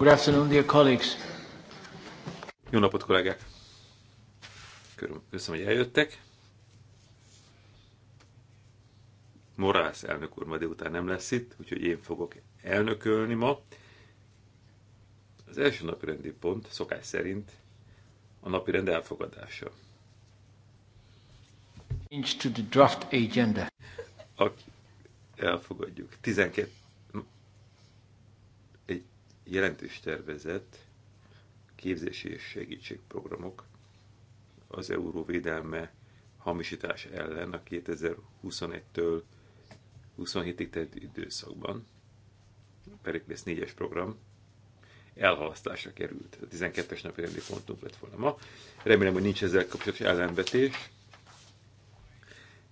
Good afternoon, dear colleagues. Jó napot, kollégák! Köszönöm, hogy eljöttek. Morász elnök úr ma délután nem lesz itt, úgyhogy én fogok elnökölni ma. Az első napi rendi pont szokás szerint a napi rend elfogadása. To the draft agenda. A, elfogadjuk. 12 jelentős tervezet képzési és segítségprogramok az euró védelme hamisítás ellen a 2021-től 27-ig tett időszakban. pedig 4 négyes program elhalasztásra került. A 12-es napi rendi pontunk lett volna ma. Remélem, hogy nincs ezzel kapcsolatos ellenvetés.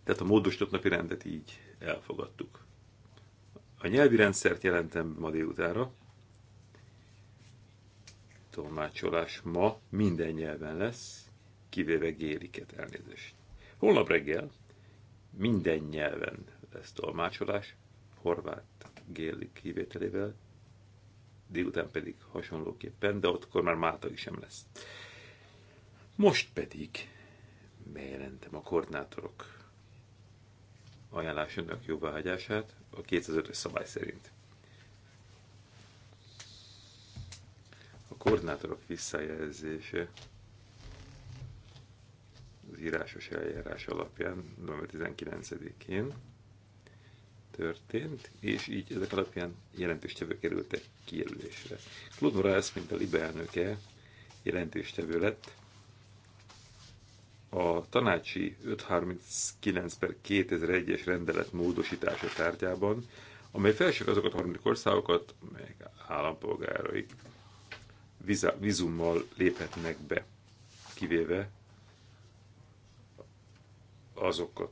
Tehát a módosított napi rendet így elfogadtuk. A nyelvi rendszert jelentem ma délutára tolmácsolás ma minden nyelven lesz, kivéve géliket elnézést. Holnap reggel minden nyelven lesz tolmácsolás, horvát gélik kivételével, délután pedig hasonlóképpen, de ottkor már Máltai sem lesz. Most pedig bejelentem a koordinátorok ajánlásának jóváhagyását a 2005-ös szabály szerint. A koordinátorok visszajelzése az írásos eljárás alapján november 19-én történt, és így ezek alapján jelentéstevő kerültek kijelölésre. Claude Morales, mint a Libe elnöke, jelentéstevő lett. A tanácsi 539 per 2001-es rendelet módosítása tárgyában, amely felsorolt azokat a harmadik országokat, meg állampolgáraik, vízummal léphetnek be, kivéve azokat,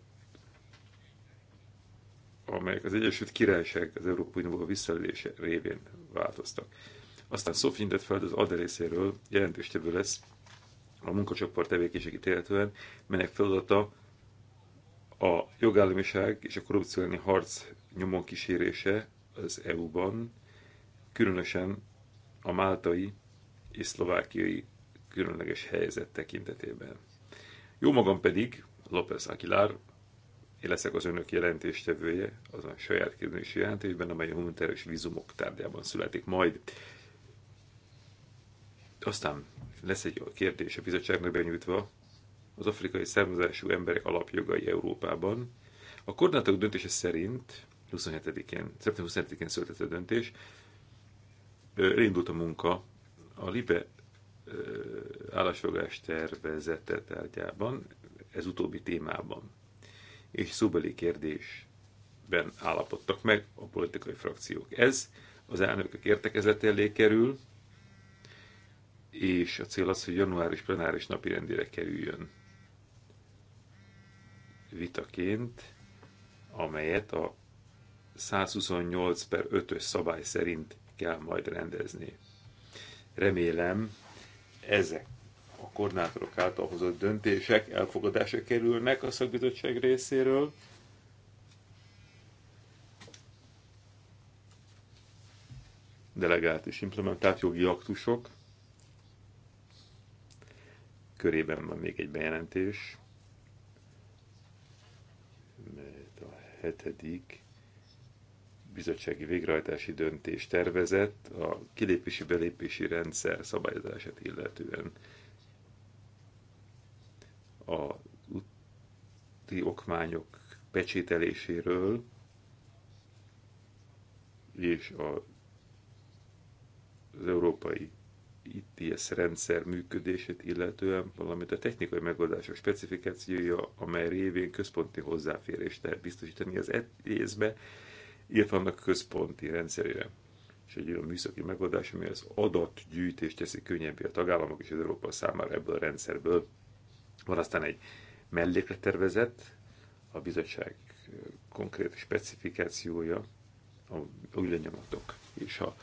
amelyek az Egyesült Királyság az Európai Unióba visszaelése révén változtak. Aztán Sophie fel az ADE részéről jelentéstevő lesz a munkacsoport tevékenységét illetően, melynek feladata a jogállamiság és a korrupció elleni harc nyomon kísérése az EU-ban, különösen a máltai és szlovákiai különleges helyzet tekintetében. Jó magam pedig, López Aguilar, én leszek az önök jelentéstevője azon saját kérdési jelentésben, amely a humanitárius vízumok tárgyában születik majd. Aztán lesz egy kérdés a bizottságnak benyújtva, az afrikai származású emberek alapjogai Európában. A koordinátok döntése szerint 27-én, szeptember 27-én született a döntés, elindult a munka a Libe állásfogás tervezete tárgyában, ez utóbbi témában, és szóbeli kérdésben állapodtak meg a politikai frakciók. Ez az elnökök értekezete elé kerül, és a cél az, hogy januáris plenáris napi rendére kerüljön vitaként, amelyet a 128 per 5-ös szabály szerint kell majd rendezni. Remélem ezek a koordinátorok által hozott döntések elfogadásra kerülnek a szakbizottság részéről. Delegált és implementált jogi aktusok körében van még egy bejelentés, mert a hetedik bizottsági végrehajtási döntés tervezett a kilépési-belépési rendszer szabályozását illetően a úti okmányok pecsételéséről és a, az európai ITS rendszer működését illetően, valamint a technikai megoldások specifikációja, amely révén központi hozzáférést lehet biztosítani az ETS-be, illetve annak központi rendszerére. És egy olyan műszaki megoldás, ami az adatgyűjtést teszi könnyebbé a tagállamok és az Európa számára ebből a rendszerből. Van aztán egy mellékletervezet, a bizottság konkrét specifikációja, a új lenyomatok és a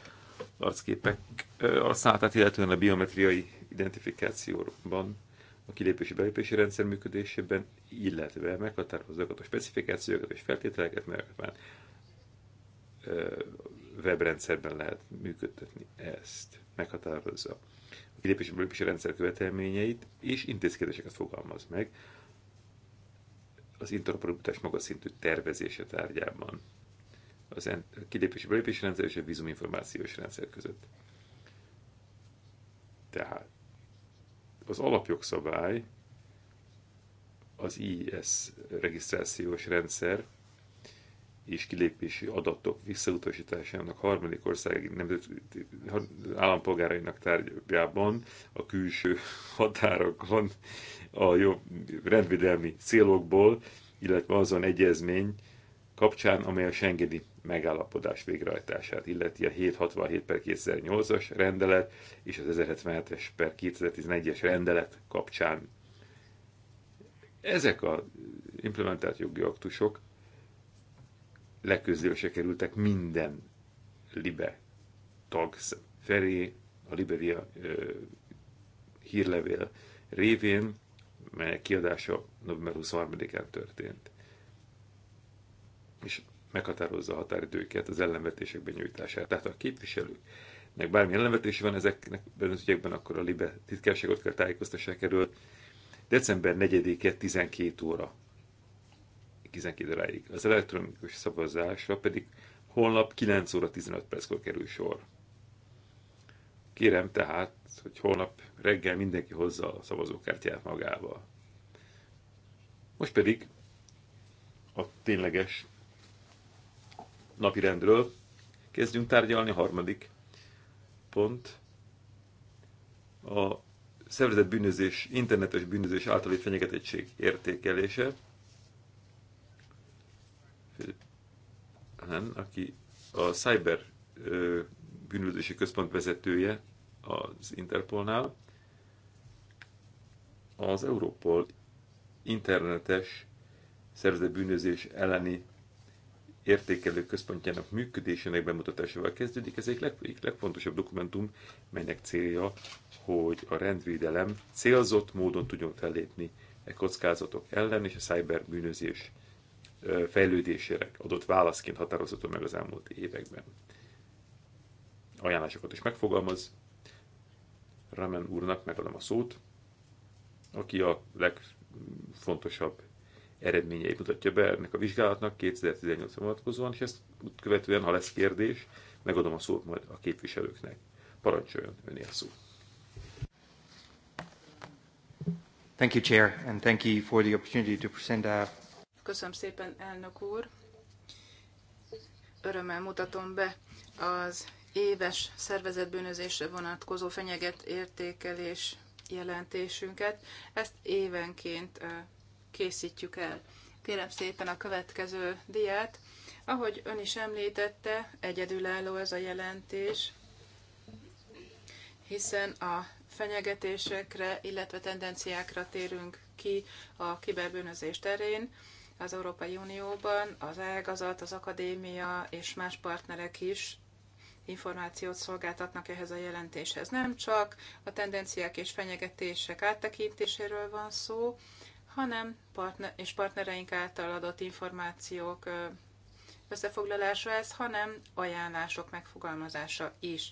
arcképek arcszállatát, illetően a biometriai identifikációban, a kilépési belépési rendszer működésében, illetve meghatározza a specifikációkat és feltételeket, mert webrendszerben lehet működtetni ezt, meghatározza a kilépési belépési rendszer követelményeit, és intézkedéseket fogalmaz meg az interoperabilitás magas szintű tervezése tárgyában az kilépési belépési rendszer és a vízuminformációs rendszer között. Tehát az alapjogszabály az IS regisztrációs rendszer és kilépési adatok visszautasításának harmadik ország nemzeti állampolgárainak tárgyában, a külső határokon, a jobb rendvédelmi célokból, illetve azon egyezmény kapcsán, amely a Schengeni megállapodás végrehajtását illeti a 767 per 2008-as rendelet és az 1077-es per 2011-es rendelet kapcsán. Ezek a implementált jogi aktusok leküzdése kerültek minden libe tag felé, a Liberia ö, hírlevél révén, melyek kiadása november 23-án történt. És meghatározza a határidőket az ellenvetések benyújtását. Tehát a képviselőknek bármi ellenvetés van ezeknek az ügyekben, akkor a Libe titkárságot kell tájékoztassák erről. December 4-e 12 óra 12 óráig. Az elektronikus szavazásra pedig holnap 9 óra 15 perckor kerül sor. Kérem tehát, hogy holnap reggel mindenki hozza a szavazókártyát magával. Most pedig a tényleges napirendről kezdjünk tárgyalni. A harmadik pont a szervezett bűnözés, internetes bűnözés általi fenyegetettség értékelése. Philip aki a Cyber bűnözési központ vezetője az Interpolnál, az Európol internetes szervezett bűnözés elleni értékelő központjának működésének bemutatásával kezdődik. Ez egy leg, egyik legfontosabb dokumentum, melynek célja, hogy a rendvédelem célzott módon tudjon fellépni e kockázatok ellen, és a cyberbűnözés fejlődésére adott válaszként határozható meg az elmúlt években. Ajánlásokat is megfogalmaz. Ramen úrnak megadom a szót, aki a legfontosabb eredményeit mutatja be ennek a vizsgálatnak 2018 vonatkozóan, és ezt követően, ha lesz kérdés, megadom a szót majd a képviselőknek. Parancsoljon, a szó. Thank you, Chair, and thank you for the opportunity to present a Köszönöm szépen, elnök úr. Örömmel mutatom be az éves szervezetbűnözésre vonatkozó fenyeget értékelés jelentésünket. Ezt évenként készítjük el. Kérem szépen a következő diát. Ahogy ön is említette, egyedülálló ez a jelentés, hiszen a fenyegetésekre, illetve tendenciákra térünk ki a kiberbűnözés terén az Európai Unióban az ágazat, az akadémia és más partnerek is információt szolgáltatnak ehhez a jelentéshez. Nem csak a tendenciák és fenyegetések áttekintéséről van szó, hanem partner és partnereink által adott információk összefoglalása ez, hanem ajánlások megfogalmazása is.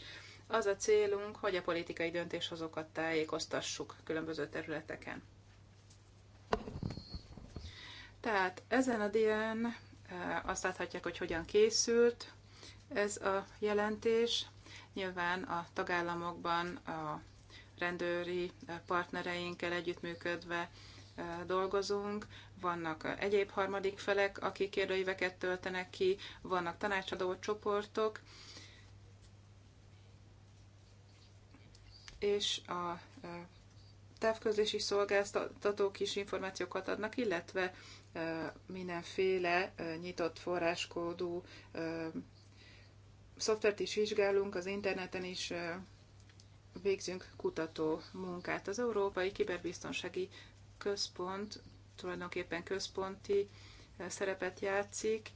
Az a célunk, hogy a politikai döntéshozókat tájékoztassuk különböző területeken. Tehát ezen a dián e, azt láthatják, hogy hogyan készült ez a jelentés. Nyilván a tagállamokban a rendőri e, partnereinkkel együttműködve e, dolgozunk, vannak egyéb harmadik felek, akik kérdőíveket töltenek ki, vannak tanácsadó csoportok, és a távközlési szolgáltatók is információkat adnak, illetve mindenféle nyitott forráskódú szoftvert is vizsgálunk, az interneten is végzünk kutató munkát. Az Európai Kiberbiztonsági Központ tulajdonképpen központi szerepet játszik.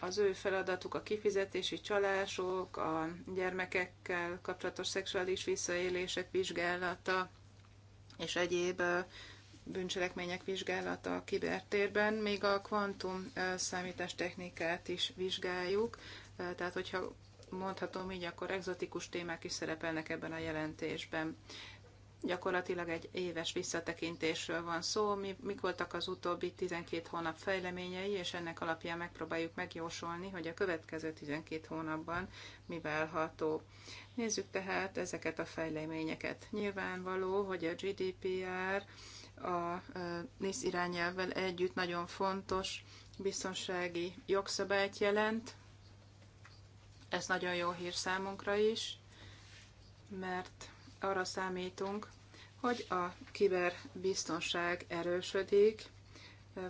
Az ő feladatuk a kifizetési csalások, a gyermekekkel kapcsolatos szexuális visszaélések vizsgálata és egyéb bűncselekmények vizsgálata a kibertérben, még a kvantum számítástechnikát is vizsgáljuk, tehát hogyha mondhatom így, akkor egzotikus témák is szerepelnek ebben a jelentésben. Gyakorlatilag egy éves visszatekintésről van szó, mi, mik voltak az utóbbi 12 hónap fejleményei, és ennek alapján megpróbáljuk megjósolni, hogy a következő 12 hónapban mi válható. Nézzük tehát ezeket a fejleményeket. Nyilvánvaló, hogy a GDPR a NISZ irányelvvel együtt nagyon fontos biztonsági jogszabályt jelent. Ez nagyon jó hír számunkra is, mert arra számítunk, hogy a kiberbiztonság erősödik,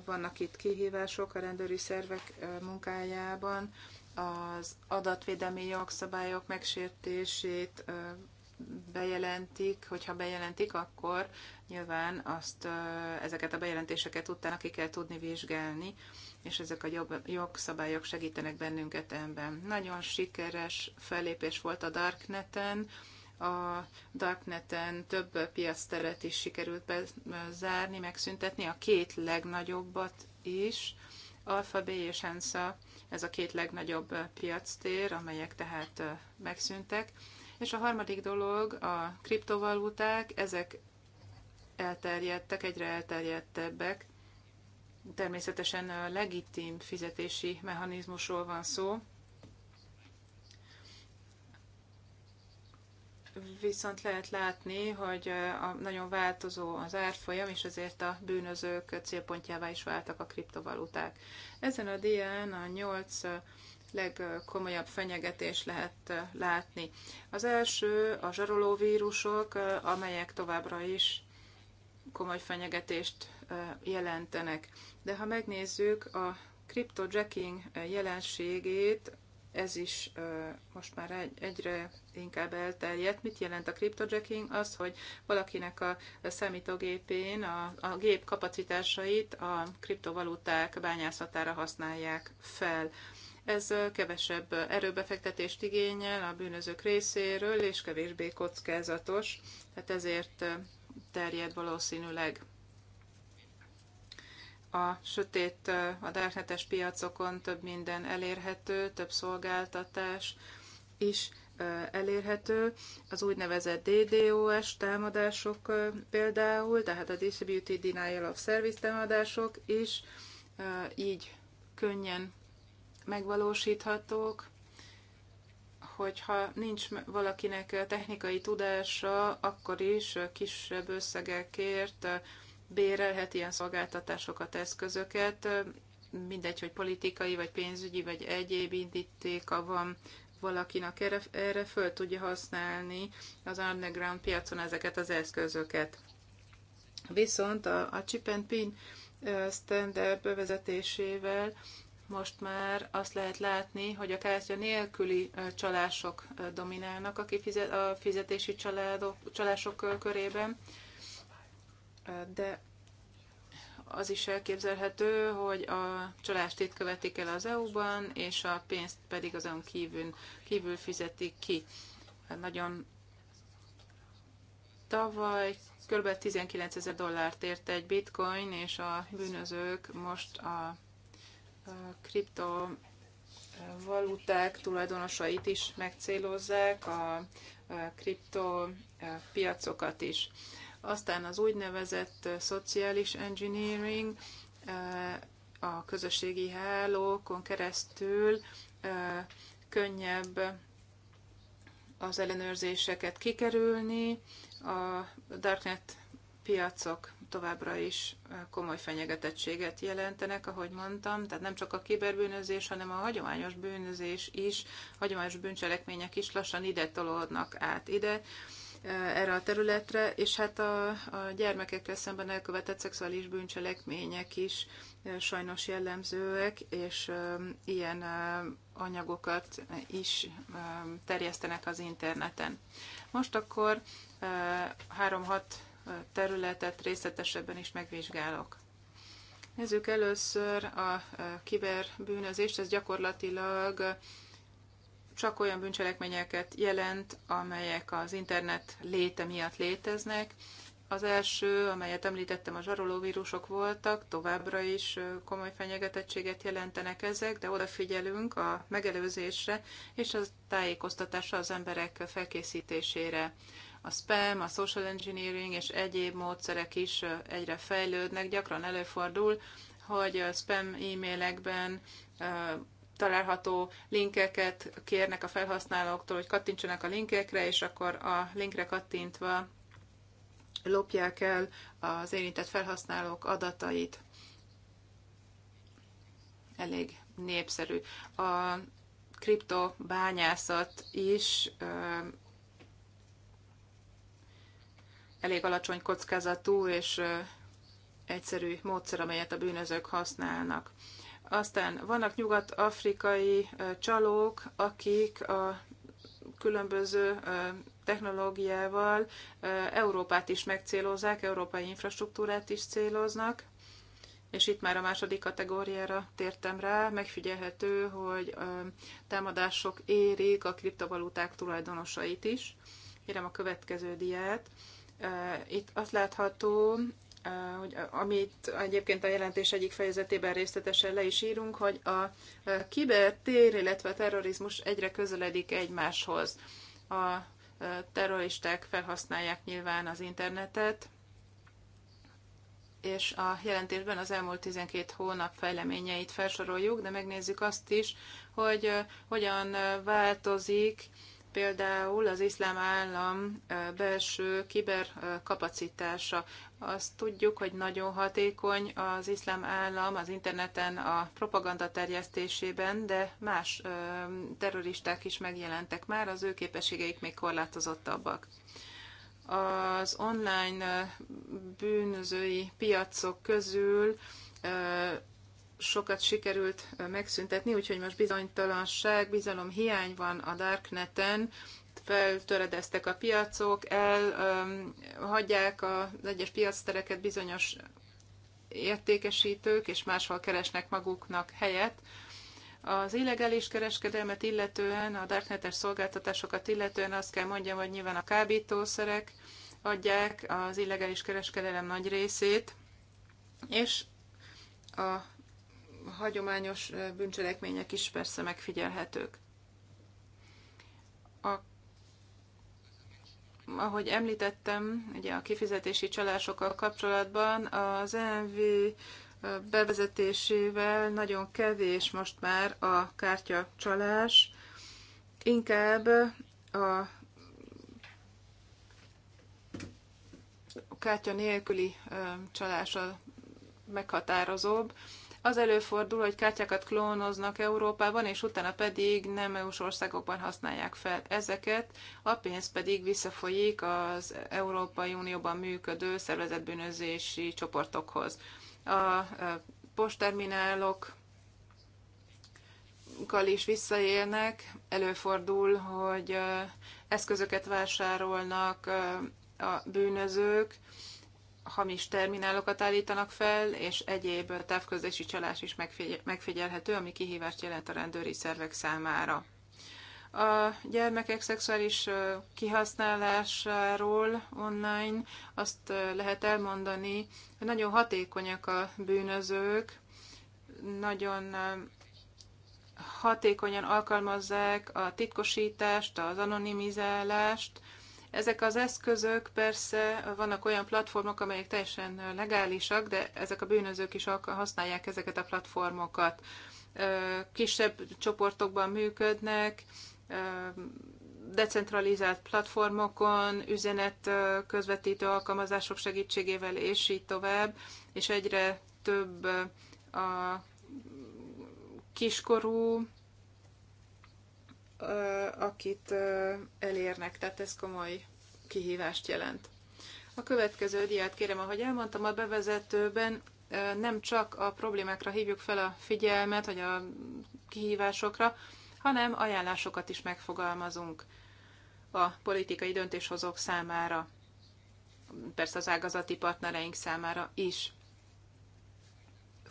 vannak itt kihívások a rendőri szervek munkájában, az adatvédelmi jogszabályok megsértését bejelentik, hogyha bejelentik, akkor nyilván azt, ezeket a bejelentéseket utána ki kell tudni vizsgálni, és ezek a jog, jogszabályok segítenek bennünket ebben. Nagyon sikeres fellépés volt a Darkneten, a Darkneten több teret is sikerült bezárni, megszüntetni, a két legnagyobbat is, Alpha B és Hansa, ez a két legnagyobb piactér, amelyek tehát megszűntek és a harmadik dolog a kriptovaluták, ezek elterjedtek, egyre elterjedtebbek. Természetesen a legitim fizetési mechanizmusról van szó, viszont lehet látni, hogy a, nagyon változó az árfolyam, és ezért a bűnözők célpontjává is váltak a kriptovaluták. Ezen a dián a nyolc legkomolyabb fenyegetés lehet látni. Az első a zsarolóvírusok, amelyek továbbra is komoly fenyegetést jelentenek. De ha megnézzük a cryptojacking jelenségét, ez is most már egyre inkább elterjedt. Mit jelent a cryptojacking? Az, hogy valakinek a számítógépén a, a gép kapacitásait a kriptovaluták bányászatára használják fel. Ez kevesebb erőbefektetést igényel a bűnözők részéről, és kevésbé kockázatos, tehát ezért terjed valószínűleg a sötét, a darknetes piacokon több minden elérhető, több szolgáltatás is elérhető. Az úgynevezett DDoS támadások például, tehát a Distributed Denial of Service támadások is így könnyen megvalósíthatók, hogyha nincs valakinek technikai tudása, akkor is kisebb összegekért bérelhet ilyen szolgáltatásokat, eszközöket, mindegy, hogy politikai, vagy pénzügyi, vagy egyéb indítéka van valakinek erre, erre föl tudja használni az underground piacon ezeket az eszközöket. Viszont a, a chip and pin standard bevezetésével most már azt lehet látni, hogy a kártya nélküli csalások dominálnak a, kifizet, a fizetési családok, csalások körében, de az is elképzelhető, hogy a csalást itt követik el az EU-ban, és a pénzt pedig azon kívül, kívül fizetik ki. Nagyon tavaly kb. 19 ezer dollárt ért egy bitcoin, és a bűnözők most a kriptovaluták tulajdonosait is megcélozzák, a kriptopiacokat is. Aztán az úgynevezett szociális engineering eh, a közösségi hálókon keresztül eh, könnyebb az ellenőrzéseket kikerülni, a darknet piacok továbbra is eh, komoly fenyegetettséget jelentenek, ahogy mondtam, tehát nem csak a kiberbűnözés, hanem a hagyományos bűnözés is, hagyományos bűncselekmények is lassan ide tolódnak át ide eh, erre a területre, és hát a, a gyermekekkel szemben elkövetett szexuális bűncselekmények is eh, sajnos jellemzőek, és ilyen anyagokat is terjesztenek az interneten. Most akkor 3-6 területet részletesebben is megvizsgálok. Nézzük először a kiberbűnözést, ez gyakorlatilag csak olyan bűncselekményeket jelent, amelyek az internet léte miatt léteznek. Az első, amelyet említettem, a zsarolóvírusok voltak, továbbra is komoly fenyegetettséget jelentenek ezek, de odafigyelünk a megelőzésre és a tájékoztatásra az emberek felkészítésére a spam, a social engineering és egyéb módszerek is egyre fejlődnek. Gyakran előfordul, hogy spam e-mailekben található linkeket kérnek a felhasználóktól, hogy kattintsanak a linkekre, és akkor a linkre kattintva lopják el az érintett felhasználók adatait. Elég népszerű. A kriptobányászat is elég alacsony kockázatú és egyszerű módszer, amelyet a bűnözők használnak. Aztán vannak nyugat-afrikai csalók, akik a különböző technológiával Európát is megcélozzák, európai infrastruktúrát is céloznak, és itt már a második kategóriára tértem rá, megfigyelhető, hogy támadások érik a kriptovaluták tulajdonosait is. Kérem a következő diát itt azt látható, hogy amit egyébként a jelentés egyik fejezetében részletesen le is írunk, hogy a kibertér, illetve a terrorizmus egyre közeledik egymáshoz. A terroristák felhasználják nyilván az internetet, és a jelentésben az elmúlt 12 hónap fejleményeit felsoroljuk, de megnézzük azt is, hogy hogyan változik például az iszlám állam belső kiberkapacitása. Azt tudjuk, hogy nagyon hatékony az iszlám állam az interneten a propaganda terjesztésében, de más terroristák is megjelentek már, az ő képességeik még korlátozottabbak. Az online bűnözői piacok közül sokat sikerült megszüntetni, úgyhogy most bizonytalanság, bizalom hiány van a Darkneten, feltöredeztek a piacok, elhagyják az egyes piactereket bizonyos értékesítők, és máshol keresnek maguknak helyet. Az illegális kereskedelmet illetően, a darknetes szolgáltatásokat illetően azt kell mondjam, hogy nyilván a kábítószerek adják az illegális kereskedelem nagy részét, és a hagyományos bűncselekmények is persze megfigyelhetők. A, ahogy említettem, ugye a kifizetési csalásokkal kapcsolatban az e NV bevezetésével nagyon kevés most már a kártya csalás, inkább a kártya nélküli csalás a meghatározóbb, az előfordul, hogy kártyákat klónoznak Európában, és utána pedig nem EU-s országokban használják fel ezeket, a pénz pedig visszafolyik az Európai Unióban működő szervezetbűnözési csoportokhoz. A postterminálok is visszaélnek, előfordul, hogy eszközöket vásárolnak a bűnözők, hamis terminálokat állítanak fel, és egyéb távközlési csalás is megfigyelhető, ami kihívást jelent a rendőri szervek számára. A gyermekek szexuális kihasználásáról online azt lehet elmondani, hogy nagyon hatékonyak a bűnözők, nagyon hatékonyan alkalmazzák a titkosítást, az anonimizálást, ezek az eszközök persze vannak olyan platformok, amelyek teljesen legálisak, de ezek a bűnözők is használják ezeket a platformokat. Kisebb csoportokban működnek, decentralizált platformokon, üzenet közvetítő alkalmazások segítségével, és így tovább, és egyre több a kiskorú akit elérnek, tehát ez komoly kihívást jelent. A következő diát kérem, ahogy elmondtam a bevezetőben, nem csak a problémákra hívjuk fel a figyelmet, vagy a kihívásokra, hanem ajánlásokat is megfogalmazunk a politikai döntéshozók számára, persze az ágazati partnereink számára is.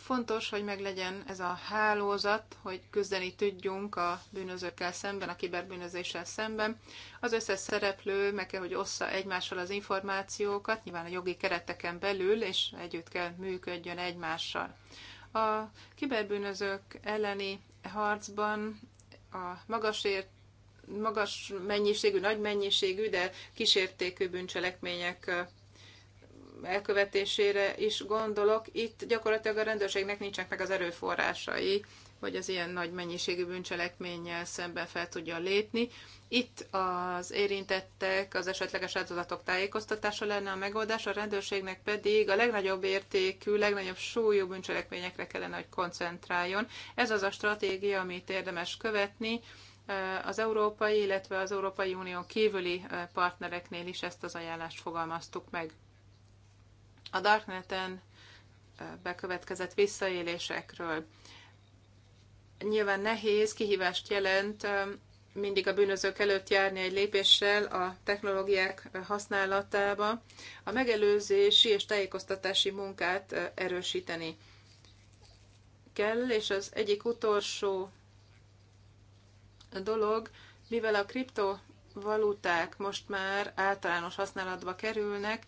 Fontos, hogy meglegyen ez a hálózat, hogy küzdeni tudjunk a bűnözőkkel szemben, a kiberbűnözéssel szemben. Az összes szereplő meg kell, hogy ossza egymással az információkat, nyilván a jogi kereteken belül, és együtt kell működjön egymással. A kiberbűnözők elleni harcban a magasért magas mennyiségű, nagy mennyiségű, de kísértékű bűncselekmények elkövetésére is gondolok. Itt gyakorlatilag a rendőrségnek nincsenek meg az erőforrásai, hogy az ilyen nagy mennyiségű bűncselekménnyel szemben fel tudja lépni. Itt az érintettek, az esetleges áldozatok tájékoztatása lenne a megoldás, a rendőrségnek pedig a legnagyobb értékű, legnagyobb súlyú bűncselekményekre kellene, hogy koncentráljon. Ez az a stratégia, amit érdemes követni, eh, az európai, illetve az Európai unió kívüli eh, partnereknél is ezt az ajánlást fogalmaztuk meg a Darkneten bekövetkezett visszaélésekről. Nyilván nehéz, kihívást jelent mindig a bűnözők előtt járni egy lépéssel a technológiák használatába, a megelőzési és tájékoztatási munkát erősíteni kell, és az egyik utolsó dolog, mivel a kriptovaluták most már általános használatba kerülnek,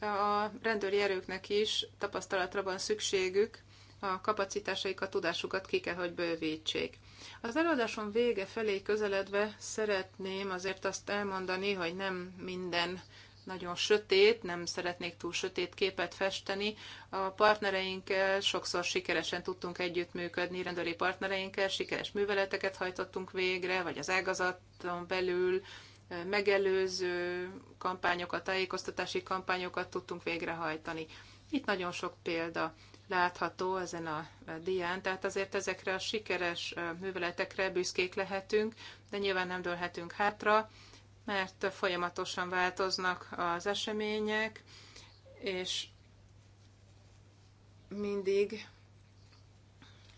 a rendőri erőknek is tapasztalatra van szükségük, a kapacitásaikat, tudásukat ki kell, hogy bővítsék. Az előadásom vége felé közeledve szeretném azért azt elmondani, hogy nem minden nagyon sötét, nem szeretnék túl sötét képet festeni. A partnereinkkel sokszor sikeresen tudtunk együttműködni, rendőri partnereinkkel sikeres műveleteket hajtottunk végre, vagy az ágazaton belül megelőző kampányokat, tájékoztatási kampányokat tudtunk végrehajtani. Itt nagyon sok példa látható ezen a dián, tehát azért ezekre a sikeres műveletekre büszkék lehetünk, de nyilván nem dőlhetünk hátra, mert folyamatosan változnak az események, és mindig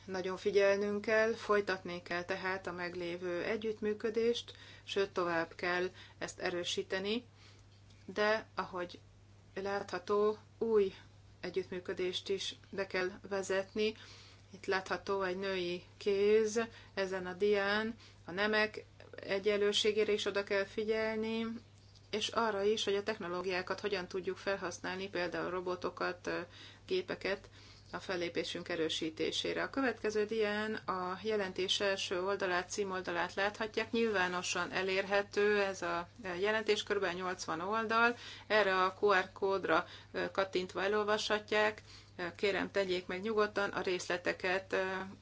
nagyon figyelnünk kell, folytatni kell tehát a meglévő együttműködést, sőt tovább kell ezt erősíteni, de ahogy látható, új együttműködést is be kell vezetni. Itt látható egy női kéz ezen a dián, a nemek egyenlőségére is oda kell figyelni, és arra is, hogy a technológiákat hogyan tudjuk felhasználni, például robotokat, gépeket, a fellépésünk erősítésére. A következő dián a jelentés első oldalát, címoldalát láthatják. Nyilvánosan elérhető ez a jelentés, kb. 80 oldal. Erre a QR kódra kattintva elolvashatják. Kérem, tegyék meg nyugodtan, a részleteket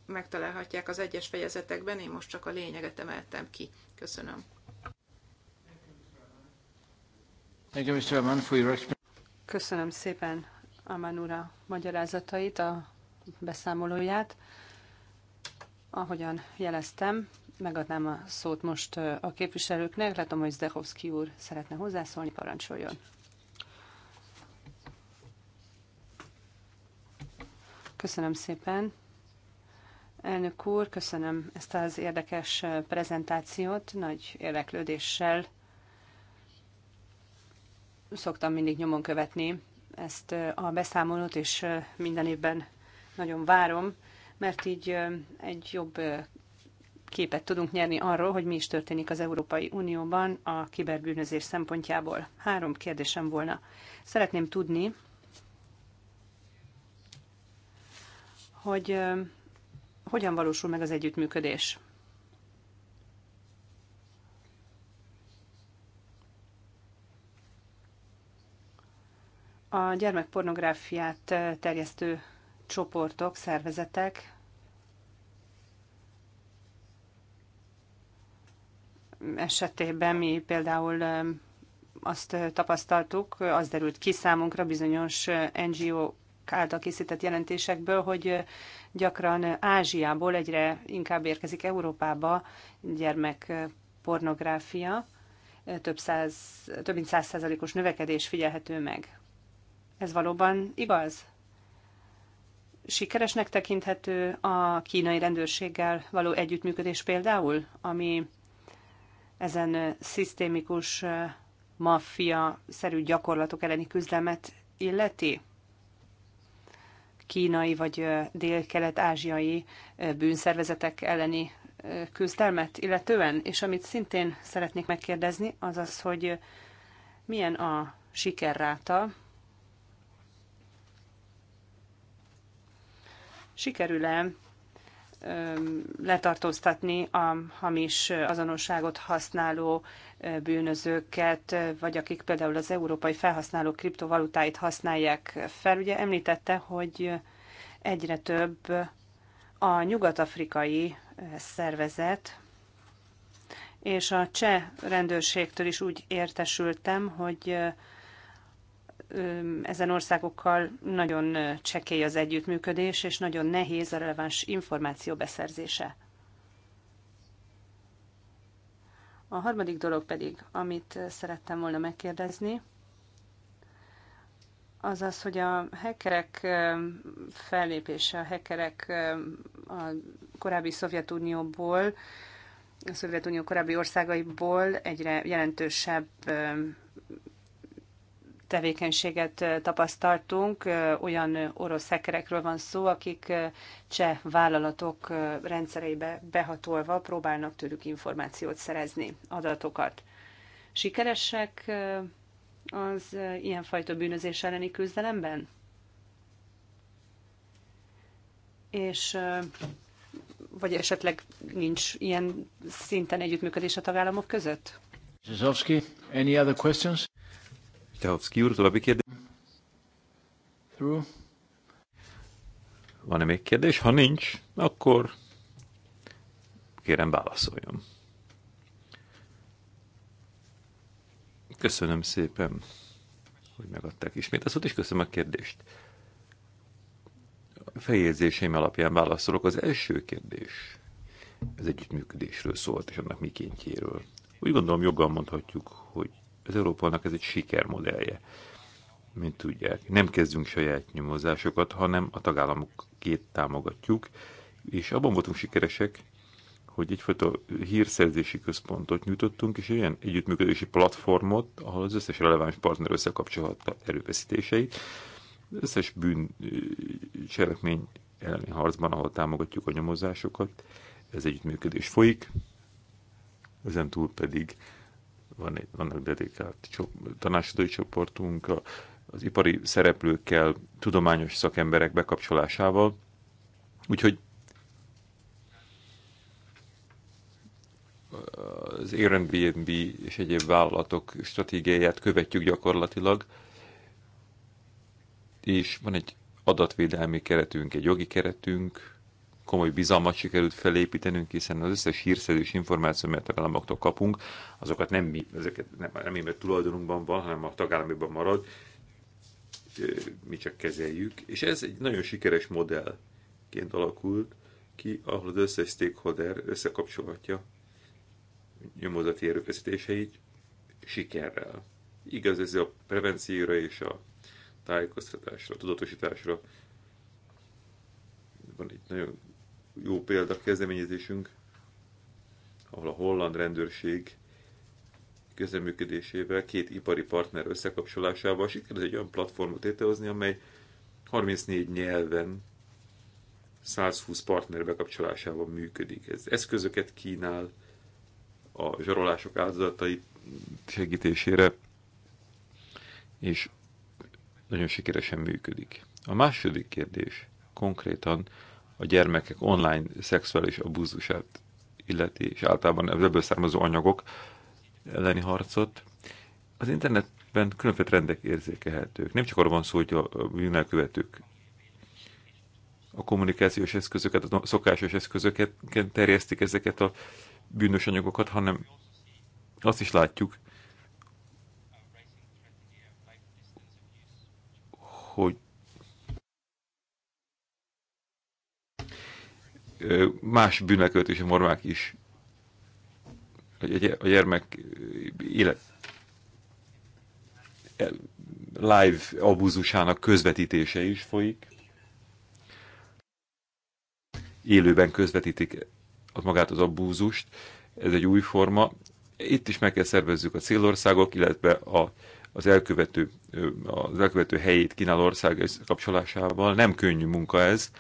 megtalálhatják az egyes fejezetekben, én most csak a lényeget emeltem ki. Köszönöm. Köszönöm szépen Amán úra magyarázatait, a beszámolóját. Ahogyan jeleztem, megadnám a szót most a képviselőknek. Látom, hogy Zdechovszki úr szeretne hozzászólni, parancsoljon. Köszönöm szépen. Elnök úr, köszönöm ezt az érdekes prezentációt. Nagy érdeklődéssel szoktam mindig nyomon követni ezt a beszámolót, és minden évben nagyon várom, mert így egy jobb képet tudunk nyerni arról, hogy mi is történik az Európai Unióban a kiberbűnözés szempontjából. Három kérdésem volna. Szeretném tudni, hogy hogyan valósul meg az együttműködés a gyermekpornográfiát eh, terjesztő csoportok, szervezetek esetében mi például eh, azt eh, tapasztaltuk, az derült ki számunkra bizonyos NGO által készített jelentésekből, hogy gyakran Ázsiából egyre inkább érkezik Európába gyermekpornográfia, több, száz, több mint százszázalékos növekedés figyelhető meg. Ez valóban igaz? Sikeresnek tekinthető a kínai rendőrséggel való együttműködés például, ami ezen szisztémikus maffia-szerű gyakorlatok elleni küzdelmet illeti? Kínai vagy dél-kelet-ázsiai bűnszervezetek elleni küzdelmet illetően, és amit szintén szeretnék megkérdezni, az az, hogy milyen a sikerráta sikerül-e letartóztatni a hamis azonosságot használó bűnözőket, vagy akik például az európai felhasználó kriptovalutáit használják fel. Ugye említette, hogy egyre több a nyugat-afrikai szervezet, és a cseh rendőrségtől is úgy értesültem, hogy ezen országokkal nagyon csekély az együttműködés, és nagyon nehéz a releváns információ beszerzése. A harmadik dolog pedig, amit szerettem volna megkérdezni, az az, hogy a hackerek fellépése, a hackerek a korábbi Szovjetunióból, a Szovjetunió korábbi országaiból egyre jelentősebb tevékenységet tapasztaltunk. Olyan orosz hekerekről van szó, akik cseh vállalatok rendszereibe behatolva próbálnak tőlük információt szerezni, adatokat. Sikeresek az ilyenfajta bűnözés elleni küzdelemben? És vagy esetleg nincs ilyen szinten együttműködés a tagállamok között? any other questions? Tehovszki úr, további kérdés? Van-e még kérdés? Ha nincs, akkor kérem válaszoljon. Köszönöm szépen, hogy megadták ismét a szót, és köszönöm a kérdést. A feljegyzéseim alapján válaszolok. Az első kérdés Ez együttműködésről szólt, és annak mikéntjéről. Úgy gondolom jobban mondhatjuk, hogy az Európának ez egy sikermodellje, mint tudják. Nem kezdünk saját nyomozásokat, hanem a tagállamok két támogatjuk, és abban voltunk sikeresek, hogy egyfajta hírszerzési központot nyújtottunk, és olyan együttműködési platformot, ahol az összes releváns partner összekapcsolhatta erőfeszítéseit, az összes bűn cselekmény elleni harcban, ahol támogatjuk a nyomozásokat, ez együttműködés folyik, ezen túl pedig van egy, vannak dedikált csop, tanácsadói csoportunk, az ipari szereplőkkel, tudományos szakemberek bekapcsolásával. Úgyhogy az Airbnb és egyéb vállalatok stratégiáját követjük gyakorlatilag, és van egy adatvédelmi keretünk, egy jogi keretünk, komoly bizalmat sikerült felépítenünk, hiszen az összes hírszerzős információ, amelyet a tagállamoktól kapunk, azokat nem mi, ezeket nem, nem mi, mert tulajdonunkban van, hanem a tagállamiban marad, mi csak kezeljük. És ez egy nagyon sikeres modellként alakult ki, ahol az összes stakeholder összekapcsolhatja nyomozati erőfeszítéseit sikerrel. Igaz ez a prevencióra és a tájékoztatásra, a tudatosításra, van egy nagyon jó példa kezdeményezésünk, ahol a holland rendőrség közreműködésével, két ipari partner összekapcsolásával sikerült egy olyan platformot létrehozni, amely 34 nyelven 120 partner bekapcsolásával működik. Ez eszközöket kínál a zsarolások áldozatai segítésére, és nagyon sikeresen működik. A második kérdés konkrétan a gyermekek online szexuális abúzusát illeti, és általában ebből származó anyagok elleni harcot. Az internetben különféle trendek érzékelhetők. Nem csak arra van szó, hogy a bűnnel követők a kommunikációs eszközöket, a szokásos eszközöket terjesztik ezeket a bűnös anyagokat, hanem azt is látjuk, hogy más a mormák is a gyermek élet e, live abúzusának közvetítése is folyik. Élőben közvetítik magát az abúzust. Ez egy új forma. Itt is meg kell szervezzük a célországok, illetve a, az, elkövető, az elkövető helyét kínál ország kapcsolásával. Nem könnyű munka ez,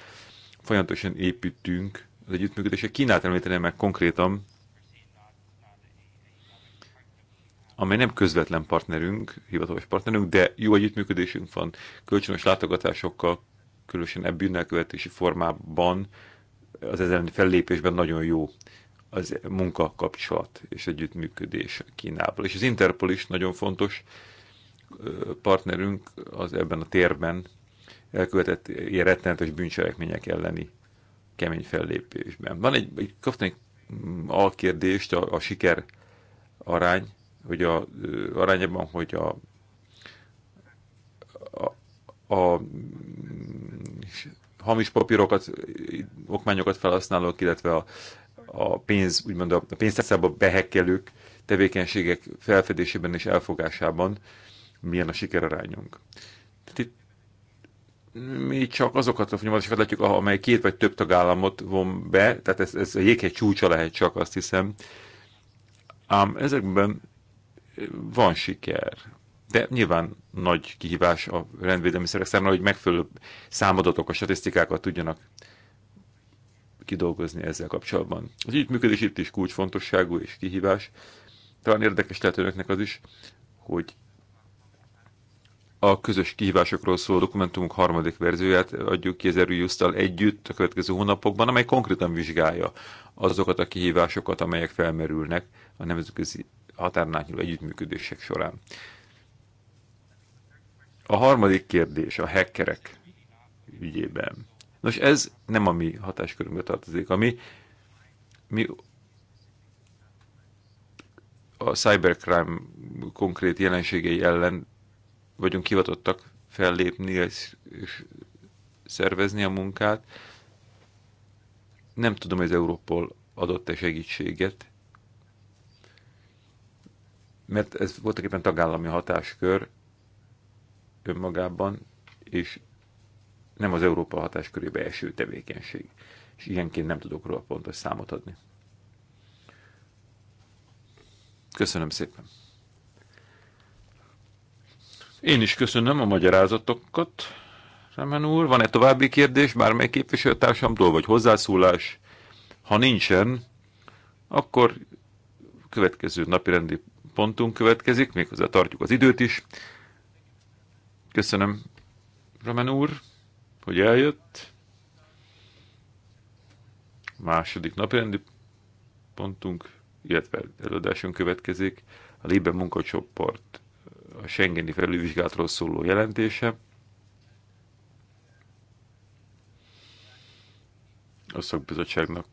folyamatosan építünk az együttműködésre. Kínát említeném meg konkrétan, amely nem közvetlen partnerünk, hivatalos partnerünk, de jó együttműködésünk van kölcsönös látogatásokkal, különösen ebből követési formában, az ezen fellépésben nagyon jó az munka kapcsolat és együttműködés Kínából. És az Interpol is nagyon fontos partnerünk az ebben a térben, elkövetett ilyen rettenetes bűncselekmények elleni kemény fellépésben. Van egy, egy kaptam egy mm, alkérdést, a, a siker arány, hogy a, arányában, hogy a, a, a mm, hamis papírokat, okmányokat felhasználók, illetve a, a pénz, úgymond a, a pénztárcába behekkelők tevékenységek felfedésében és elfogásában milyen a sikerarányunk. Tehát itt mi csak azokat a nyomatokat látjuk, amely két vagy több tagállamot von be, tehát ez, ez a jéghegy csúcsa lehet csak, azt hiszem. Ám ezekben van siker. De nyilván nagy kihívás a rendvédelmi szerek számára, hogy megfelelő számadatok, a statisztikákat tudjanak kidolgozni ezzel kapcsolatban. Az ügyműködés itt is kulcsfontosságú és kihívás. Talán érdekes lehet önöknek az is, hogy a közös kihívásokról szóló dokumentumunk harmadik verzióját adjuk ki az erőjusztal együtt a következő hónapokban, amely konkrétan vizsgálja azokat a kihívásokat, amelyek felmerülnek a nemzetközi határnál együttműködések során. A harmadik kérdés a hackerek ügyében. Nos, ez nem a mi hatáskörünkbe tartozik. A mi, mi a cybercrime konkrét jelenségei ellen vagyunk hivatottak fellépni és szervezni a munkát. Nem tudom, hogy az Európol adott-e segítséget, mert ez voltak éppen tagállami hatáskör önmagában, és nem az Európa hatáskörébe eső tevékenység. És ilyenként nem tudok róla pontos számot adni. Köszönöm szépen! Én is köszönöm a magyarázatokat, Remen úr. Van-e további kérdés bármely képviselőtársamtól, vagy hozzászólás? Ha nincsen, akkor következő napi rendi pontunk következik, méghozzá tartjuk az időt is. Köszönöm, Remen úr, hogy eljött. Második napirendi pontunk, illetve előadásunk következik. A Liebe munkacsoport a Schengeni felülvizsgálatról szóló jelentése. A szakbizottságnak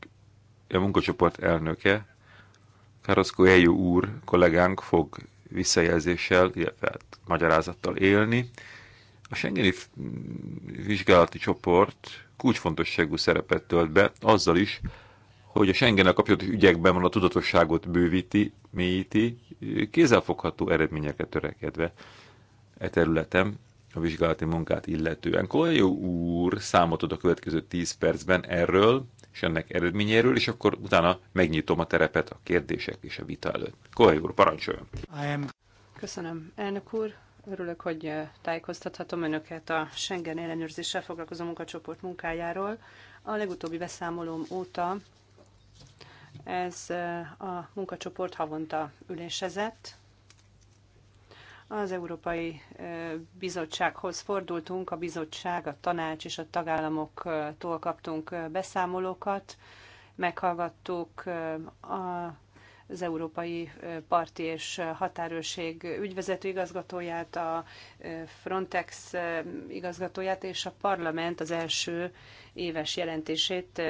a munkacsoport elnöke, Karaszko Eljó úr kollégánk fog visszajelzéssel, illetve hát, magyarázattal élni. A Schengeni vizsgálati csoport kulcsfontosságú szerepet tölt be, azzal is, hogy a a kapcsolatos ügyekben van a tudatosságot bővíti, mélyíti, kézzelfogható eredményeket törekedve e területen a vizsgálati munkát illetően. Koljó úr számot ad a következő 10 percben erről, és ennek eredményéről, és akkor utána megnyitom a terepet a kérdések és a vita előtt. Koljó úr, parancsoljon! Am... Köszönöm, elnök úr! Örülök, hogy eh, tájékoztathatom önöket a Schengen ellenőrzéssel foglalkozó munkacsoport munkájáról. A legutóbbi beszámolóm óta ez a munkacsoport havonta ülésezett. Az Európai Bizottsághoz fordultunk, a bizottság, a tanács és a tagállamoktól kaptunk beszámolókat, meghallgattuk a az Európai Parti és Határőrség ügyvezető igazgatóját, a Frontex igazgatóját és a parlament az első éves jelentését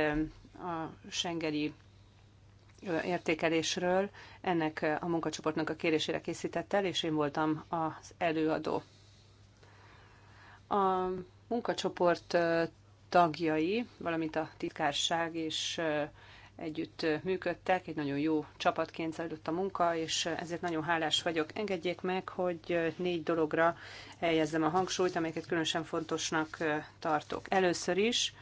a Schengeni értékelésről ennek a munkacsoportnak a kérésére készített el, és én voltam az előadó. A munkacsoport tagjai, valamint a titkárság is együtt működtek, egy nagyon jó csapatként zajlott a munka, és ezért nagyon hálás vagyok. Engedjék meg, hogy négy dologra helyezzem a hangsúlyt, amelyeket különösen fontosnak tartok. Először is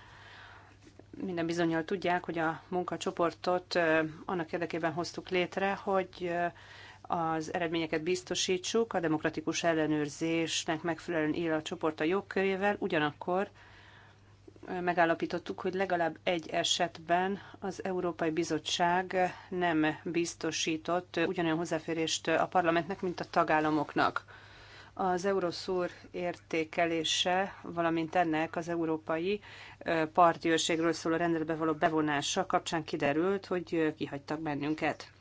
minden bizonyal tudják, hogy a munkacsoportot annak érdekében hoztuk létre, hogy az eredményeket biztosítsuk, a demokratikus ellenőrzésnek megfelelően él a csoport a jogkörével, ugyanakkor megállapítottuk, hogy legalább egy esetben az Európai Bizottság nem biztosított ugyanolyan hozzáférést a parlamentnek, mint a tagállamoknak az Euroszúr értékelése, valamint ennek az európai parti őrségről szóló rendeletbe való bevonása kapcsán kiderült, hogy kihagytak bennünket.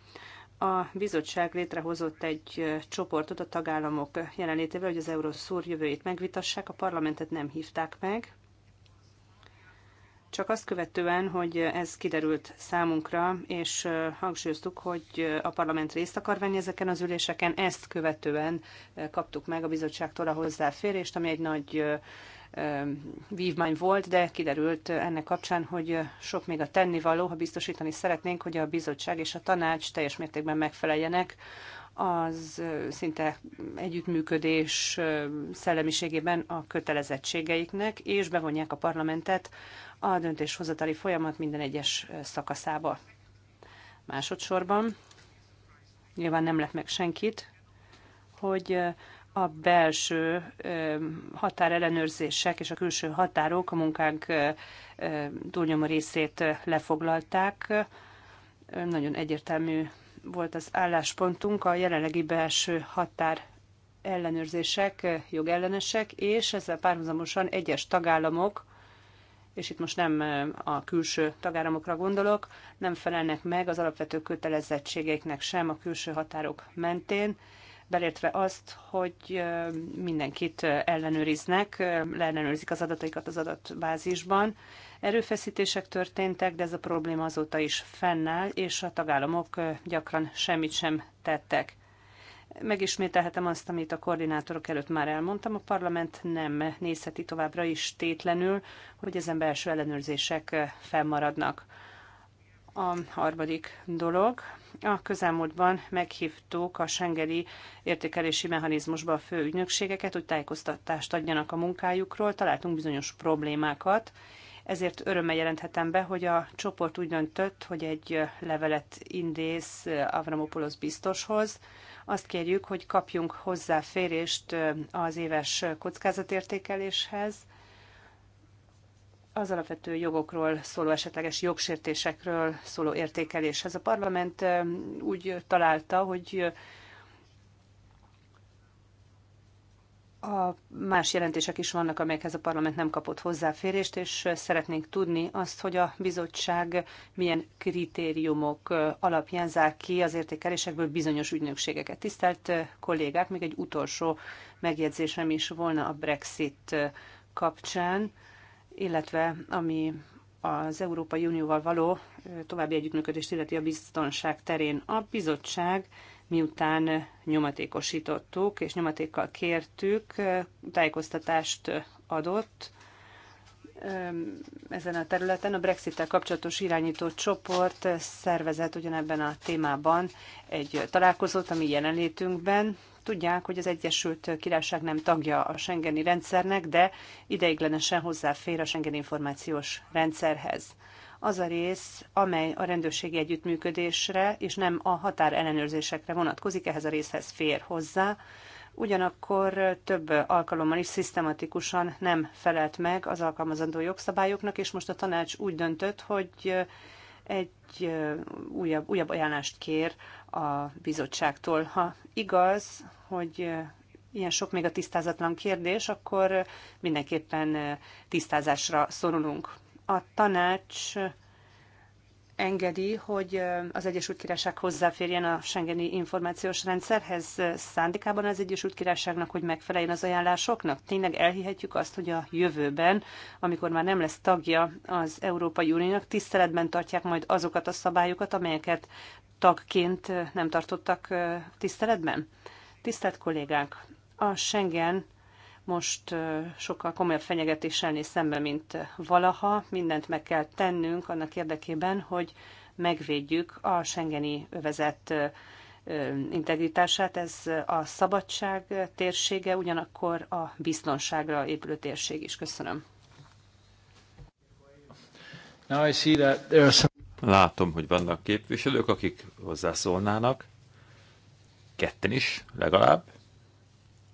A bizottság létrehozott egy csoportot a tagállamok jelenlétével, hogy az Euroszúr jövőjét megvitassák, a parlamentet nem hívták meg, csak azt követően, hogy ez kiderült számunkra, és hangsúlyoztuk, hogy a parlament részt akar venni ezeken az üléseken, ezt követően kaptuk meg a bizottságtól a hozzáférést, ami egy nagy vívmány volt, de kiderült ennek kapcsán, hogy sok még a tennivaló, ha biztosítani szeretnénk, hogy a bizottság és a tanács teljes mértékben megfeleljenek az szinte együttműködés szellemiségében a kötelezettségeiknek, és bevonják a parlamentet a döntéshozatali folyamat minden egyes szakaszába. Másodszorban nyilván nem lett meg senkit, hogy a belső határellenőrzések és a külső határok a munkánk túlnyomó részét lefoglalták. Nagyon egyértelmű volt az álláspontunk, a jelenlegi belső határ ellenőrzések jogellenesek, és ezzel párhuzamosan egyes tagállamok és itt most nem a külső tagáramokra gondolok, nem felelnek meg az alapvető kötelezettségeiknek sem a külső határok mentén, belértve azt, hogy mindenkit ellenőriznek, leellenőrzik az adataikat az adatbázisban. Erőfeszítések történtek, de ez a probléma azóta is fennáll, és a tagállamok gyakran semmit sem tettek. Megismételhetem azt, amit a koordinátorok előtt már elmondtam. A parlament nem nézheti továbbra is tétlenül, hogy ezen belső ellenőrzések fennmaradnak. A harmadik dolog, a közelmúltban meghívtuk a Schengeli értékelési mechanizmusba a főügynökségeket, hogy tájékoztatást adjanak a munkájukról. Találtunk bizonyos problémákat, ezért örömmel jelenthetem be, hogy a csoport úgy döntött, hogy egy levelet indész Avramopoulos biztoshoz. Azt kérjük, hogy kapjunk hozzáférést az éves kockázatértékeléshez, az alapvető jogokról szóló esetleges jogsértésekről szóló értékeléshez. A parlament úgy találta, hogy a más jelentések is vannak, amelyekhez a parlament nem kapott hozzáférést, és szeretnénk tudni azt, hogy a bizottság milyen kritériumok alapján zár ki az értékelésekből bizonyos ügynökségeket. Tisztelt kollégák, még egy utolsó megjegyzésem is volna a Brexit kapcsán, illetve ami az Európai Unióval való további együttműködést illeti a biztonság terén. A bizottság miután nyomatékosítottuk, és nyomatékkal kértük, tájékoztatást adott ezen a területen. A Brexit-tel kapcsolatos irányító csoport szervezett ugyanebben a témában egy találkozót, ami jelenlétünkben. Tudják, hogy az Egyesült Királyság nem tagja a Schengeni rendszernek, de ideiglenesen hozzáfér a Schengen információs rendszerhez az a rész, amely a rendőrségi együttműködésre és nem a határellenőrzésekre vonatkozik, ehhez a részhez fér hozzá. Ugyanakkor több alkalommal is szisztematikusan nem felelt meg az alkalmazandó jogszabályoknak, és most a tanács úgy döntött, hogy egy újabb, újabb ajánlást kér a bizottságtól. Ha igaz, hogy ilyen sok még a tisztázatlan kérdés, akkor mindenképpen tisztázásra szorulunk a tanács engedi, hogy az Egyesült Királyság hozzáférjen a Schengeni információs rendszerhez szándékában az Egyesült Királyságnak, hogy megfeleljen az ajánlásoknak? Tényleg elhihetjük azt, hogy a jövőben, amikor már nem lesz tagja az Európai Uniónak, tiszteletben tartják majd azokat a szabályokat, amelyeket tagként nem tartottak tiszteletben? Tisztelt kollégák, a Schengen most sokkal komolyabb fenyegetéssel néz szembe, mint valaha. Mindent meg kell tennünk annak érdekében, hogy megvédjük a Schengeni övezet integritását. Ez a szabadság térsége, ugyanakkor a biztonságra épülő térség is. Köszönöm. Látom, hogy vannak képviselők, akik hozzászólnának. Ketten is, legalább.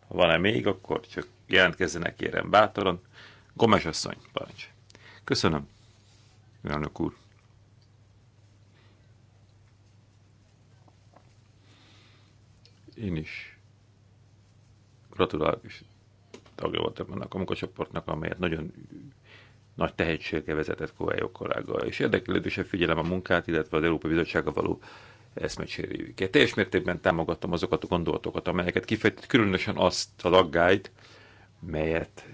Ha van-e még, akkor csak jelentkezzenek kérem bátoran. Gomes asszony, parancs. Köszönöm, elnök úr. Én is gratulálok, és tagja voltam annak a munkacsoportnak, amelyet nagyon nagy tehetséggel vezetett Kovályok kolléga, és érdeklődősen figyelem a munkát, illetve az Európai Bizottsága való eszmecséréjüket. Teljes mértékben támogattam azokat a gondolatokat, amelyeket kifejtett, különösen azt a laggájt, melyet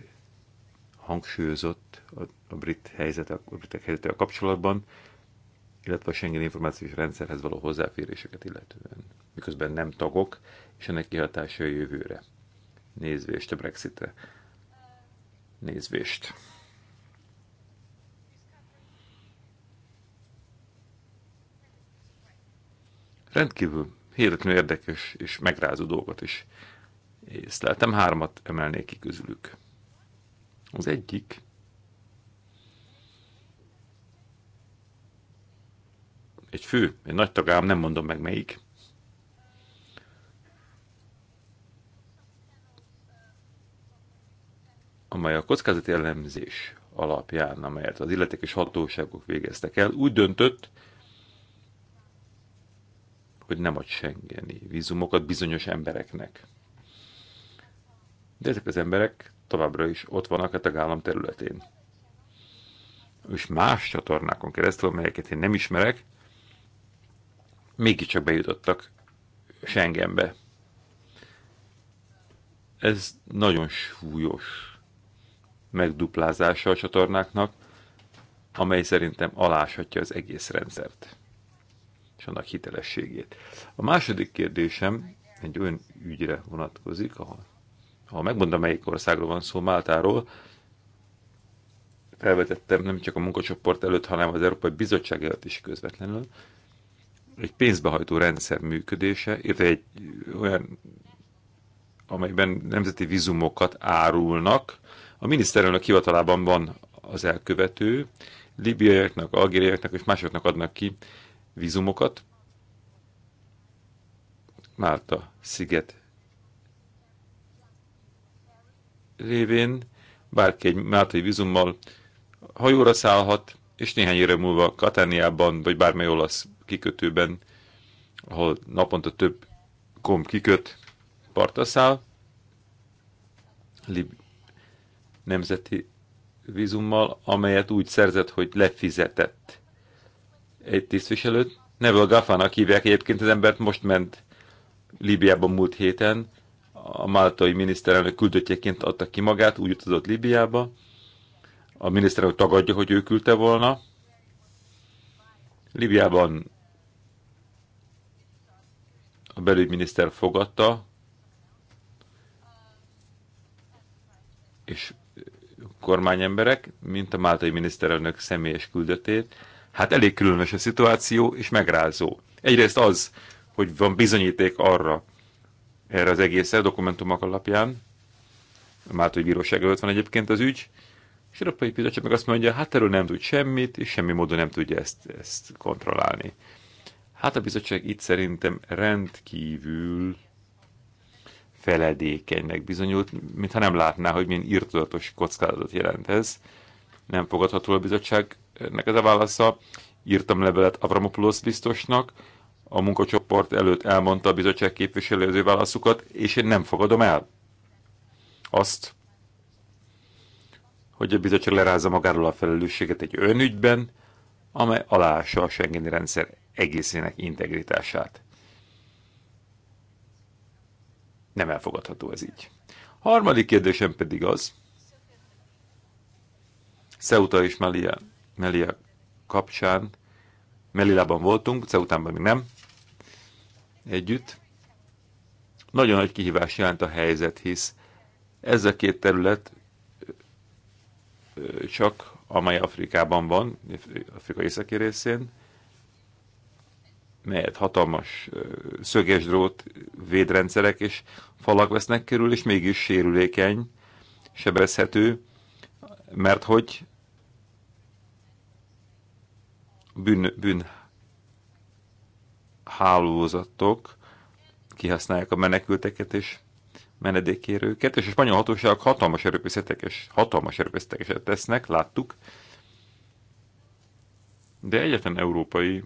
hangsúlyozott a, a brit helyzet, a britek helyzetével kapcsolatban, illetve a Schengen információs rendszerhez való hozzáféréseket illetően, miközben nem tagok, és ennek kihatása a jövőre. Nézvést a brexit -e. Nézvést. Rendkívül hihetetlenül érdekes és megrázó dolgot is észleltem, hármat emelnék ki közülük. Az egyik egy fő, egy nagy tagám, nem mondom meg melyik, amely a kockázati elemzés alapján, amelyet az illetékes hatóságok végeztek el, úgy döntött, hogy nem ad Schengeni vízumokat bizonyos embereknek de ezek az emberek továbbra is ott vannak a tagállam területén. És más csatornákon keresztül, amelyeket én nem ismerek, mégiscsak bejutottak Schengenbe. Ez nagyon súlyos megduplázása a csatornáknak, amely szerintem aláshatja az egész rendszert és annak hitelességét. A második kérdésem egy olyan ügyre vonatkozik, ahol ha megmondom, melyik országról van szó, Máltáról, felvetettem nem csak a munkacsoport előtt, hanem az Európai Bizottság előtt is közvetlenül, egy pénzbehajtó rendszer működése, illetve egy olyan, amelyben nemzeti vizumokat árulnak. A miniszterelnök hivatalában van az elkövető, libiaiaknak, algériaiaknak és másoknak adnak ki vizumokat. Málta sziget lévén bárki egy máltai vízummal hajóra szállhat, és néhány éve múlva Katániában, vagy bármely olasz kikötőben, ahol naponta több kom kiköt, partra száll, Lib nemzeti vízummal, amelyet úgy szerzett, hogy lefizetett egy tisztviselőt. Neville Gaffának hívják egyébként az embert, most ment Líbiában múlt héten, a máltai miniszterelnök küldöttjeként adta ki magát, úgy utazott Líbiába. A miniszterelnök tagadja, hogy ő küldte volna. Líbiában a belügyminiszter fogadta, és kormányemberek, mint a máltai miniszterelnök személyes küldöttét. Hát elég különös a szituáció, és megrázó. Egyrészt az, hogy van bizonyíték arra, erre az egészre, dokumentumok alapján. Már hogy bíróság előtt van egyébként az ügy. És a Európai Bizottság meg azt mondja, hát erről nem tud semmit, és semmi módon nem tudja ezt, ezt kontrollálni. Hát a bizottság itt szerintem rendkívül feledékenynek bizonyult, mintha nem látná, hogy milyen írtudatos kockázatot jelent ez. Nem fogadható a bizottság ez a válasza. Írtam levelet Avramopoulos biztosnak, a munkacsoport előtt elmondta a bizottság képviselőző válaszukat, és én nem fogadom el azt, hogy a bizottság lerázza magáról a felelősséget egy önügyben, amely alása a Schengeni rendszer egészének integritását. Nem elfogadható ez így. Harmadik kérdésem pedig az, Ceuta és Melia, Melia kapcsán Melilában voltunk, Ceutánban még nem együtt. Nagyon nagy kihívás jelent a helyzet, hisz ez a két terület csak, amely Afrikában van, Afrika északi részén, melyet hatalmas szöges drót, védrendszerek és falak vesznek körül, és mégis sérülékeny, sebezhető, mert hogy bűn, bűn hálózatok kihasználják a menekülteket és menedékkérőket, és a spanyol hatóságok hatalmas erőfeszítékes, hatalmas erőfeszítékeset tesznek, láttuk, de egyetlen európai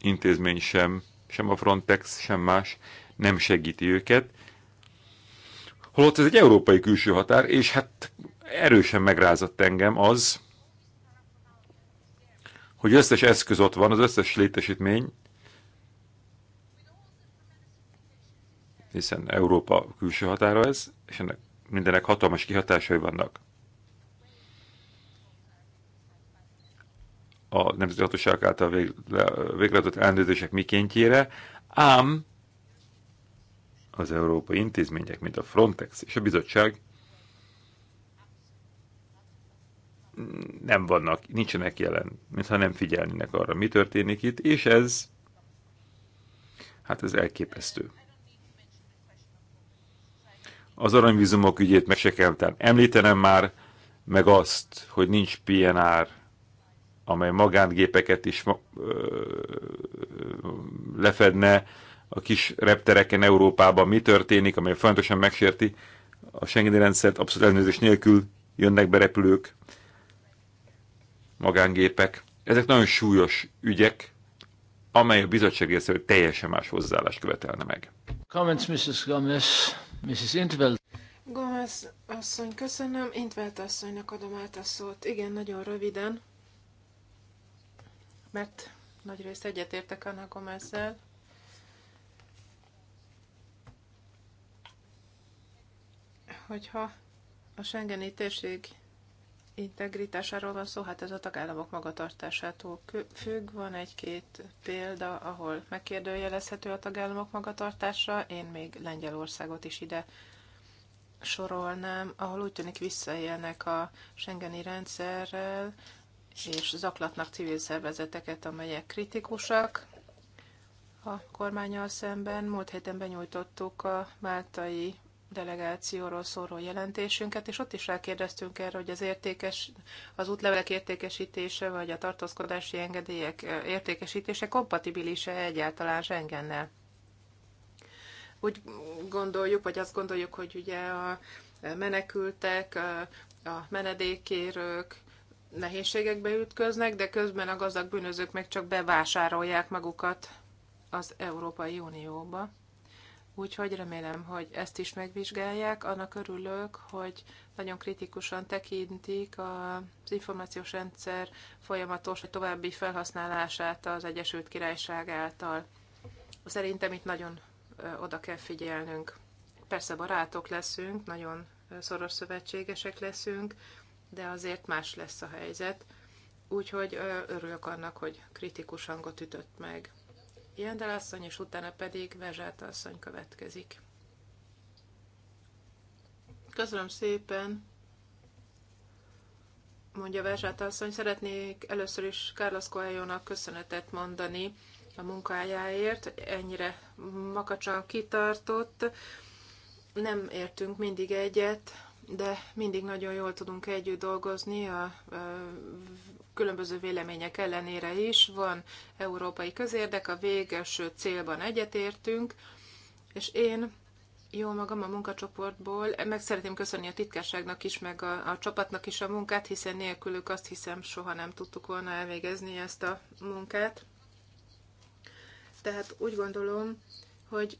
intézmény sem, sem a Frontex, sem más nem segíti őket. Holott ez egy európai külső határ, és hát erősen megrázott engem az, hogy összes eszköz ott van, az összes létesítmény, hiszen Európa külső határa ez, és ennek mindenek hatalmas kihatásai vannak. a Nemzeti Hatóság által végrehajtott ellenőrzések mikéntjére, ám az európai intézmények, mint a Frontex és a bizottság nem vannak, nincsenek jelen, mintha nem figyelnének arra, mi történik itt, és ez, hát ez elképesztő. Az aranyvizumok ügyét meg se kell, tehát említenem már, meg azt, hogy nincs PNR, amely magángépeket is ö, lefedne a kis reptereken Európában, mi történik, amely fontosan megsérti a Schengeni rendszert, abszolút ellenőrzés nélkül jönnek be repülők, magángépek. Ezek nagyon súlyos ügyek, amely a bizottság részéről teljesen más hozzáállást követelne meg. Comments, Mrs. Gomez, Mrs. Intveld. Gomez asszony, köszönöm. Intveld asszonynak adom át a szót. Igen, nagyon röviden, mert nagy részt egyetértek Anna -el. Hogyha a Schengeni térség integritásáról van szó, hát ez a tagállamok magatartásától függ. Van egy-két példa, ahol megkérdőjelezhető a tagállamok magatartása. Én még Lengyelországot is ide sorolnám, ahol úgy tűnik visszaélnek a Schengeni rendszerrel, és zaklatnak civil szervezeteket, amelyek kritikusak a kormányal szemben. Múlt héten benyújtottuk a máltai delegációról szóló jelentésünket, és ott is rákérdeztünk erre, hogy az értékes, az útlevelek értékesítése, vagy a tartózkodási engedélyek értékesítése kompatibilise e egyáltalán Schengennel. Úgy gondoljuk, vagy azt gondoljuk, hogy ugye a menekültek, a menedékkérők, nehézségekbe ütköznek, de közben a gazdag bűnözők meg csak bevásárolják magukat az Európai Unióba. Úgyhogy remélem, hogy ezt is megvizsgálják. Annak örülök, hogy nagyon kritikusan tekintik az információs rendszer folyamatos további felhasználását az Egyesült Királyság által. Szerintem itt nagyon oda kell figyelnünk. Persze barátok leszünk, nagyon szoros szövetségesek leszünk, de azért más lesz a helyzet. Úgyhogy örülök annak, hogy kritikus hangot ütött meg. Jendel asszony, és utána pedig Vezsát asszony következik. Köszönöm szépen, mondja Vezsát asszony. Szeretnék először is Carlos coelho köszönetet mondani a munkájáért. Ennyire makacsan kitartott. Nem értünk mindig egyet, de mindig nagyon jól tudunk együtt dolgozni a különböző vélemények ellenére is van európai közérdek, a véges célban egyetértünk, és én jó magam a munkacsoportból, meg szeretném köszönni a titkárságnak is, meg a, a csapatnak is a munkát, hiszen nélkülük azt hiszem soha nem tudtuk volna elvégezni ezt a munkát. Tehát úgy gondolom, hogy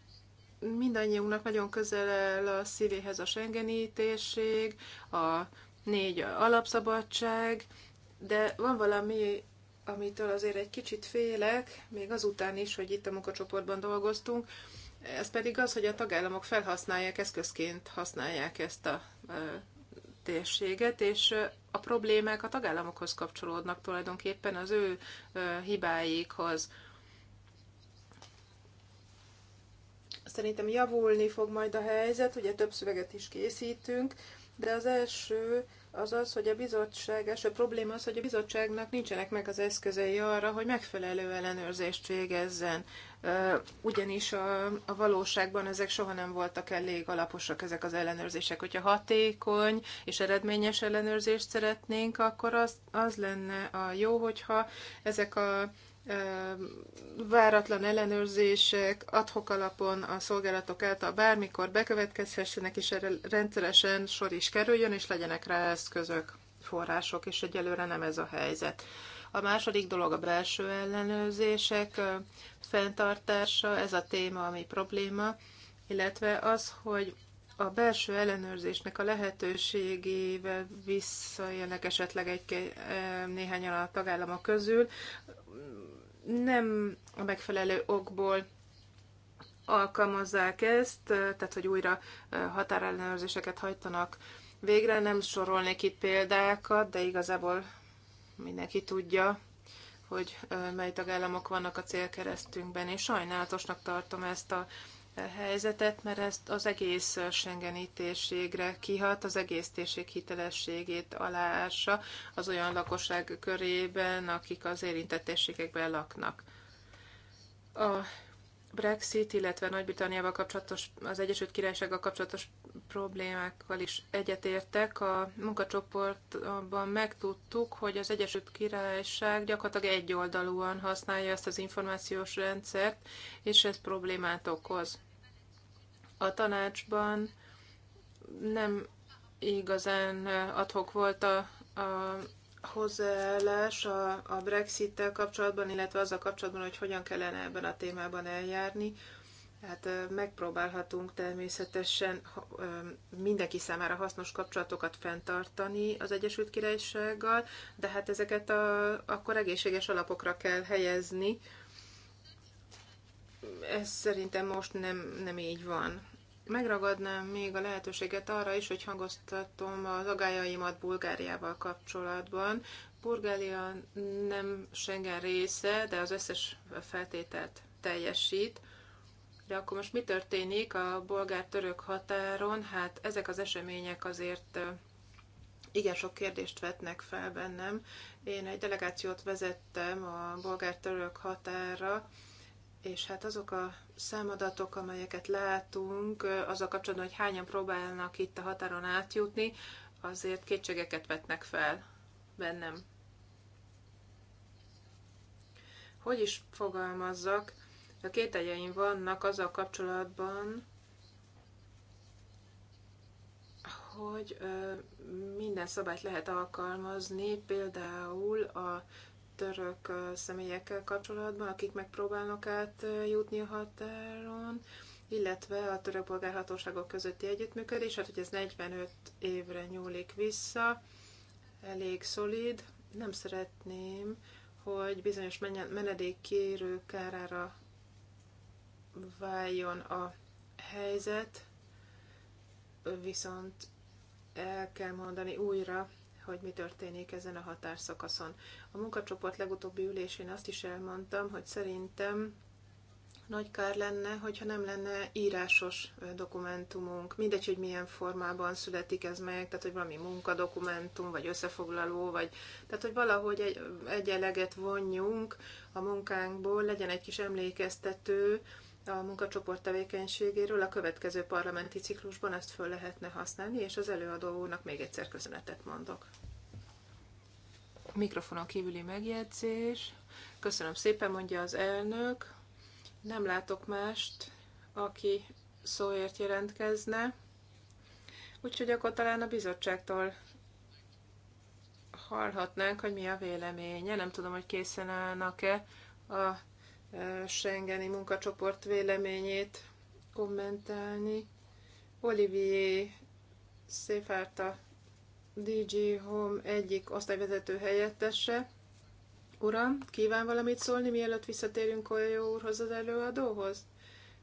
mindannyiunknak nagyon közel a szívéhez a Schengeni térség, a négy alapszabadság, de van valami, amitől azért egy kicsit félek, még azután is, hogy itt a munkacsoportban dolgoztunk, ez pedig az, hogy a tagállamok felhasználják, eszközként használják ezt a térséget, és a problémák a tagállamokhoz kapcsolódnak tulajdonképpen az ő hibáikhoz. Szerintem javulni fog majd a helyzet, ugye több szöveget is készítünk, de az első az az, hogy a bizottság, első probléma az, hogy a bizottságnak nincsenek meg az eszközei arra, hogy megfelelő ellenőrzést végezzen. Ugyanis a, a valóságban ezek soha nem voltak elég alaposak, ezek az ellenőrzések. Hogyha hatékony és eredményes ellenőrzést szeretnénk, akkor az, az lenne a jó, hogyha ezek a váratlan ellenőrzések adhok alapon a szolgálatok által bármikor bekövetkezhessenek, és erre rendszeresen sor is kerüljön, és legyenek rá eszközök, források, és egyelőre nem ez a helyzet. A második dolog a belső ellenőrzések fenntartása, ez a téma, ami probléma, illetve az, hogy a belső ellenőrzésnek a lehetőségével visszaélnek esetleg egy, néhányan a tagállamok közül, nem a megfelelő okból alkalmazzák ezt, tehát hogy újra határellenőrzéseket hajtanak végre. Nem sorolnék itt példákat, de igazából mindenki tudja, hogy mely tagállamok vannak a célkeresztünkben. Én sajnálatosnak tartom ezt a helyzetet, mert ezt az egész Schengeni térségre kihat, az egész térség hitelességét aláássa az olyan lakosság körében, akik az érintett térségekben laknak. A Brexit, illetve Nagy-Britanniával kapcsolatos, az Egyesült Királysággal kapcsolatos problémákkal is egyetértek. A munkacsoportban megtudtuk, hogy az Egyesült Királyság gyakorlatilag egyoldalúan használja ezt az információs rendszert, és ez problémát okoz a tanácsban nem igazán adhok volt a, a hozzáállás a, a Brexit-tel kapcsolatban, illetve azzal kapcsolatban, hogy hogyan kellene ebben a témában eljárni. Hát megpróbálhatunk természetesen mindenki számára hasznos kapcsolatokat fenntartani az Egyesült Királysággal, de hát ezeket a, akkor egészséges alapokra kell helyezni. Ez szerintem most nem, nem így van megragadnám még a lehetőséget arra is, hogy hangoztatom az agályaimat Bulgáriával kapcsolatban. Bulgária nem Schengen része, de az összes feltételt teljesít. De akkor most mi történik a bolgár-török határon? Hát ezek az események azért igen sok kérdést vetnek fel bennem. Én egy delegációt vezettem a bolgár-török határa, és hát azok a számadatok, amelyeket látunk, az a kapcsolatban, hogy hányan próbálnak itt a határon átjutni, azért kétségeket vetnek fel bennem. Hogy is fogalmazzak, a kételjeim vannak az a kapcsolatban, hogy minden szabályt lehet alkalmazni, például a török személyekkel kapcsolatban, akik megpróbálnak átjutni a határon, illetve a török polgárhatóságok közötti együttműködés, hát hogy ez 45 évre nyúlik vissza, elég szolid. Nem szeretném, hogy bizonyos menedékkérő kárára váljon a helyzet, viszont el kell mondani újra, hogy mi történik ezen a határszakaszon. A munkacsoport legutóbbi ülésén azt is elmondtam, hogy szerintem nagy kár lenne, hogyha nem lenne írásos dokumentumunk. Mindegy, hogy milyen formában születik ez meg, tehát hogy valami munkadokumentum, vagy összefoglaló, vagy tehát hogy valahogy egy, egy eleget vonjunk a munkánkból, legyen egy kis emlékeztető, a munkacsoport tevékenységéről a következő parlamenti ciklusban ezt föl lehetne használni, és az előadó úrnak még egyszer köszönetet mondok. Mikrofonon kívüli megjegyzés. Köszönöm szépen, mondja az elnök. Nem látok mást, aki szóért jelentkezne. Úgyhogy akkor talán a bizottságtól hallhatnánk, hogy mi a véleménye. Nem tudom, hogy készen állnak-e a Schengeni munkacsoport véleményét kommentálni. Olivier Széfárta, DG Home egyik osztályvezető helyettese. Uram, kíván valamit szólni, mielőtt visszatérünk Kolyó úrhoz az előadóhoz?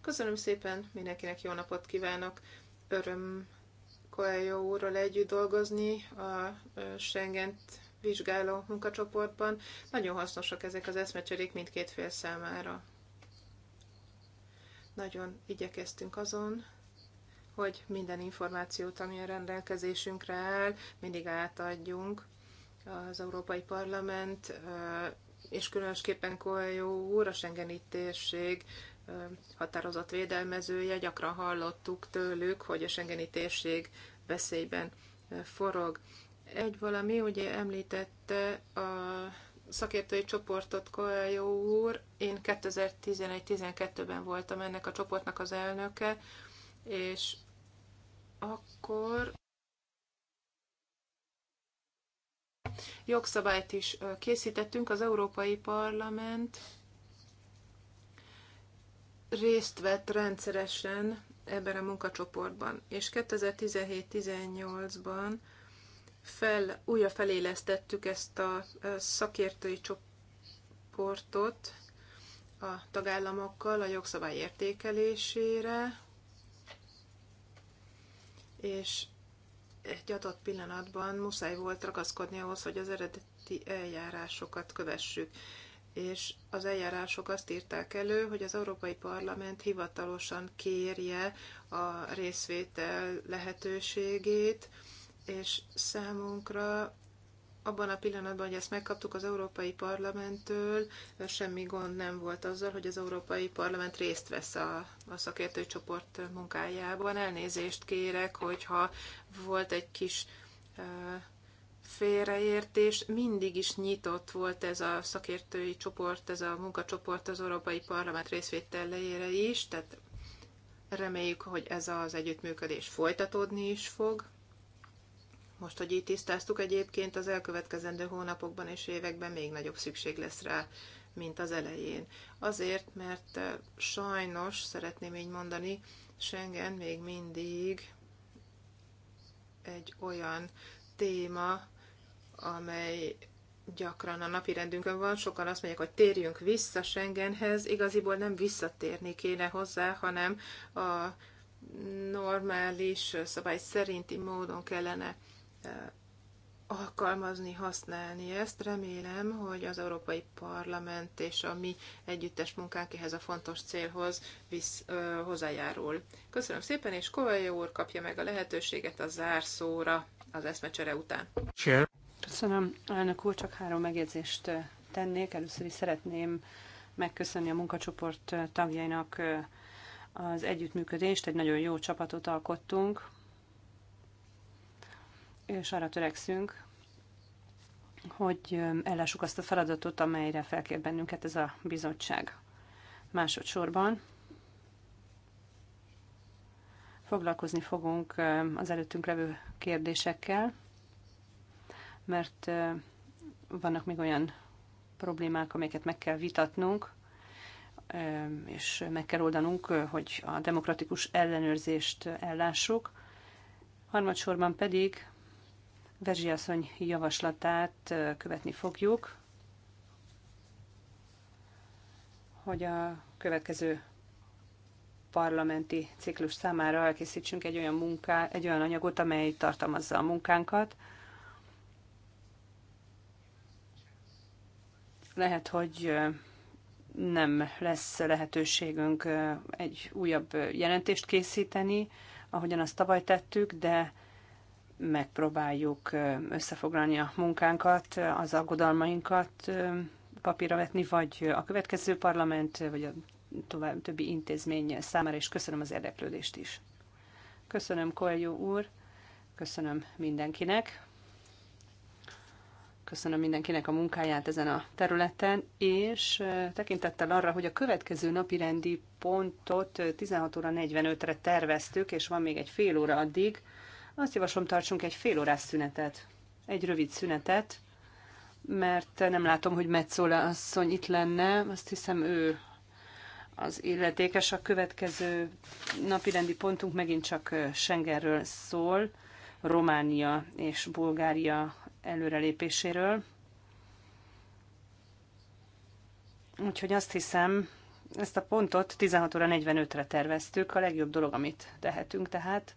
Köszönöm szépen, mindenkinek jó napot kívánok. Öröm Koelyó úrral együtt dolgozni a Schengen vizsgáló munkacsoportban. Nagyon hasznosak ezek az eszmecserék mindkét fél számára. Nagyon igyekeztünk azon, hogy minden információt, ami a rendelkezésünkre áll, mindig átadjunk az Európai Parlament, és különösképpen Koeljó úr, a Schengeni térség határozott védelmezője, gyakran hallottuk tőlük, hogy a Schengeni térség veszélyben forog. Egy valami, ugye említette a szakértői csoportot Koeljó úr, én 2011-12-ben voltam ennek a csoportnak az elnöke, és akkor jogszabályt is készítettünk, az Európai Parlament részt vett rendszeresen ebben a munkacsoportban, és 2017-18-ban fel, újra felélesztettük ezt a szakértői csoportot a tagállamokkal a jogszabály értékelésére, és egy adott pillanatban muszáj volt ragaszkodni ahhoz, hogy az eredeti eljárásokat kövessük. És az eljárások azt írták elő, hogy az Európai Parlament hivatalosan kérje a részvétel lehetőségét, és számunkra abban a pillanatban, hogy ezt megkaptuk az Európai Parlamenttől, semmi gond nem volt azzal, hogy az Európai Parlament részt vesz a, a szakértői csoport munkájában. Elnézést kérek, hogyha volt egy kis félreértés. Mindig is nyitott volt ez a szakértői csoport, ez a munkacsoport az Európai Parlament részvételére is, tehát reméljük, hogy ez az együttműködés folytatódni is fog. Most, hogy így tisztáztuk egyébként, az elkövetkezendő hónapokban és években még nagyobb szükség lesz rá, mint az elején. Azért, mert sajnos, szeretném így mondani, Schengen még mindig egy olyan téma, amely gyakran a napi rendünkön van. Sokan azt mondják, hogy térjünk vissza Schengenhez. Igaziból nem visszatérni kéne hozzá, hanem a normális szabály szerinti módon kellene Eh, alkalmazni, használni ezt. Remélem, hogy az Európai Parlament és a mi együttes munkánk ehhez a fontos célhoz visz, ö, hozzájárul. Köszönöm szépen, és Kovályó úr kapja meg a lehetőséget a zárszóra az eszmecsere után. Sure. Köszönöm, elnök úr, csak három megjegyzést tennék. Először is szeretném megköszönni a munkacsoport tagjainak az együttműködést, egy nagyon jó csapatot alkottunk, és arra törekszünk, hogy ellássuk azt a feladatot, amelyre felkér bennünket ez a bizottság. Másodszorban foglalkozni fogunk az előttünk levő kérdésekkel, mert vannak még olyan problémák, amelyeket meg kell vitatnunk, és meg kell oldanunk, hogy a demokratikus ellenőrzést ellássuk. Harmadsorban pedig Verzsi asszony javaslatát követni fogjuk, hogy a következő parlamenti ciklus számára elkészítsünk egy olyan, munká, egy olyan anyagot, amely tartalmazza a munkánkat. Lehet, hogy nem lesz lehetőségünk egy újabb jelentést készíteni, ahogyan azt tavaly tettük, de megpróbáljuk összefoglalni a munkánkat, az aggodalmainkat papírra vetni, vagy a következő parlament, vagy a tovább, többi intézmény számára, és köszönöm az érdeklődést is. Köszönöm, Koeljó úr, köszönöm mindenkinek, köszönöm mindenkinek a munkáját ezen a területen, és tekintettel arra, hogy a következő napi rendi pontot 16 óra 45-re terveztük, és van még egy fél óra addig, azt javaslom, tartsunk egy fél órás szünetet, egy rövid szünetet, mert nem látom, hogy Metzola asszony itt lenne. Azt hiszem, ő az illetékes. A következő napi rendi pontunk megint csak Schengenről szól, Románia és Bulgária előrelépéséről. Úgyhogy azt hiszem, ezt a pontot 16 óra 45-re terveztük. A legjobb dolog, amit tehetünk tehát,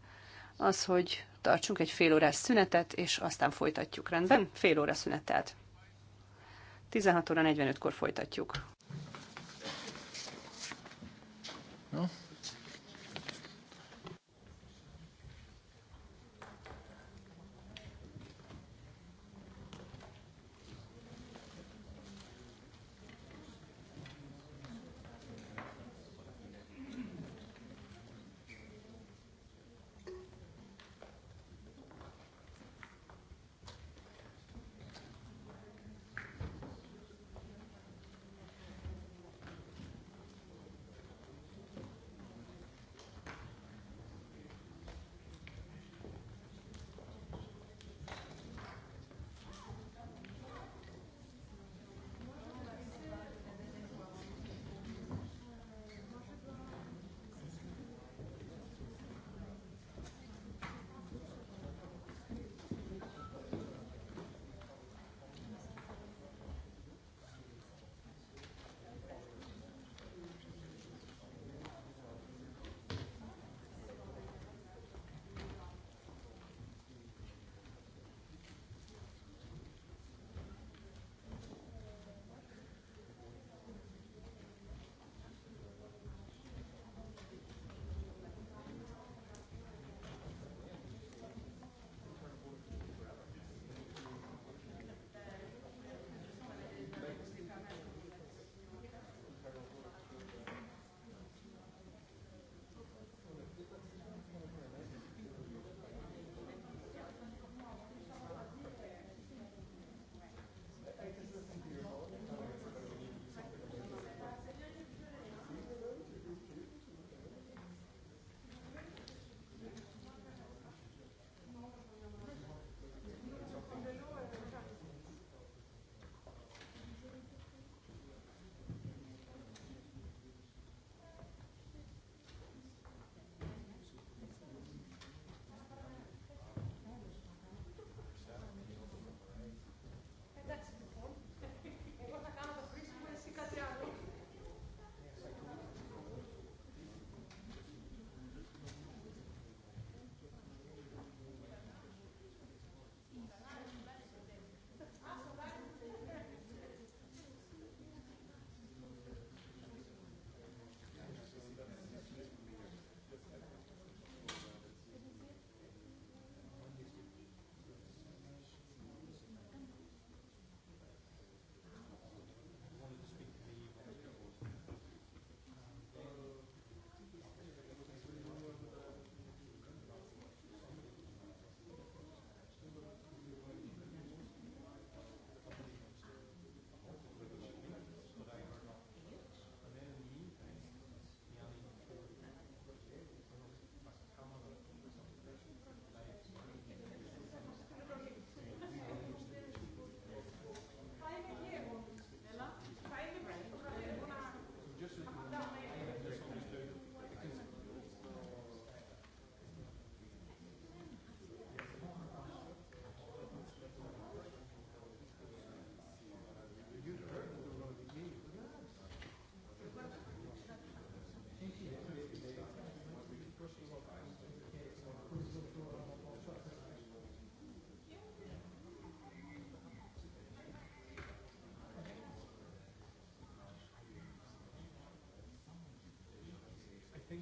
az, hogy tartsunk egy fél órás szünetet, és aztán folytatjuk. Rendben? Fél óra szünetet. 16 óra 45-kor folytatjuk. No?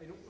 I don't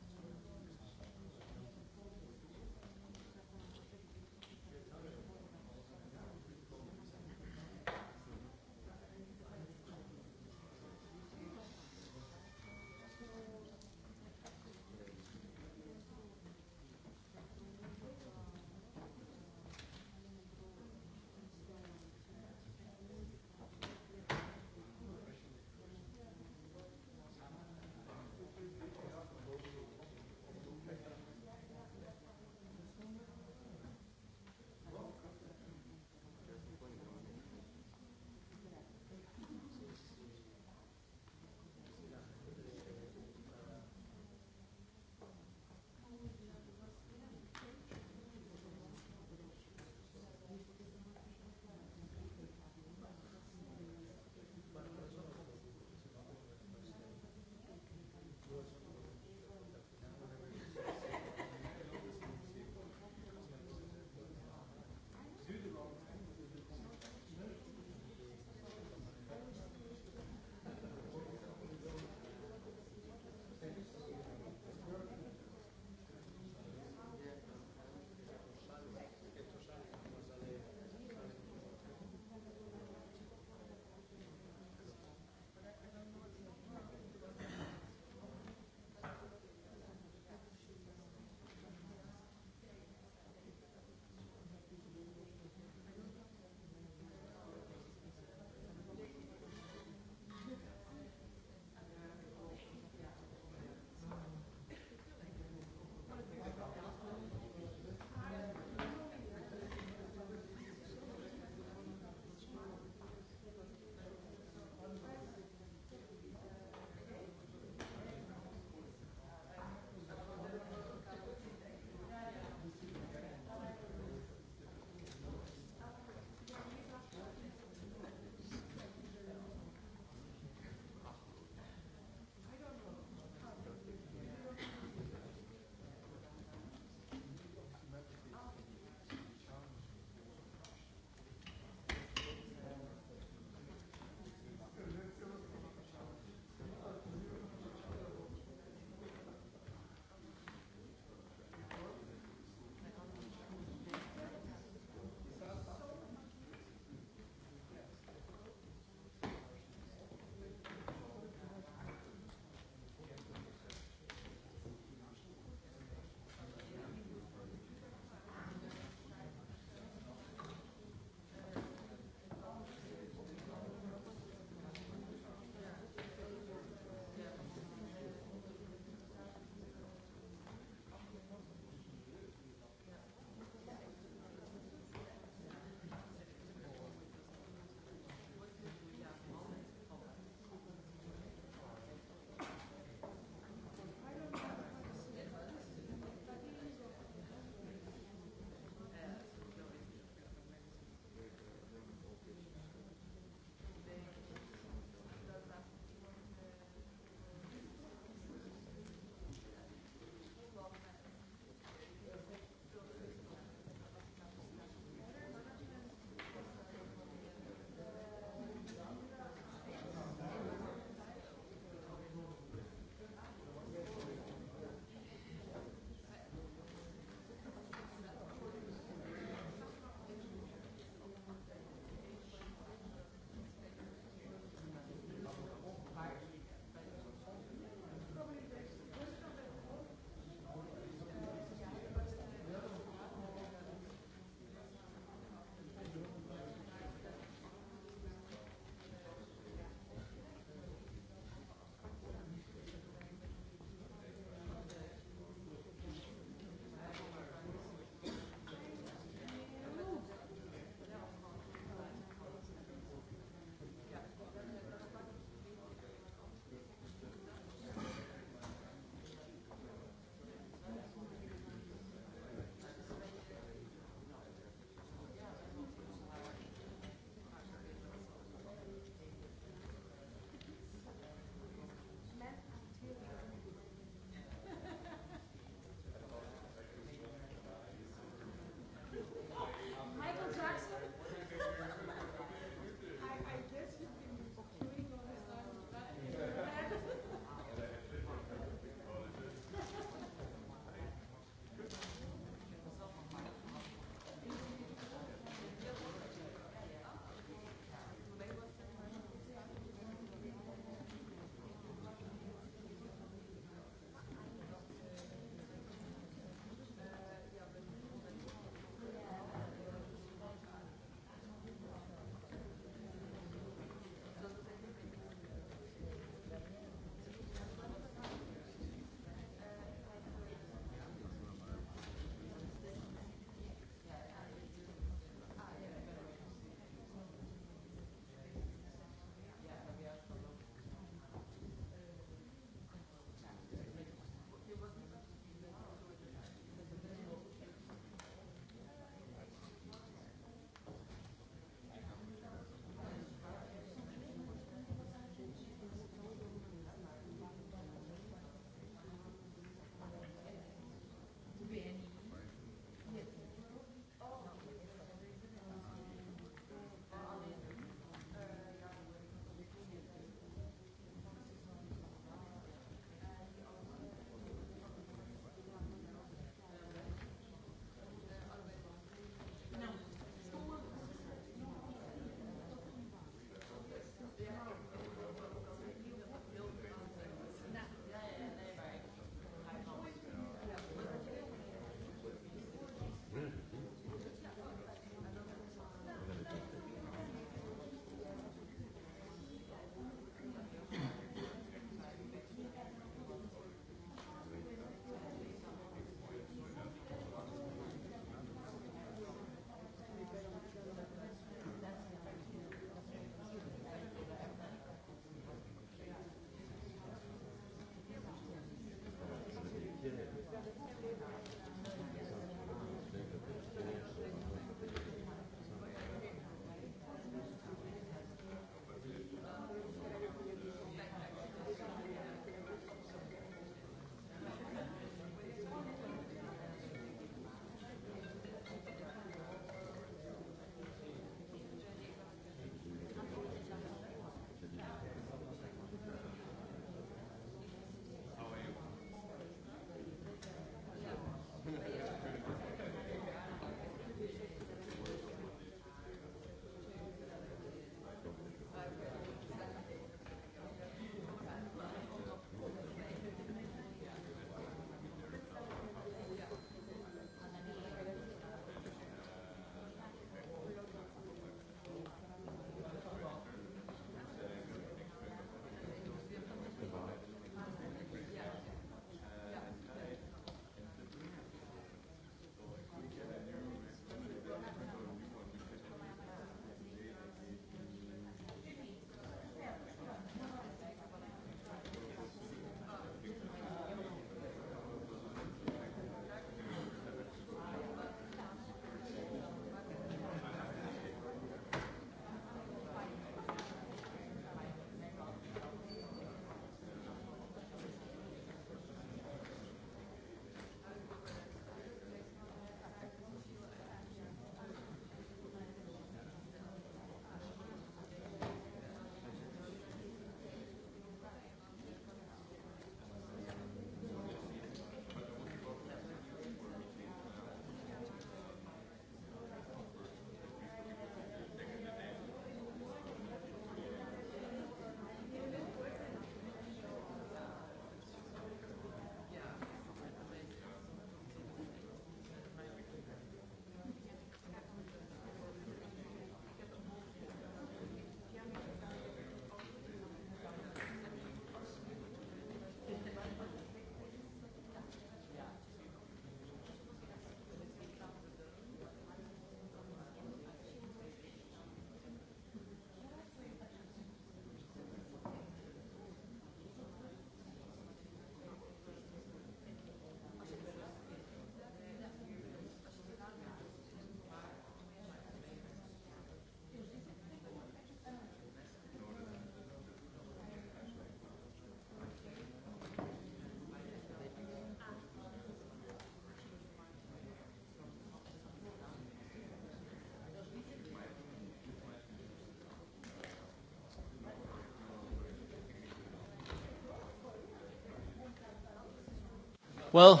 Well,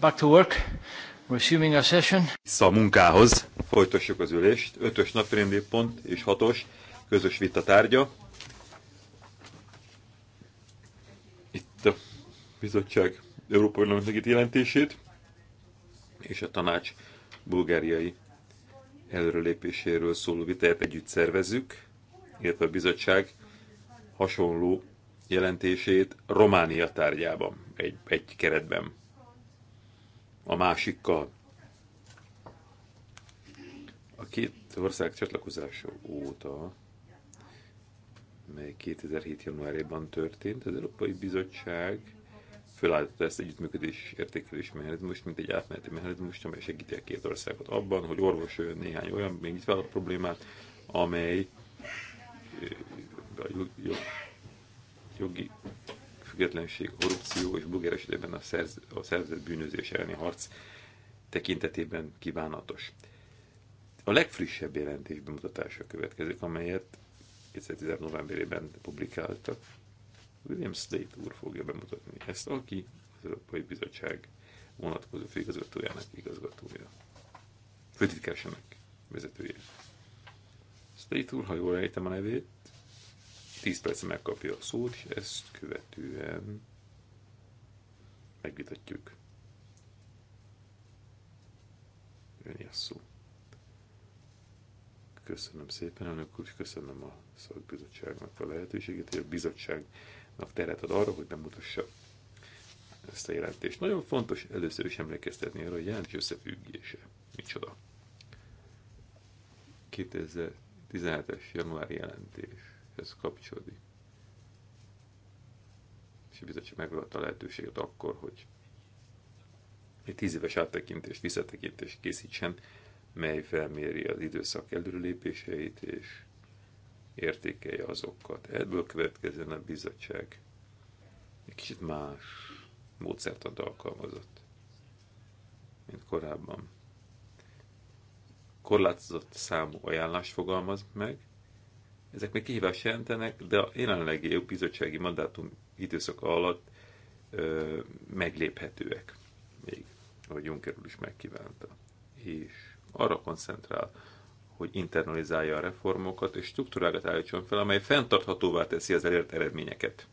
back to work. Resuming our session. Vissza a munkához. Folytassuk az ülést. Ötös napirendi pont és hatos közös vita tárgya. Itt a bizottság Európai Parlamentnek jelentését és a tanács bulgáriai előrelépéséről szóló vitát együtt szervezzük, illetve a bizottság hasonló jelentését Románia tárgyában egy, egy keretben a másikkal. A két ország csatlakozása óta, mely 2007. januárjában történt, az Európai Bizottság felállította ezt együttműködés értékelés mechanizmust, mint egy átmeneti mechanizmust, amely segíti a két országot abban, hogy orvos néhány olyan még itt vállalt problémát, amely a jogi függetlenség, korrupció és Bulgáriás esetében a, szerz, a szervezett bűnözés elleni harc tekintetében kívánatos. A legfrissebb jelentés bemutatása következik, amelyet 2010. novemberében publikáltak. William Slate úr fogja bemutatni ezt, aki az Európai Bizottság vonatkozó főigazgatójának igazgatója. Főtitkásának vezetője. Slate úr, ha jól ejtem a nevét, 10 percre megkapja a szót, és ezt követően megvitatjuk. Jönni a szó. Köszönöm szépen, elnök úr, köszönöm a szakbizottságnak a lehetőséget, hogy a bizottságnak teret ad arra, hogy bemutassa ezt a jelentést. Nagyon fontos először is emlékeztetni arra, hogy jelentés összefüggése. Micsoda. 2017-es januári jelentés ez kapcsolódik. És a bizottság megadta a lehetőséget akkor, hogy egy tíz éves áttekintést, visszatekintést készítsen, mely felméri az időszak előrelépéseit, és értékelje azokat. Ebből következően a bizottság egy kicsit más módszertant alkalmazott, mint korábban. Korlátozott számú ajánlást fogalmaz meg, ezek még kihívást jelentenek, de a jelenlegi bizottsági mandátum időszaka alatt ö, megléphetőek még, ahogy Juncker úr is megkívánta. És arra koncentrál, hogy internalizálja a reformokat, és struktúrákat állítson fel, amely fenntarthatóvá teszi az elért eredményeket.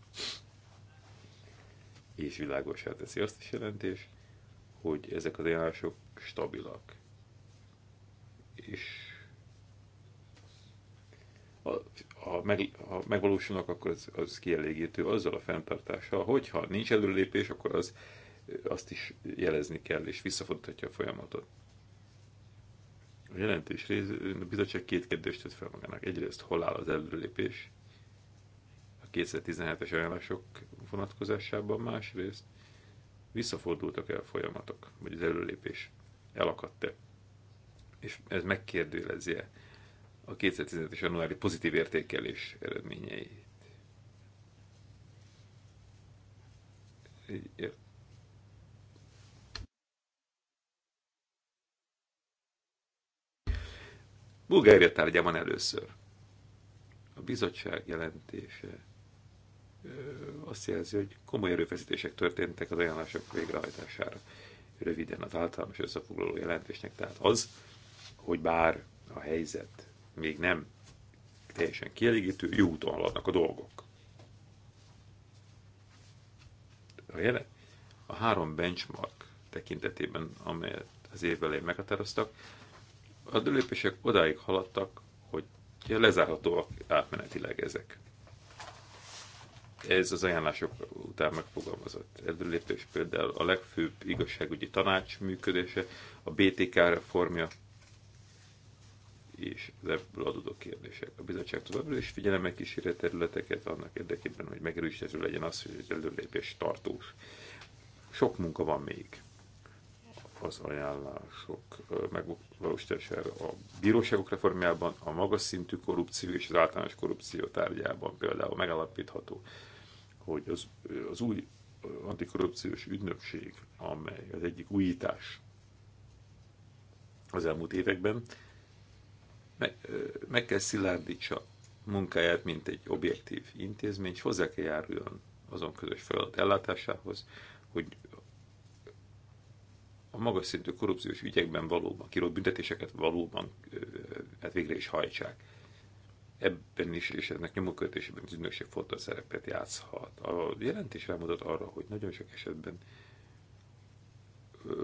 És világosá teszi azt is jelentés, hogy ezek az ajánlások stabilak. És ha, meg, ha megvalósulnak, akkor az, az kielégítő azzal a fenntartással, hogyha nincs előlépés, akkor az, azt is jelezni kell, és visszafordíthatja a folyamatot. A jelentés rész, a bizottság két kérdést tett fel magának. Egyrészt, hol áll az előlépés a 2017-es ajánlások vonatkozásában, másrészt visszafordultak el a folyamatok, vagy az előlépés elakadt-e, és ez megkérdőjelezi -e a 2015 és januári pozitív értékelés eredményeit. Bulgária tárgyában először. A bizottság jelentése azt jelzi, hogy komoly erőfeszítések történtek az ajánlások végrehajtására. Röviden az általános összefoglaló jelentésnek, tehát az, hogy bár a helyzet még nem teljesen kielégítő, jó úton haladnak a dolgok. A, jelen, a három benchmark tekintetében, amelyet az év elején meghatároztak, a lépések odáig haladtak, hogy lezárhatóak átmenetileg ezek. Ez az ajánlások után megfogalmazott előlépés például a legfőbb igazságügyi tanács működése, a BTK reformja, és az ebből adódó kérdések. A bizottság továbbra is figyelemmel kísérje területeket annak érdekében, hogy megerősítő legyen az, hogy az előlépés tartós. Sok munka van még az ajánlások megvalósítására a bíróságok reformjában, a magas szintű korrupció és az általános korrupció tárgyában például megalapítható, hogy az, az új antikorrupciós ügynökség, amely az egyik újítás az elmúlt években, meg, meg kell szilárdítsa munkáját, mint egy objektív intézmény, és hozzá kell járuljon azon közös feladat ellátásához, hogy a magas szintű korrupciós ügyekben valóban, kirót büntetéseket valóban hát végre is hajtsák. Ebben is, és ennek nyomoköltésében az ügynökség fontos szerepet játszhat. A jelentés rámutat arra, hogy nagyon sok esetben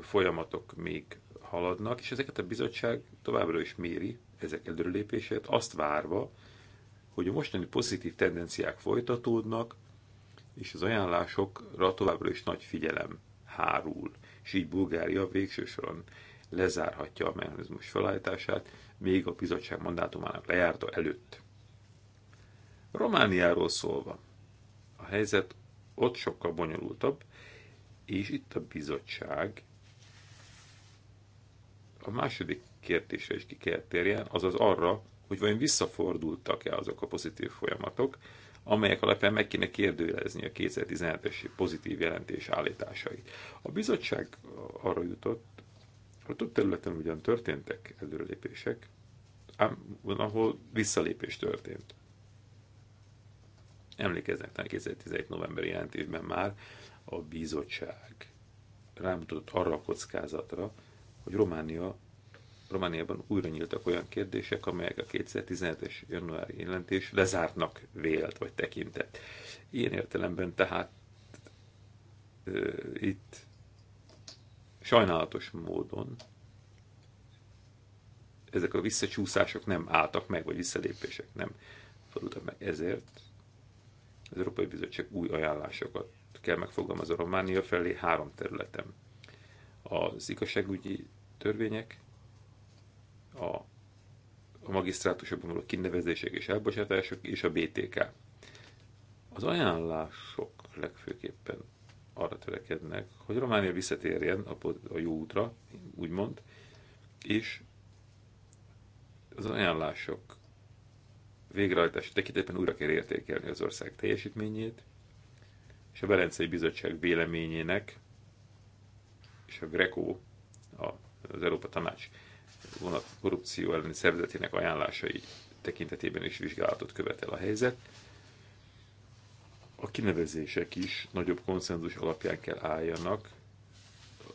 folyamatok még haladnak, és ezeket a bizottság továbbra is méri, ezek előrelépését, azt várva, hogy a mostani pozitív tendenciák folytatódnak, és az ajánlásokra továbbra is nagy figyelem hárul, és így Bulgária végső soron lezárhatja a mechanizmus felállítását, még a bizottság mandátumának lejárta előtt. Romániáról szólva, a helyzet ott sokkal bonyolultabb, és itt a bizottság a második kérdésre is ki kell térjen, azaz arra, hogy vajon visszafordultak-e azok a pozitív folyamatok, amelyek alapján meg kéne kérdőjelezni a 2017-es pozitív jelentés állításait. A bizottság arra jutott, hogy több területen ugyan történtek előrelépések, ám van, ahol visszalépés történt. Emlékeznek talán 2011. novemberi jelentésben már a bizottság rámutatott arra a kockázatra, hogy Románia Romániában újra nyíltak olyan kérdések, amelyek a 2017-es januári jelentés lezártnak vélt vagy tekintett. Ilyen értelemben tehát ö, itt sajnálatos módon ezek a visszacsúszások nem álltak meg, vagy visszalépések nem fordultak meg. Ezért az Európai Bizottság új ajánlásokat kell megfogalmazni a Románia felé három területen. Az igazságügyi törvények, a, a magisztrátusokban való kinevezések és elbocsátások és a BTK. Az ajánlások legfőképpen arra törekednek, hogy Románia visszatérjen a, a jó útra, úgymond, és az ajánlások végrehajtása tekintetben újra kell értékelni az ország teljesítményét, és a Berencei Bizottság véleményének, és a Greco, az Európa Tanács volna korrupció elleni szervezetének ajánlásai tekintetében is vizsgálatot követel a helyzet. A kinevezések is nagyobb konszenzus alapján kell álljanak,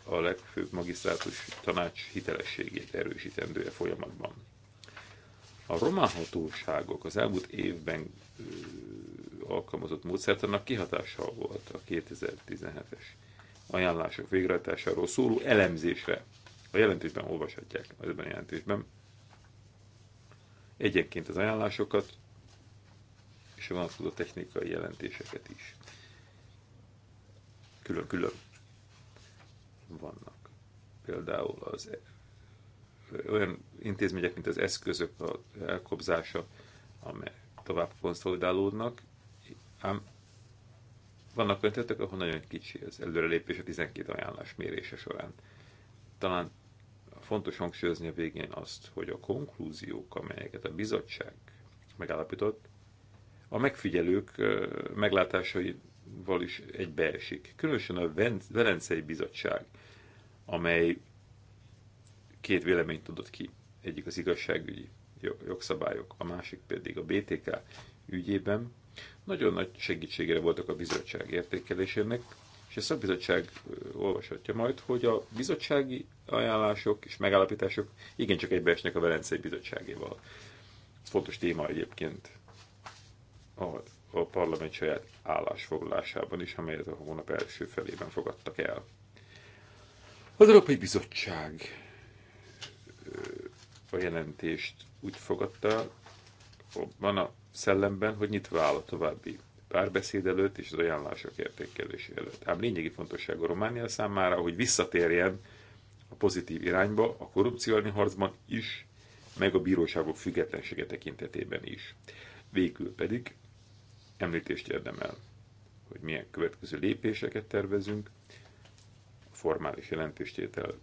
a legfőbb magisztrátus tanács hitelességét erősítendője folyamatban. A román hatóságok az elmúlt évben ö, alkalmazott módszertannak kihatással volt a 2017-es ajánlások végrehajtásáról szóló elemzésre a jelentésben olvashatják, az ebben a jelentésben egyenként az ajánlásokat, és a vonatkozó technikai jelentéseket is. Külön-külön vannak. Például az olyan intézmények, mint az eszközök a elkobzása, amely tovább konszolidálódnak, ám vannak olyan területek, ahol nagyon kicsi az előrelépés a 12 ajánlás mérése során. Talán Fontos hangsúlyozni a végén azt, hogy a konklúziók, amelyeket a bizottság megállapított, a megfigyelők meglátásaival is egybeesik. Különösen a Velencei Bizottság, amely két véleményt adott ki. Egyik az igazságügyi jogszabályok, a másik pedig a BTK ügyében. Nagyon nagy segítségére voltak a bizottság értékelésének, és a szakbizottság olvashatja majd, hogy a bizottsági ajánlások és megállapítások igencsak egybeesnek a Velencei Bizottságéval. Ez fontos téma egyébként a, a parlament saját állásfoglalásában is, amelyet a hónap első felében fogadtak el. Az Európai Bizottság a jelentést úgy fogadta, van a szellemben, hogy nyitva áll a további párbeszéd előtt és az ajánlások értékelés előtt. Ám lényegi fontosságú Románia számára, hogy visszatérjen a pozitív irányba a korrupció elleni harcban is, meg a bíróságok függetlensége tekintetében is. Végül pedig említést érdemel, hogy milyen következő lépéseket tervezünk, a formális jelentéstétel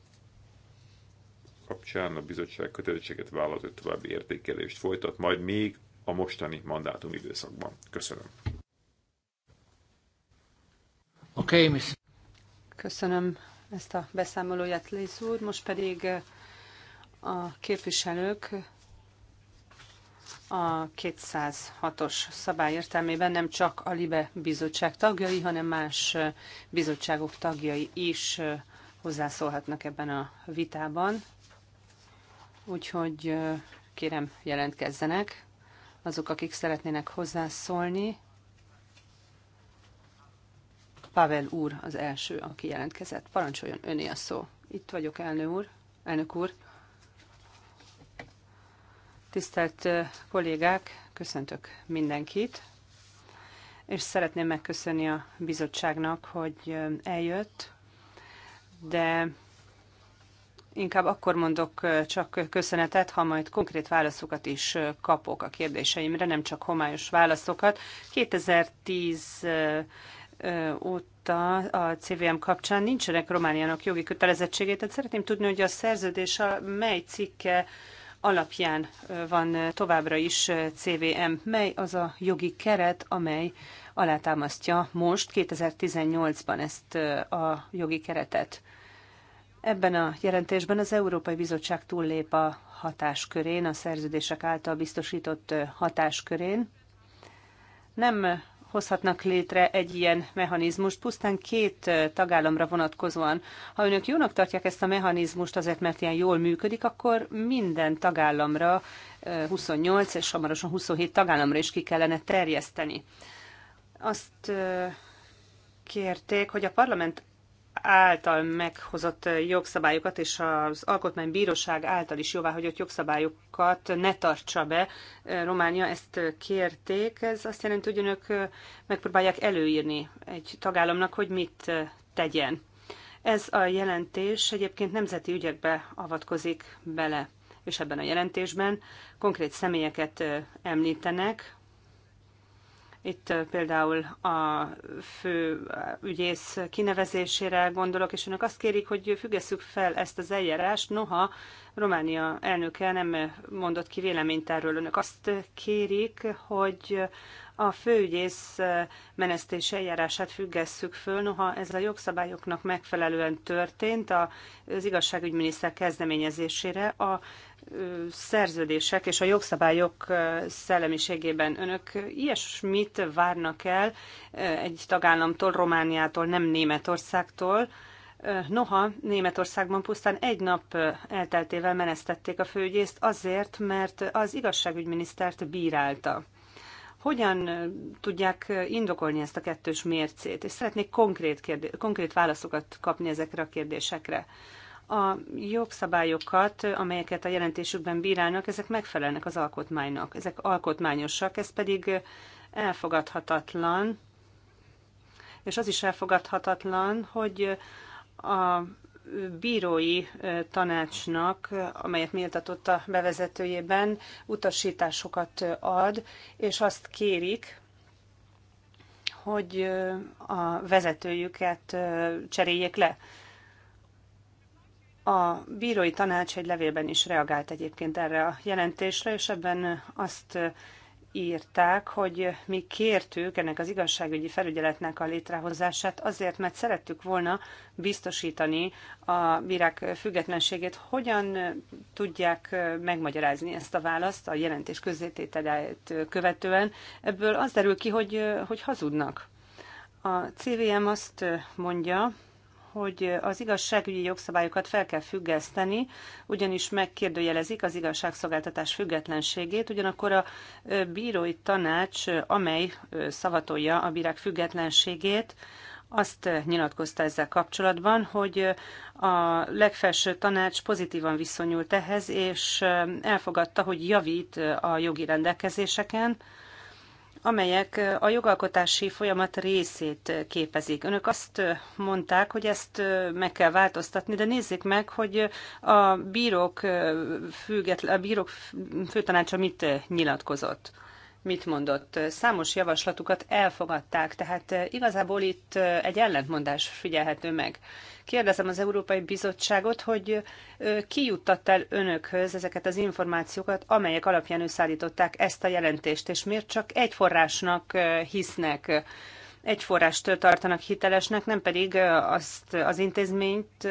kapcsán a bizottság kötelezettséget vállalt, hogy további értékelést folytat, majd még a mostani mandátum időszakban. Köszönöm. Okay, miss. Köszönöm ezt a beszámolóját, Léz úr. Most pedig eh, a képviselők a 206-os szabály értelmében nem csak a LIBE bizottság tagjai, hanem más eh, bizottságok tagjai is eh, hozzászólhatnak ebben a vitában. Úgyhogy kérem jelentkezzenek azok, akik szeretnének hozzászólni. Pavel úr az első, aki jelentkezett. Parancsoljon öné a szó. Itt vagyok, elnök úr. Elnök úr. Tisztelt kollégák, köszöntök mindenkit, és szeretném megköszönni a bizottságnak, hogy eljött, de inkább akkor mondok csak köszönetet, ha majd konkrét válaszokat is kapok a kérdéseimre, nem csak homályos válaszokat. 2010 óta a CVM kapcsán nincsenek Romániának jogi kötelezettségét, tehát szeretném tudni, hogy a szerződés a mely cikke alapján van továbbra is CVM, mely az a jogi keret, amely alátámasztja most 2018-ban ezt a jogi keretet. Ebben a jelentésben az Európai Bizottság túllép a hatáskörén, a szerződések által biztosított hatáskörén. Nem hozhatnak létre egy ilyen mechanizmust, pusztán két tagállamra vonatkozóan. Ha önök jónak tartják ezt a mechanizmust azért, mert ilyen jól működik, akkor minden tagállamra, 28 és hamarosan 27 tagállamra is ki kellene terjeszteni. Azt kérték, hogy a parlament által meghozott jogszabályokat és az Alkotmánybíróság által is jóváhagyott jogszabályokat ne tartsa be. Románia ezt kérték. Ez azt jelenti, hogy önök megpróbálják előírni egy tagállamnak, hogy mit tegyen. Ez a jelentés egyébként nemzeti ügyekbe avatkozik bele, és ebben a jelentésben konkrét személyeket említenek, itt például a fő ügyész kinevezésére gondolok, és önök azt kérik, hogy függesszük fel ezt az eljárást, noha Románia elnöke nem mondott ki véleményt erről. Önök azt kérik, hogy a főügyész menesztése eljárását függesszük föl, noha ez a jogszabályoknak megfelelően történt az igazságügyminiszter kezdeményezésére. A szerződések és a jogszabályok szellemiségében önök ilyesmit várnak el egy tagállamtól, Romániától, nem Németországtól, Noha Németországban pusztán egy nap elteltével menesztették a főügyészt azért, mert az igazságügyminisztert bírálta. Hogyan tudják indokolni ezt a kettős mércét? És szeretnék konkrét, kérdé- konkrét válaszokat kapni ezekre a kérdésekre. A jogszabályokat, amelyeket a jelentésükben bírálnak, ezek megfelelnek az alkotmánynak. Ezek alkotmányosak, ez pedig elfogadhatatlan, és az is elfogadhatatlan, hogy a bírói tanácsnak, amelyet méltatott a bevezetőjében, utasításokat ad, és azt kérik, hogy a vezetőjüket cseréljék le. A bírói tanács egy levélben is reagált egyébként erre a jelentésre, és ebben azt írták, hogy mi kértük ennek az igazságügyi felügyeletnek a létrehozását azért, mert szerettük volna biztosítani a bírák függetlenségét. Hogyan tudják megmagyarázni ezt a választ a jelentés közzétételét követően? Ebből az derül ki, hogy, hogy hazudnak. A CVM azt mondja, hogy az igazságügyi jogszabályokat fel kell függeszteni, ugyanis megkérdőjelezik az igazságszolgáltatás függetlenségét, ugyanakkor a bírói tanács, amely szavatolja a bírák függetlenségét, azt nyilatkozta ezzel kapcsolatban, hogy a legfelső tanács pozitívan viszonyult ehhez, és elfogadta, hogy javít a jogi rendelkezéseken, amelyek a jogalkotási folyamat részét képezik. Önök azt mondták, hogy ezt meg kell változtatni, de nézzék meg, hogy a bírók, független, a bírók főtanácsa mit nyilatkozott mit mondott. Számos javaslatukat elfogadták, tehát eh, igazából itt eh, egy ellentmondás figyelhető meg. Kérdezem az Európai Bizottságot, hogy eh, ki juttat el önökhöz ezeket az információkat, amelyek alapján őszállították ezt a jelentést, és miért csak egy forrásnak hisznek egy forrást tartanak hitelesnek, nem pedig azt az intézményt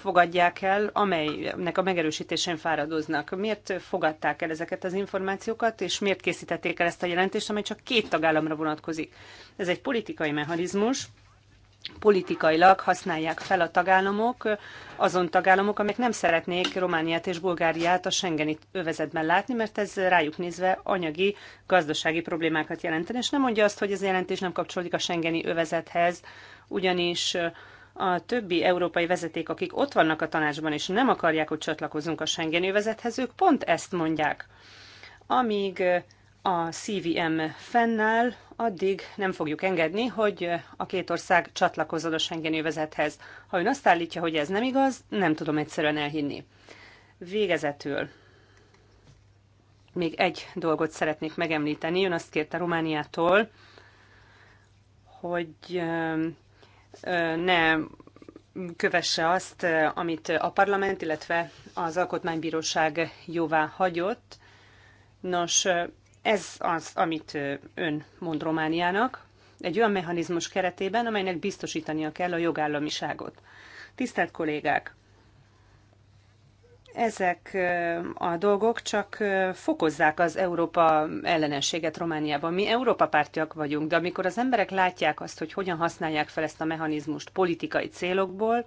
fogadják el, amelynek a megerősítésén fáradoznak. Miért fogadták el ezeket az információkat, és miért készítették el ezt a jelentést, amely csak két tagállamra vonatkozik? Ez egy politikai mechanizmus, politikailag használják fel a tagállamok, azon tagállamok, amelyek nem szeretnék Romániát és Bulgáriát a Schengeni övezetben látni, mert ez rájuk nézve anyagi, gazdasági problémákat jelentene. És nem mondja azt, hogy ez a jelentés nem kapcsolódik a Schengeni övezethez, ugyanis a többi európai vezeték, akik ott vannak a tanácsban, és nem akarják, hogy csatlakozunk a Schengeni övezethez, ők pont ezt mondják. Amíg a CVM fennáll, addig nem fogjuk engedni, hogy a két ország csatlakozzon a Schengen övezethez. Ha ön azt állítja, hogy ez nem igaz, nem tudom egyszerűen elhinni. Végezetül még egy dolgot szeretnék megemlíteni. Ön azt kérte Romániától, hogy ne kövesse azt, amit a parlament, illetve az alkotmánybíróság jóvá hagyott. Nos, ez az, amit ön mond Romániának, egy olyan mechanizmus keretében, amelynek biztosítania kell a jogállamiságot. Tisztelt kollégák! Ezek a dolgok csak fokozzák az Európa ellenességet Romániában. Mi Európa pártiak vagyunk, de amikor az emberek látják azt, hogy hogyan használják fel ezt a mechanizmust politikai célokból,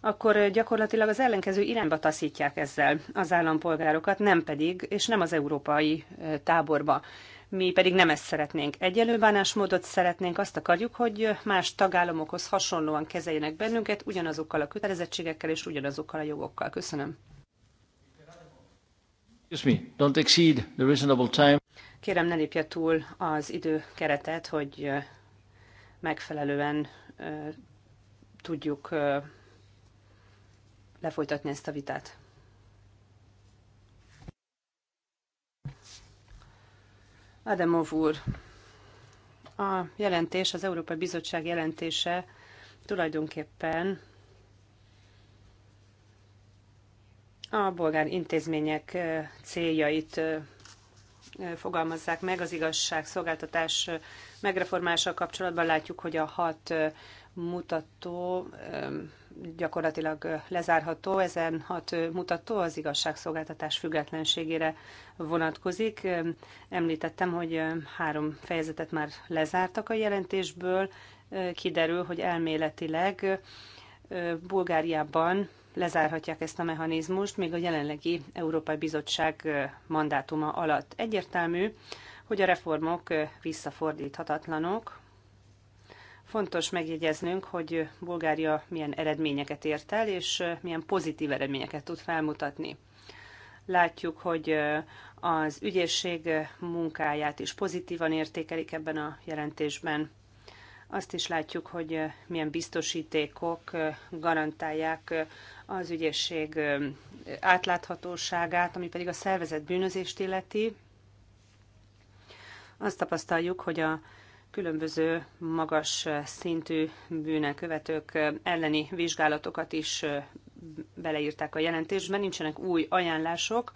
akkor gyakorlatilag az ellenkező irányba taszítják ezzel az állampolgárokat, nem pedig, és nem az európai táborba. Mi pedig nem ezt szeretnénk. Egyelő bánásmódot szeretnénk, azt akarjuk, hogy más tagállamokhoz hasonlóan kezeljenek bennünket, ugyanazokkal a kötelezettségekkel és ugyanazokkal a jogokkal. Köszönöm. me, don't exceed the reasonable time. Kérem, ne lépje túl az időkeretet, hogy megfelelően tudjuk lefolytatni ezt a vitát. Adamov úr, a jelentés, az Európai Bizottság jelentése tulajdonképpen a bolgár intézmények céljait fogalmazzák meg. Az igazságszolgáltatás megreformással kapcsolatban látjuk, hogy a hat mutató gyakorlatilag lezárható. Ezen hat mutató az igazságszolgáltatás függetlenségére vonatkozik. Említettem, hogy három fejezetet már lezártak a jelentésből. Kiderül, hogy elméletileg Bulgáriában lezárhatják ezt a mechanizmust még a jelenlegi Európai Bizottság mandátuma alatt. Egyértelmű, hogy a reformok visszafordíthatatlanok, Fontos megjegyeznünk, hogy Bulgária milyen eredményeket ért el, és milyen pozitív eredményeket tud felmutatni. Látjuk, hogy az ügyészség munkáját is pozitívan értékelik ebben a jelentésben. Azt is látjuk, hogy milyen biztosítékok garantálják az ügyészség átláthatóságát, ami pedig a szervezet bűnözést illeti. Azt tapasztaljuk, hogy a különböző magas szintű bűnelkövetők elleni vizsgálatokat is beleírták a jelentésben. Nincsenek új ajánlások,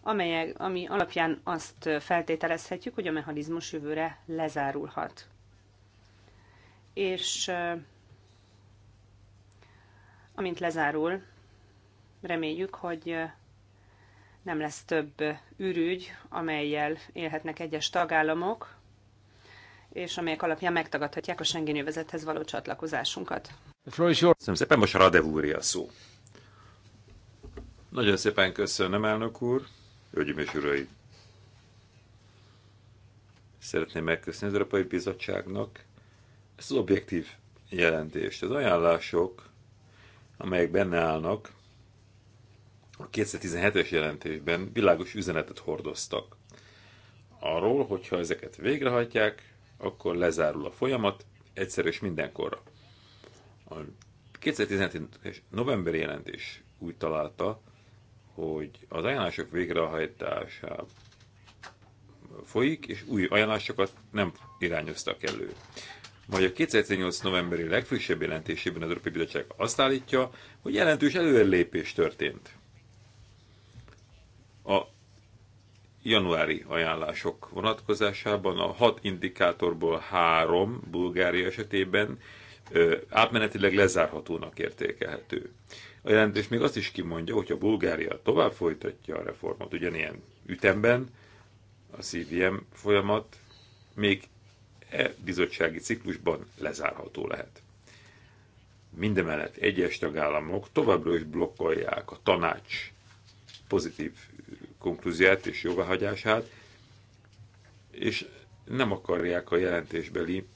amelyek, ami alapján azt feltételezhetjük, hogy a mechanizmus jövőre lezárulhat. És amint lezárul, reméljük, hogy nem lesz több ürügy, amelyel élhetnek egyes tagállamok, és amelyek alapján megtagadhatják a Schengen övezethez való csatlakozásunkat. Köszönöm szépen, most a a szó. Nagyon szépen köszönöm, elnök úr. Ögyim és uraim! Szeretném megköszönni az Európai Bizottságnak ezt az objektív jelentést. Az ajánlások, amelyek benne állnak, a 2017-es jelentésben világos üzenetet hordoztak. Arról, hogyha ezeket végrehajtják, akkor lezárul a folyamat, egyszer és mindenkorra. A 2017 novemberi jelentés úgy találta, hogy az ajánlások végrehajtása folyik, és új ajánlásokat nem irányoztak elő. Majd a 2018 novemberi legfrissebb jelentésében az Európai Bizottság azt állítja, hogy jelentős előrelépés történt. A januári ajánlások vonatkozásában a hat indikátorból három Bulgária esetében átmenetileg lezárhatónak értékelhető. A jelentés még azt is kimondja, hogy a Bulgária tovább folytatja a reformot ugyanilyen ütemben, a CVM folyamat még e bizottsági ciklusban lezárható lehet. Mindemellett egyes tagállamok továbbra is blokkolják a tanács pozitív konklúziát és jóváhagyását, és nem akarják a jelentésbeli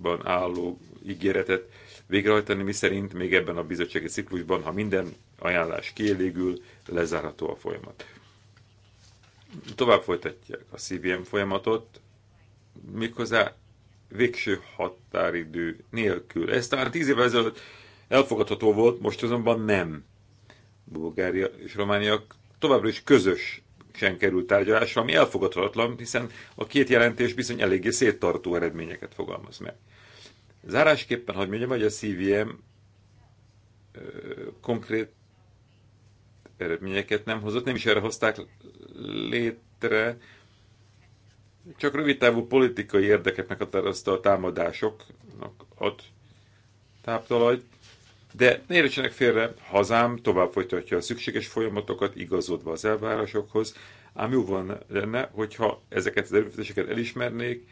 ban álló ígéretet végrehajtani, miszerint még ebben a bizottsági ciklusban, ha minden ajánlás kielégül, lezárható a folyamat. Tovább folytatják a CVM folyamatot, méghozzá végső határidő nélkül. Ez talán tíz évvel ezelőtt elfogadható volt, most azonban nem. Bulgária és Románia továbbra is közös sem került tárgyalásra, ami elfogadhatatlan, hiszen a két jelentés bizony eléggé széttartó eredményeket fogalmaz meg. Zárásképpen, hogy mondjam, hogy a CVM ö, konkrét eredményeket nem hozott, nem is erre hozták létre, csak rövidtávú politikai érdekek meghatározta a támadásoknak ad táptalajt, de ne értsenek félre, hazám tovább folytatja a szükséges folyamatokat, igazodva az elvárásokhoz, ám jó van lenne, hogyha ezeket az erőfeszítéseket elismernék,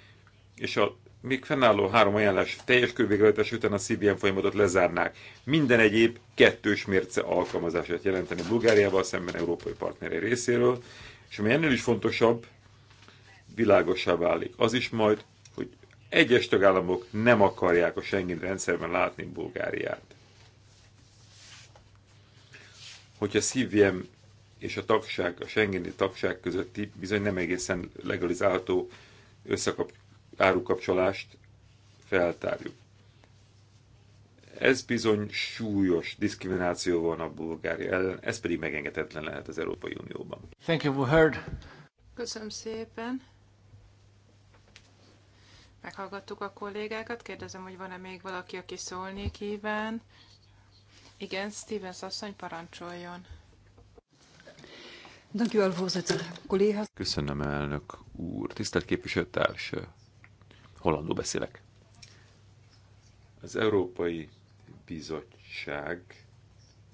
és a még fennálló három ajánlás teljes körvégrehajtás után a CBM folyamatot lezárnák. Minden egyéb kettős mérce alkalmazását jelenteni Bulgáriával szemben európai partneri részéről, és ami ennél is fontosabb, világosá válik. Az is majd, hogy egyes tagállamok nem akarják a Schengen rendszerben látni Bulgáriát hogyha CVM és a tagság, a Schengeni tagság közötti bizony nem egészen legalizálható összekap, árukapcsolást feltárjuk. Ez bizony súlyos diszkrimináció van a Bulgária ellen, ez pedig megengedhetetlen lehet az Európai Unióban. Thank you, we heard. Köszönöm szépen. Meghallgattuk a kollégákat, kérdezem, hogy van-e még valaki, aki szólni kíván. Igen, Stevens asszony parancsoljon. Köszönöm, elnök úr. Tisztelt képviselőtárs, hollandó beszélek. Az Európai Bizottság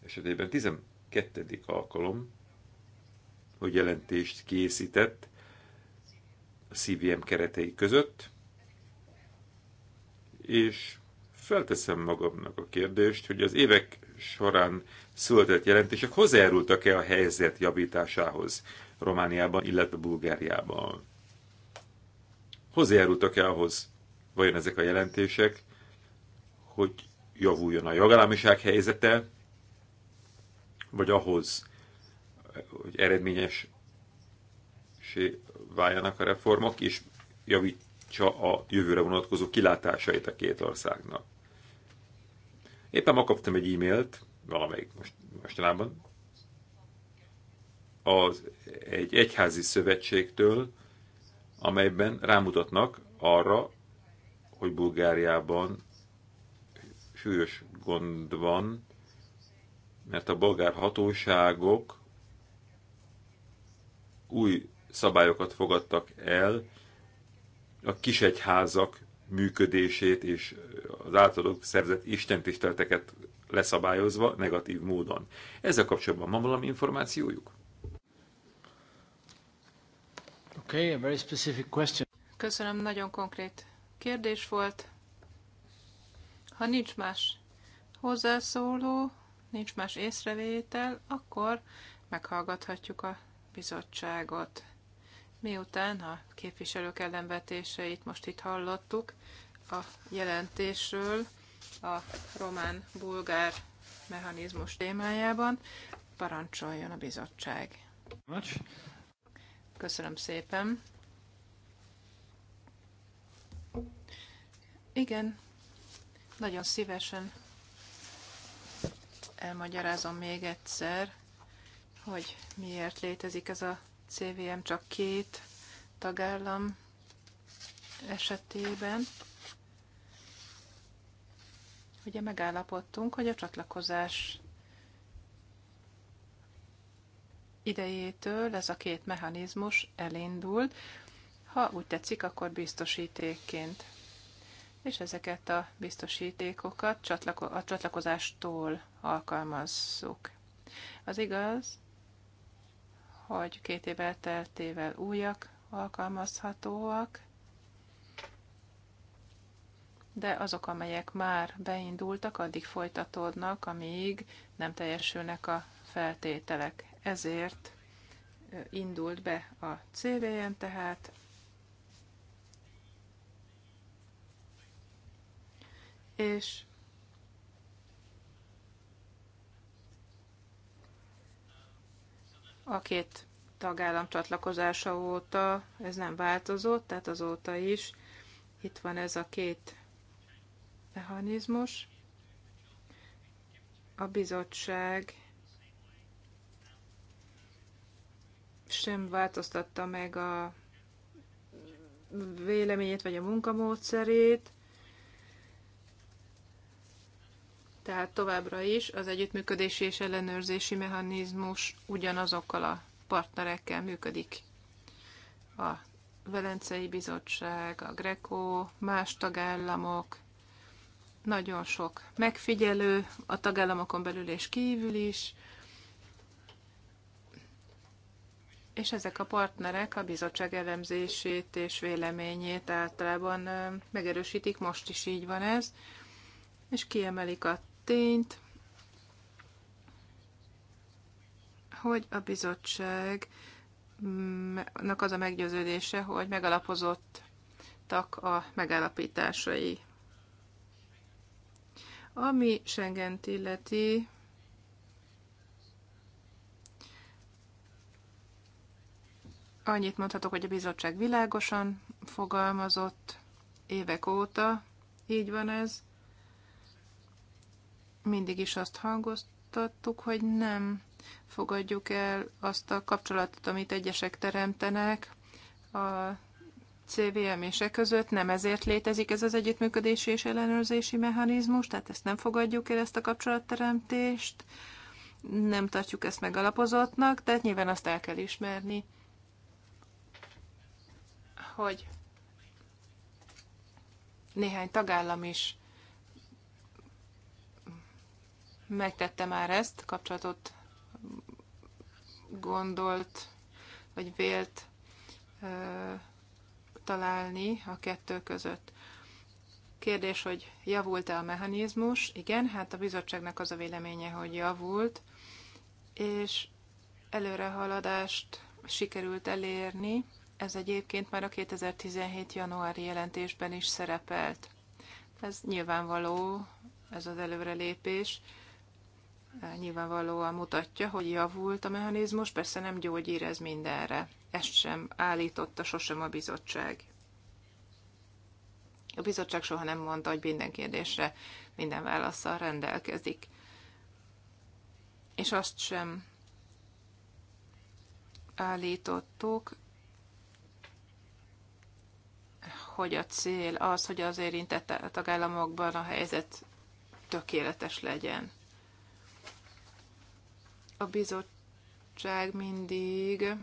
esetében 12. alkalom, hogy jelentést készített a CVM keretei között, és felteszem magamnak a kérdést, hogy az évek során született jelentések hozzájárultak-e a helyzet javításához Romániában, illetve Bulgáriában? Hozzájárultak-e ahhoz, vajon ezek a jelentések, hogy javuljon a jogállamiság helyzete, vagy ahhoz, hogy eredményes váljanak a reformok, és javítsa a jövőre vonatkozó kilátásait a két országnak. Éppen ma kaptam egy e-mailt, valamelyik most, mostanában, az egy egyházi szövetségtől, amelyben rámutatnak arra, hogy Bulgáriában súlyos gond van, mert a bolgár hatóságok új szabályokat fogadtak el a kisegyházak működését és az általuk szerzett istentiszteleteket leszabályozva negatív módon. Ezzel kapcsolatban van valami információjuk? Okay, a very specific question. Köszönöm, nagyon konkrét kérdés volt. Ha nincs más hozzászóló, nincs más észrevétel, akkor meghallgathatjuk a bizottságot. Miután a képviselők ellenvetéseit most itt hallottuk a jelentésről a román-bulgár mechanizmus témájában, parancsoljon a bizottság. Köszönöm szépen. Igen, nagyon szívesen elmagyarázom még egyszer, hogy miért létezik ez a CVM csak két tagállam esetében. Ugye megállapodtunk, hogy a csatlakozás idejétől ez a két mechanizmus elindult, ha úgy tetszik, akkor biztosítékként. És ezeket a biztosítékokat a csatlakozástól alkalmazzuk. Az igaz, hogy két év elteltével újak alkalmazhatóak, de azok, amelyek már beindultak, addig folytatódnak, amíg nem teljesülnek a feltételek. Ezért indult be a CVM, tehát és A két tagállam csatlakozása óta ez nem változott, tehát azóta is itt van ez a két mechanizmus. A bizottság sem változtatta meg a véleményét vagy a munkamódszerét, tehát továbbra is az együttműködési és ellenőrzési mechanizmus ugyanazokkal a partnerekkel működik. A Velencei Bizottság, a GRECO, más tagállamok, nagyon sok megfigyelő a tagállamokon belül és kívül is, és ezek a partnerek a bizottság elemzését és véleményét általában megerősítik, most is így van ez, és kiemelik a történt, hogy a bizottságnak mm, az a meggyőződése, hogy megalapozottak a megállapításai. Ami schengen illeti, annyit mondhatok, hogy a bizottság világosan fogalmazott évek óta, így van ez, mindig is azt hangoztattuk, hogy nem fogadjuk el azt a kapcsolatot, amit egyesek teremtenek a CVM-ése között, nem ezért létezik ez az együttműködési és ellenőrzési mechanizmus, tehát ezt nem fogadjuk el, ezt a kapcsolatteremtést, nem tartjuk ezt megalapozottnak, tehát nyilván azt el kell ismerni, hogy néhány tagállam is megtette már ezt, kapcsolatot gondolt, vagy vélt ö, találni a kettő között. Kérdés, hogy javult-e a mechanizmus? Igen, hát a bizottságnak az a véleménye, hogy javult, és előrehaladást sikerült elérni. Ez egyébként már a 2017. januári jelentésben is szerepelt. Ez nyilvánvaló, ez az előrelépés. lépés nyilvánvalóan mutatja, hogy javult a mechanizmus, persze nem gyógyír ez mindenre. Ezt sem állította sosem a bizottság. A bizottság soha nem mondta, hogy minden kérdésre minden válaszsal rendelkezik. És azt sem állítottuk, hogy a cél az, hogy az érintett tagállamokban a helyzet tökéletes legyen a bizottság mindig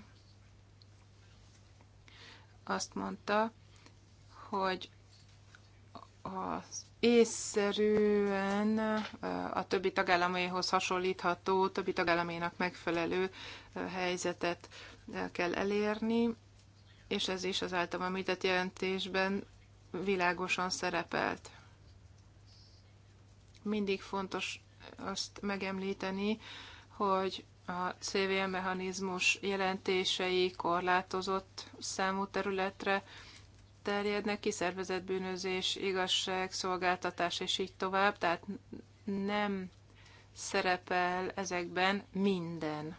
azt mondta, hogy az észszerűen a többi tagállaméhoz hasonlítható, többi tagállaménak megfelelő helyzetet kell elérni, és ez is az általam említett jelentésben világosan szerepelt. Mindig fontos azt megemlíteni, hogy a CVM mechanizmus jelentései korlátozott számú területre terjednek ki, szervezetbűnözés, igazság, szolgáltatás és így tovább, tehát nem szerepel ezekben minden.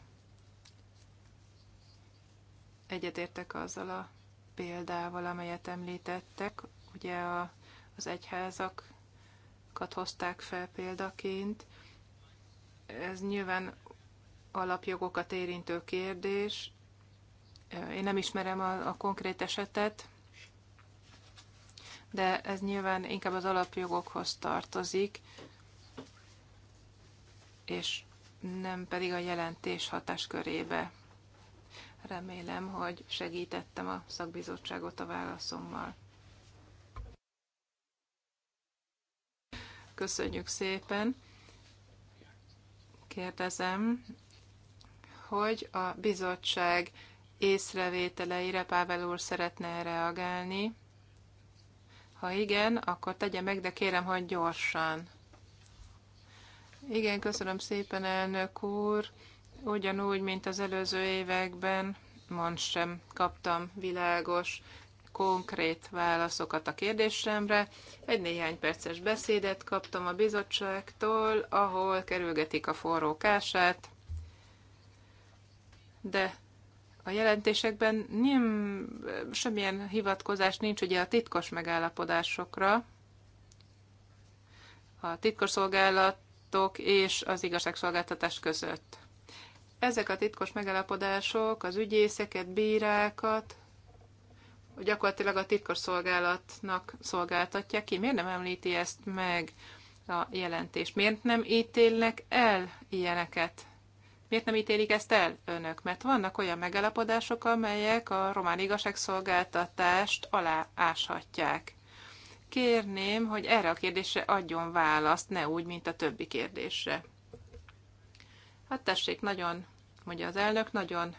Egyetértek azzal a példával, amelyet említettek, ugye a, az egyházakat hozták fel példaként. Ez nyilván alapjogokat érintő kérdés. Én nem ismerem a, a konkrét esetet, de ez nyilván inkább az alapjogokhoz tartozik, és nem pedig a jelentés hatáskörébe. Remélem, hogy segítettem a szakbizottságot a válaszommal. Köszönjük szépen! Kérdezem hogy a bizottság észrevételeire Pável úr szeretne reagálni. Ha igen, akkor tegye meg, de kérem, hogy gyorsan. Igen, köszönöm szépen, elnök úr. Ugyanúgy, mint az előző években, mond sem kaptam világos, konkrét válaszokat a kérdésemre. Egy néhány perces beszédet kaptam a bizottságtól, ahol kerülgetik a forró kását, de a jelentésekben nem, semmilyen hivatkozás nincs ugye a titkos megállapodásokra, a szolgálatok és az igazságszolgáltatás között. Ezek a titkos megállapodások az ügyészeket, bírákat gyakorlatilag a szolgálatnak szolgáltatják ki. Miért nem említi ezt meg a jelentés? Miért nem ítélnek el ilyeneket? Miért nem ítélik ezt el önök? Mert vannak olyan megállapodások, amelyek a román igazságszolgáltatást alááshatják. Kérném, hogy erre a kérdésre adjon választ, ne úgy, mint a többi kérdésre. Hát tessék, nagyon, mondja az elnök, nagyon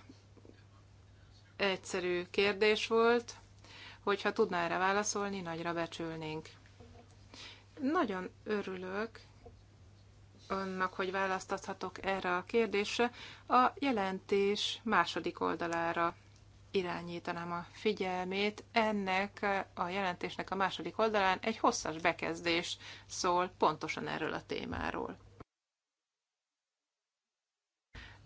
egyszerű kérdés volt, hogyha tudná erre válaszolni, nagyra becsülnénk. Nagyon örülök, önnek, hogy választathatok erre a kérdésre. A jelentés második oldalára irányítanám a figyelmét. Ennek a jelentésnek a második oldalán egy hosszas bekezdés szól pontosan erről a témáról.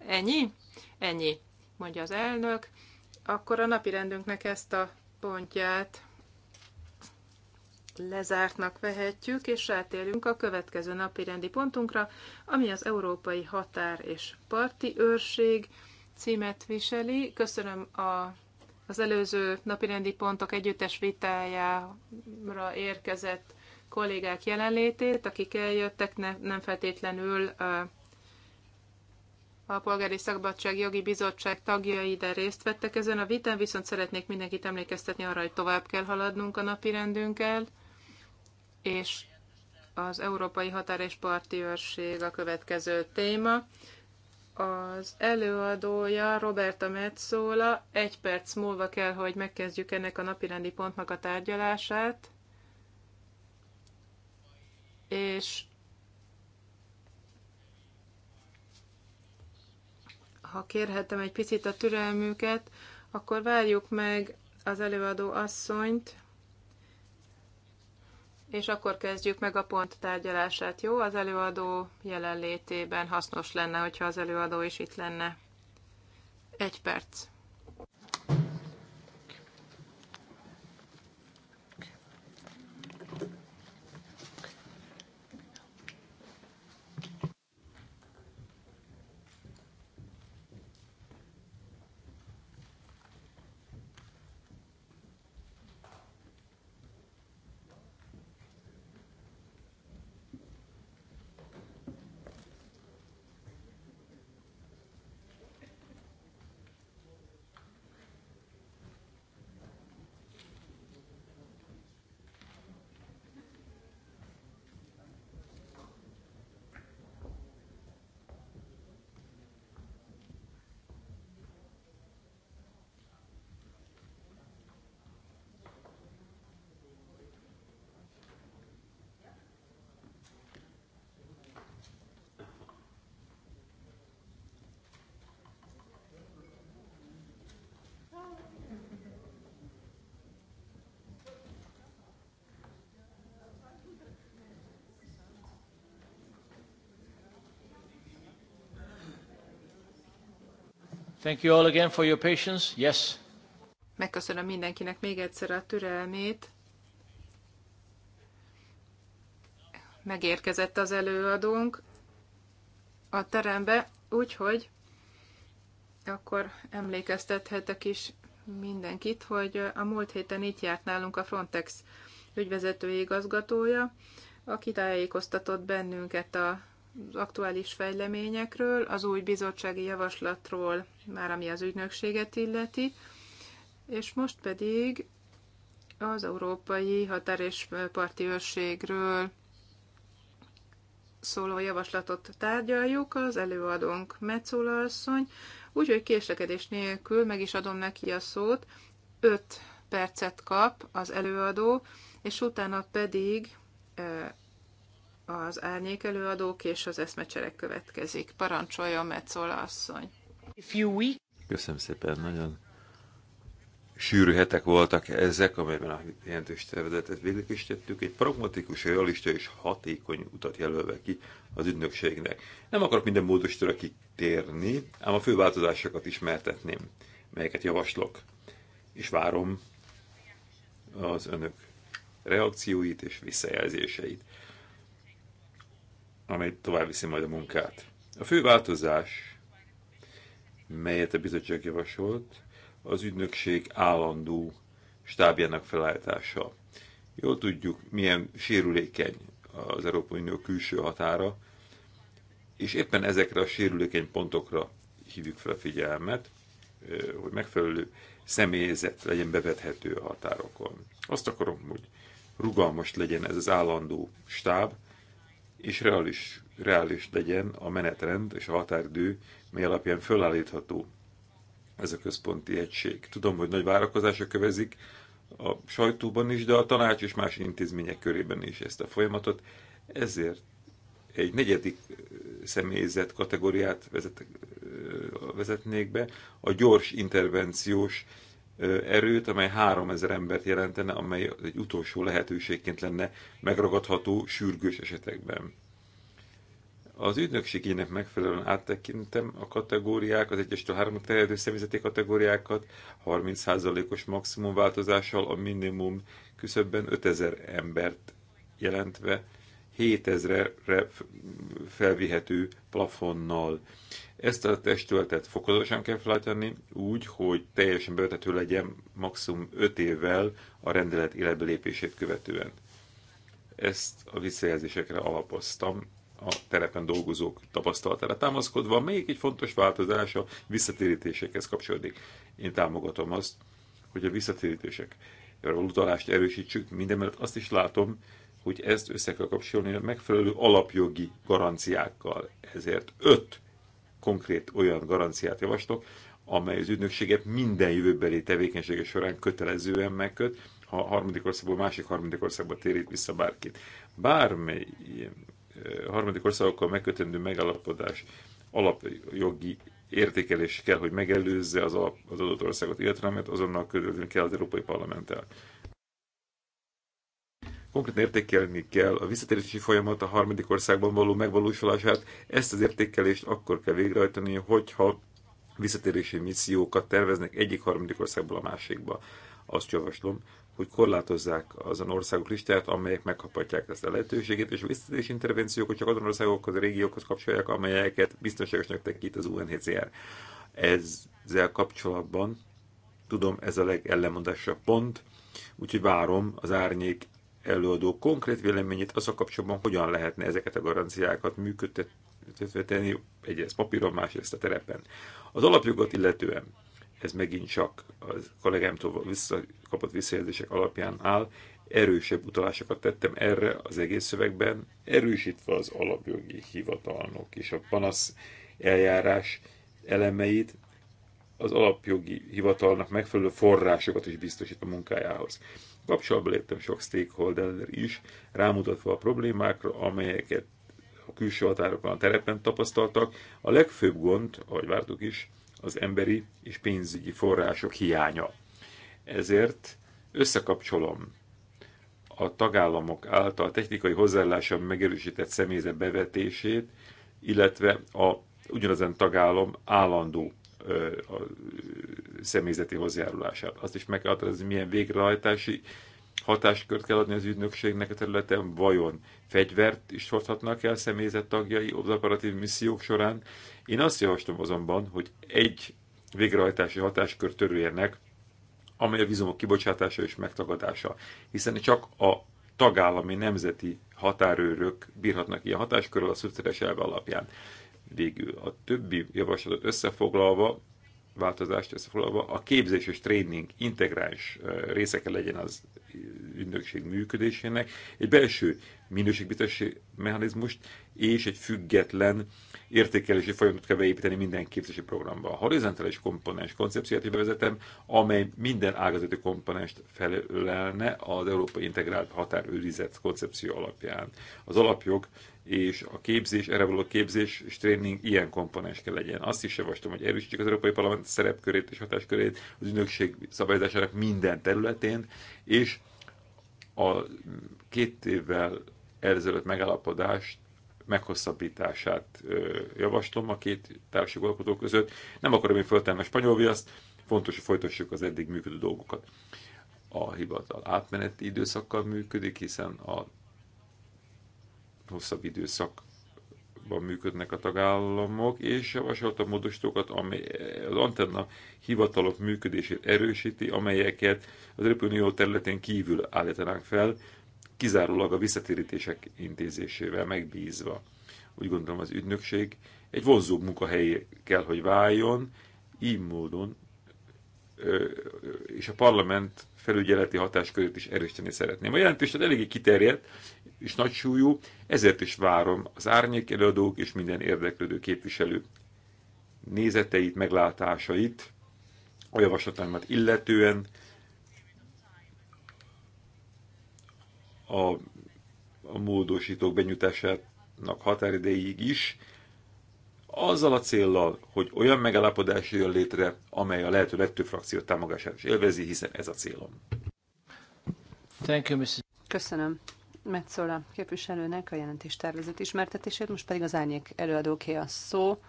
Ennyi? Ennyi, mondja az elnök. Akkor a napirendünknek ezt a pontját lezártnak vehetjük, és rátérünk a következő napi rendi pontunkra, ami az Európai Határ és Parti Őrség címet viseli. Köszönöm a, az előző napi rendi pontok együttes vitájára érkezett kollégák jelenlétét, akik eljöttek, ne, nem feltétlenül a Polgári Szabadság Jogi Bizottság tagjai ide részt vettek ezen a vitán, viszont szeretnék mindenkit emlékeztetni arra, hogy tovább kell haladnunk a napi rendünkkel és az Európai Határ és Parti Őrség a következő téma. Az előadója Roberta Metzola. Egy perc múlva kell, hogy megkezdjük ennek a napirendi pontnak a tárgyalását. És ha kérhetem egy picit a türelmüket, akkor várjuk meg az előadó asszonyt, és akkor kezdjük meg a pont tárgyalását. Jó, az előadó jelenlétében hasznos lenne, hogyha az előadó is itt lenne. Egy perc. Thank you all again for your patience. Yes. Megköszönöm mindenkinek még egyszer a türelmét. Megérkezett az előadónk a terembe, úgyhogy akkor emlékeztethetek is mindenkit, hogy a múlt héten itt járt nálunk a Frontex ügyvezető igazgatója, aki tájékoztatott bennünket a aktuális fejleményekről, az új bizottsági javaslatról, már ami az ügynökséget illeti, és most pedig az Európai Határ és Parti Őrségről szóló javaslatot tárgyaljuk, az előadónk Metzola asszony, úgyhogy késlekedés nélkül meg is adom neki a szót, 5 percet kap az előadó, és utána pedig eh, az árnyék előadók és az eszmecserek következik. Parancsoljon, Metzola asszony! Köszönöm szépen, nagyon sűrű hetek voltak ezek, amelyben a jelentős tervezetet végül is tettük, egy pragmatikus, realista és hatékony utat jelölve ki az ügynökségnek. Nem akarok minden módosítóra kitérni, ám a fő változásokat ismertetném, melyeket javaslok, és várom az önök reakcióit és visszajelzéseit amely tovább viszi majd a munkát. A fő változás, melyet a bizottság javasolt, az ügynökség állandó stábjának felállítása. Jól tudjuk, milyen sérülékeny az Európai Unió külső határa, és éppen ezekre a sérülékeny pontokra hívjuk fel a figyelmet, hogy megfelelő személyzet legyen bevethető a határokon. Azt akarom, hogy rugalmas legyen ez az állandó stáb, és reális, reális legyen a menetrend és a határidő, mely alapján fölállítható ez a központi egység. Tudom, hogy nagy várakozása kövezik a sajtóban is, de a tanács és más intézmények körében is ezt a folyamatot. Ezért egy negyedik személyzet kategóriát vezet, vezetnék be, a gyors intervenciós erőt, amely 3000 embert jelentene, amely egy utolsó lehetőségként lenne megragadható sürgős esetekben. Az ügynökségének megfelelően áttekintem a kategóriák, az egyes három tehető személyzeti kategóriákat, 30%-os maximum változással a minimum küszöbben 5000 embert jelentve 7000-re felvihető plafonnal. Ezt a testületet fokozatosan kell felállítani, úgy, hogy teljesen bevethető legyen maximum 5 évvel a rendelet életbe lépését követően. Ezt a visszajelzésekre alapoztam, a terepen dolgozók tapasztalatára támaszkodva. Melyik egy fontos változás a visszatérítésekhez kapcsolódik. Én támogatom azt, hogy a visszatérítések utalást erősítsük, mindemellett azt is látom, hogy ezt össze kell kapcsolni a megfelelő alapjogi garanciákkal. Ezért öt konkrét olyan garanciát javaslok, amely az ügynökséget minden jövőbeli tevékenysége során kötelezően megköt, ha a harmadik országból másik harmadik országba térít vissza bárkit. Bármely harmadik országokkal megkötendő megállapodás alapjogi értékelés kell, hogy megelőzze az, alap, az adott országot, illetve mert azonnal közölni kell az Európai Parlamenttel. Konkrét értékelni kell a visszatérési folyamat a harmadik országban való megvalósulását. Ezt az értékelést akkor kell végrehajtani, hogyha visszatérési missziókat terveznek egyik harmadik országból a másikba. Azt javaslom, hogy korlátozzák azon országok listáját, amelyek megkaphatják ezt a lehetőséget, és a visszatérési intervenciókat csak azon országokhoz, a régiókhoz kapcsolják, amelyeket biztonságosnak tekint az UNHCR. Ezzel kapcsolatban tudom, ez a legellemondásabb pont, úgyhogy várom az árnyék előadó konkrét véleményét az a kapcsolatban, hogyan lehetne ezeket a garanciákat működtetni, egyrészt papíron, másrészt a terepen. Az alapjogot illetően ez megint csak a kollégámtól vissza, kapott visszajelzések alapján áll, erősebb utalásokat tettem erre az egész szövegben, erősítve az alapjogi hivatalnok és a panasz eljárás elemeit, az alapjogi hivatalnak megfelelő forrásokat is biztosít a munkájához. Kapcsolatba léptem sok stakeholder is, rámutatva a problémákra, amelyeket a külső határokon a terepen tapasztaltak. A legfőbb gond, ahogy vártuk is, az emberi és pénzügyi források hiánya. Ezért összekapcsolom a tagállamok által technikai hozzáálláson megerősített személyzet bevetését, illetve a ugyanazen tagállam állandó a személyzeti hozzájárulását. Azt is meg kell határozni, milyen végrehajtási hatáskört kell adni az ügynökségnek a területen, vajon fegyvert is hordhatnak el személyzet tagjai az operatív missziók során. Én azt javaslom azonban, hogy egy végrehajtási hatáskör törüljenek, amely a vízumok kibocsátása és megtagadása, hiszen csak a tagállami nemzeti határőrök bírhatnak ilyen hatáskörrel a szükszeres elve alapján. Végül a többi javaslatot összefoglalva, változást összefoglalva, a képzés és tréning integráns része kell legyen az ügynökség működésének, egy belső minőségbiztosi mechanizmust és egy független értékelési folyamatot kell beépíteni minden képzési programba. A horizontális komponens koncepciót is bevezetem, amely minden ágazati komponens felölelne az Európai Integrált Határőrizet koncepció alapján. Az alapjog és a képzés, erre való képzés és tréning ilyen komponens kell legyen. Azt is javaslom, hogy erősítsük az Európai Parlament szerepkörét és hatáskörét az ügynökség szabályozásának minden területén, és a két évvel ezelőtt megállapodást meghosszabbítását javaslom a két alkotó között. Nem akarom én föltenni a spanyol viaszt, fontos, hogy folytassuk az eddig működő dolgokat. A hivatal átmeneti időszakkal működik, hiszen a hosszabb időszakban működnek a tagállamok, és javasolta módosítókat, amely az antenna hivatalok működését erősíti, amelyeket az Unió területén kívül állítanánk fel, kizárólag a visszatérítések intézésével megbízva. Úgy gondolom az ügynökség egy vonzóbb munkahely kell, hogy váljon, így módon és a parlament felügyeleti hatáskörét is erősíteni szeretném. A jelentés eléggé kiterjedt, is nagy súlyú, ezért is várom az árnyék előadók és minden érdeklődő képviselő nézeteit, meglátásait, a javaslataimat illetően, a, a módosítók benyújtásának határidejéig is, azzal a céllal, hogy olyan megállapodás jön létre, amely a lehető legtöbb frakció támogatását is élvezi, hiszen ez a célom. Thank you, Mrs. Köszönöm. Metzola képviselőnek a jelentés tervezet ismertetését, most pedig az árnyék előadóké a szó.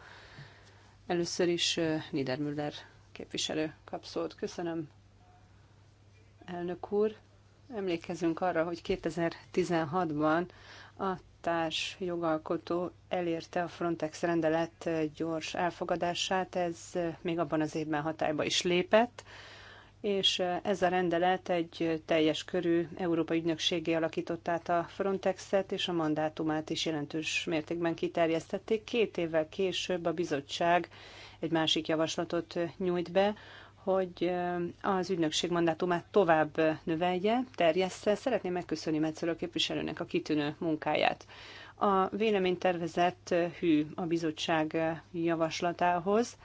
Először is Niedermüller képviselő kap szót. Köszönöm, elnök úr. Emlékezünk arra, hogy 2016-ban a társ jogalkotó elérte a Frontex rendelet gyors elfogadását, ez még abban az évben hatályba is lépett és ez a rendelet egy teljes körű Európai Ügynökségé alakított át a Frontexet, és a mandátumát is jelentős mértékben kiterjesztették. Két évvel később a bizottság egy másik javaslatot nyújt be, hogy az ügynökség mandátumát tovább növelje, terjessze. Szeretném megköszönni Metszörő képviselőnek a kitűnő munkáját. A véleménytervezet hű a bizottság javaslatához,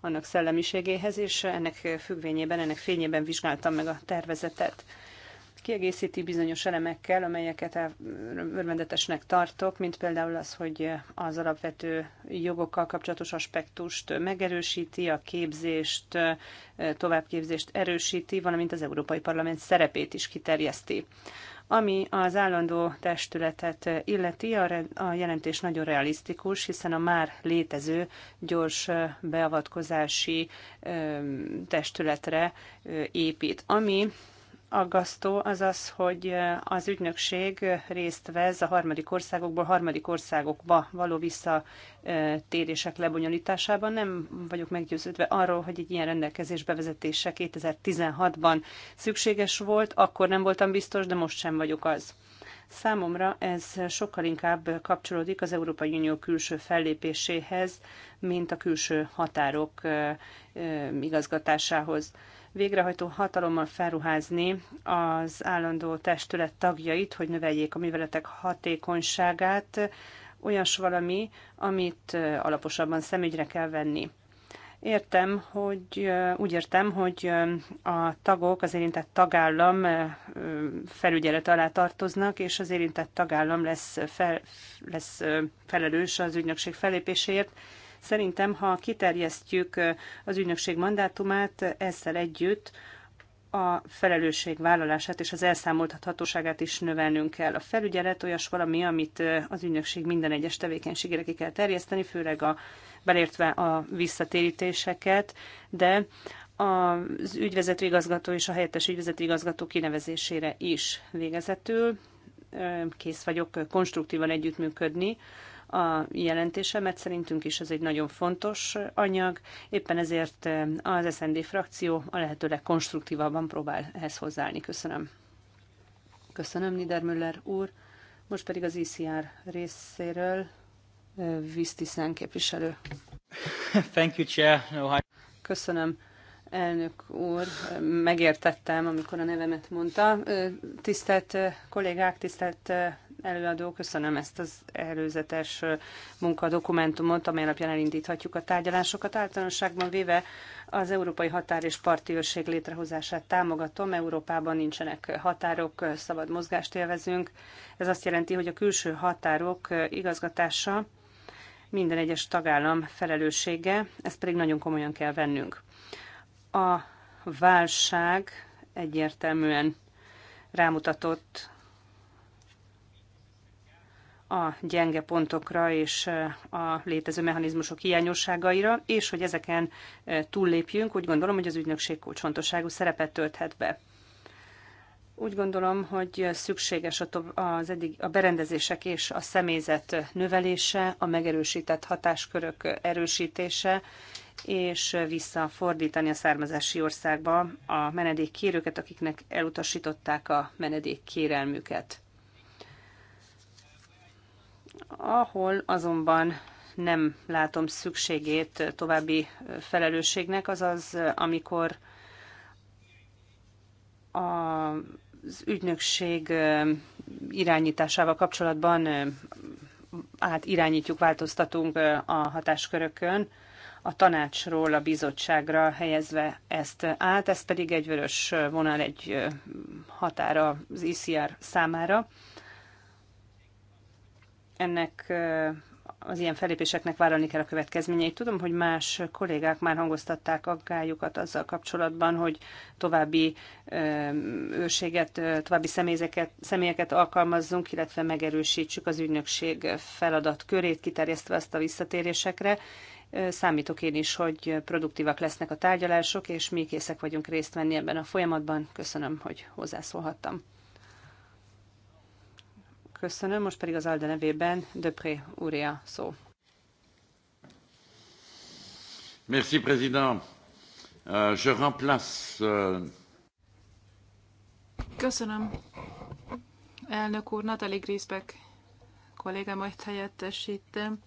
annak szellemiségéhez, és ennek függvényében, ennek fényében vizsgáltam meg a tervezetet. Kiegészíti bizonyos elemekkel, amelyeket örvendetesnek tartok, mint például az, hogy az alapvető jogokkal kapcsolatos aspektust megerősíti, a képzést, továbbképzést erősíti, valamint az Európai Parlament szerepét is kiterjeszti. Ami az állandó testületet illeti, a jelentés nagyon realisztikus, hiszen a már létező gyors beavatkozási testületre épít, ami aggasztó az az, hogy az ügynökség részt vesz a harmadik országokból harmadik országokba való visszatérések lebonyolításában. Nem vagyok meggyőződve arról, hogy egy ilyen rendelkezés bevezetése 2016-ban szükséges volt, akkor nem voltam biztos, de most sem vagyok az. Számomra ez sokkal inkább kapcsolódik az Európai Unió külső fellépéséhez, mint a külső határok igazgatásához végrehajtó hatalommal felruházni az állandó testület tagjait, hogy növeljék a műveletek hatékonyságát, olyas valami, amit alaposabban szemügyre kell venni. Értem, hogy úgy értem, hogy a tagok, az érintett tagállam felügyelet alá tartoznak, és az érintett tagállam lesz, fel, lesz felelős az ügynökség felépéséért, Szerintem, ha kiterjesztjük az ügynökség mandátumát, ezzel együtt a felelősség vállalását és az elszámoltathatóságát is növelnünk kell. A felügyelet olyas valami, amit az ügynökség minden egyes tevékenységére ki kell terjeszteni, főleg a, belértve a visszatérítéseket, de az ügyvezető igazgató és a helyettes ügyvezető igazgató kinevezésére is végezetül. Kész vagyok konstruktívan együttműködni a jelentése, mert szerintünk is ez egy nagyon fontos anyag, éppen ezért eh, az SND frakció a lehető legkonstruktívabban próbál ehhez hozzáállni. Köszönöm. Köszönöm, Niedermüller úr. Most pedig az ICR részéről eh, Visztiszen képviselő. Thank you, Chair. No, I... Köszönöm. Elnök úr, megértettem, amikor a nevemet mondta. Eh, tisztelt kollégák, tisztelt előadó. Köszönöm ezt az előzetes munkadokumentumot, amely alapján elindíthatjuk a tárgyalásokat. Általánosságban véve az Európai Határ és Parti Őrség létrehozását támogatom. Európában nincsenek határok, szabad mozgást élvezünk. Ez azt jelenti, hogy a külső határok igazgatása minden egyes tagállam felelőssége, ezt pedig nagyon komolyan kell vennünk. A válság egyértelműen rámutatott a gyenge pontokra és a létező mechanizmusok hiányosságaira, és hogy ezeken túllépjünk, úgy gondolom, hogy az ügynökség kulcsfontosságú szerepet tölthet be. Úgy gondolom, hogy szükséges az eddig a berendezések és a személyzet növelése, a megerősített hatáskörök erősítése, és visszafordítani a származási országba a menedékkérőket, akiknek elutasították a menedékkérelmüket. Ahol azonban nem látom szükségét további felelősségnek, azaz amikor az ügynökség irányításával kapcsolatban átirányítjuk, változtatunk a hatáskörökön, a tanácsról a bizottságra helyezve ezt át, ez pedig egy vörös vonal egy határa az ICR számára ennek az ilyen felépéseknek vállalni kell a következményeit. Tudom, hogy más kollégák már hangoztatták aggályukat azzal kapcsolatban, hogy további őrséget, további személyeket, alkalmazzunk, illetve megerősítsük az ügynökség körét, kiterjesztve azt a visszatérésekre. Számítok én is, hogy produktívak lesznek a tárgyalások, és mi készek vagyunk részt venni ebben a folyamatban. Köszönöm, hogy hozzászólhattam. Köszönöm, most pedig az Alde nevében Döpré úrja szó. Merci, président. Uh, je remplace... Uh... Köszönöm. Elnök úr, Natalie Griesbeck kollégámat helyettesítem,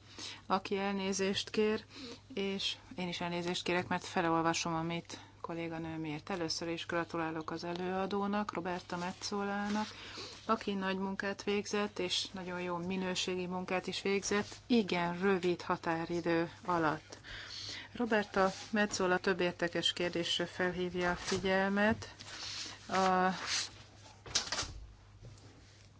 aki elnézést kér, és én is elnézést kérek, mert felolvasom, amit kolléganőm írt. Először is gratulálok az előadónak, Roberta Metzolának, aki nagy munkát végzett, és nagyon jó minőségi munkát is végzett, igen rövid határidő alatt. Roberta Metzola több értekes kérdésre felhívja a figyelmet. A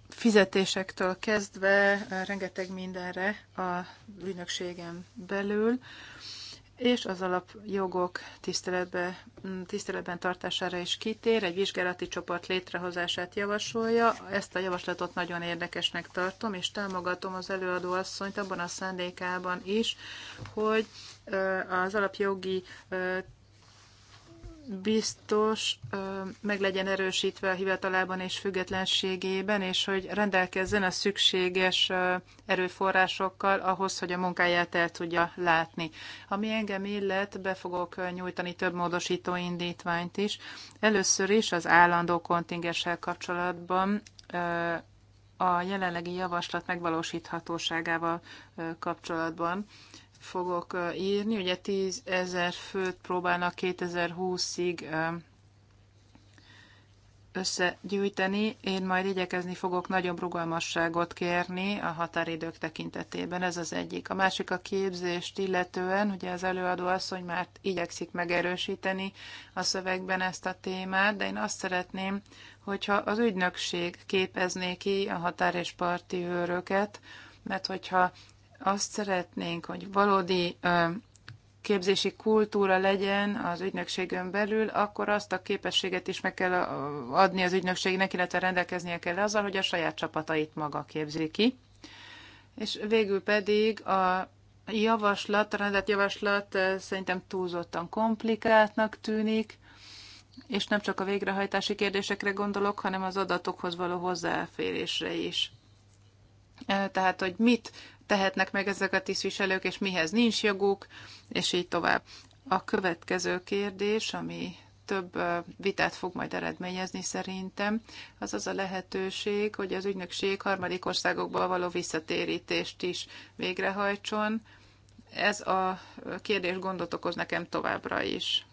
fizetésektől kezdve rengeteg mindenre a ügynökségen belül és az alapjogok tiszteletbe, tiszteletben tartására is kitér, egy vizsgálati csoport létrehozását javasolja. Ezt a javaslatot nagyon érdekesnek tartom, és támogatom az előadó asszonyt abban a szándékában is, hogy az alapjogi biztos meg legyen erősítve a hivatalában és függetlenségében, és hogy rendelkezzen a szükséges erőforrásokkal ahhoz, hogy a munkáját el tudja látni. Ami engem illet, be fogok nyújtani több módosító indítványt is. Először is az állandó kontingenssel kapcsolatban a jelenlegi javaslat megvalósíthatóságával kapcsolatban fogok írni. Ugye 10 ezer főt próbálnak 2020-ig összegyűjteni. Én majd igyekezni fogok nagyobb rugalmasságot kérni a határidők tekintetében, ez az egyik. A másik a képzést illetően, ugye az előadó asszony már igyekszik megerősíteni a szövegben ezt a témát, de én azt szeretném, hogyha az ügynökség képezné ki a határ és parti őröket, mert hogyha azt szeretnénk, hogy valódi képzési kultúra legyen az ügynökségön belül, akkor azt a képességet is meg kell adni az ügynökségnek, illetve rendelkeznie kell azzal, hogy a saját csapatait maga képzi ki. És végül pedig a javaslat, a rendelt javaslat szerintem túlzottan komplikáltnak tűnik, és nem csak a végrehajtási kérdésekre gondolok, hanem az adatokhoz való hozzáférésre is. Tehát, hogy mit tehetnek meg ezek a tisztviselők, és mihez nincs joguk, és így tovább. A következő kérdés, ami több vitát fog majd eredményezni szerintem, az az a lehetőség, hogy az ügynökség harmadik országokba való visszatérítést is végrehajtson. Ez a kérdés gondot okoz nekem továbbra is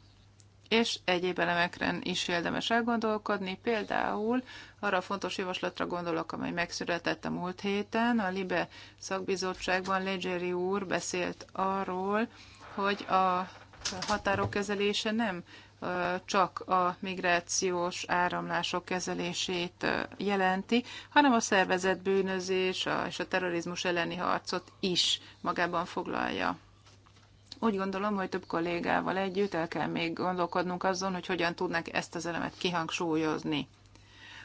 és egyéb elemekre is érdemes elgondolkodni, például arra a fontos javaslatra gondolok, amely megszületett a múlt héten. A LIBE szakbizottságban Legeri úr beszélt arról, hogy a határok kezelése nem csak a migrációs áramlások kezelését jelenti, hanem a szervezett bűnözés és a terrorizmus elleni harcot is magában foglalja. Úgy gondolom, hogy több kollégával együtt el kell még gondolkodnunk azon, hogy hogyan tudnak ezt az elemet kihangsúlyozni.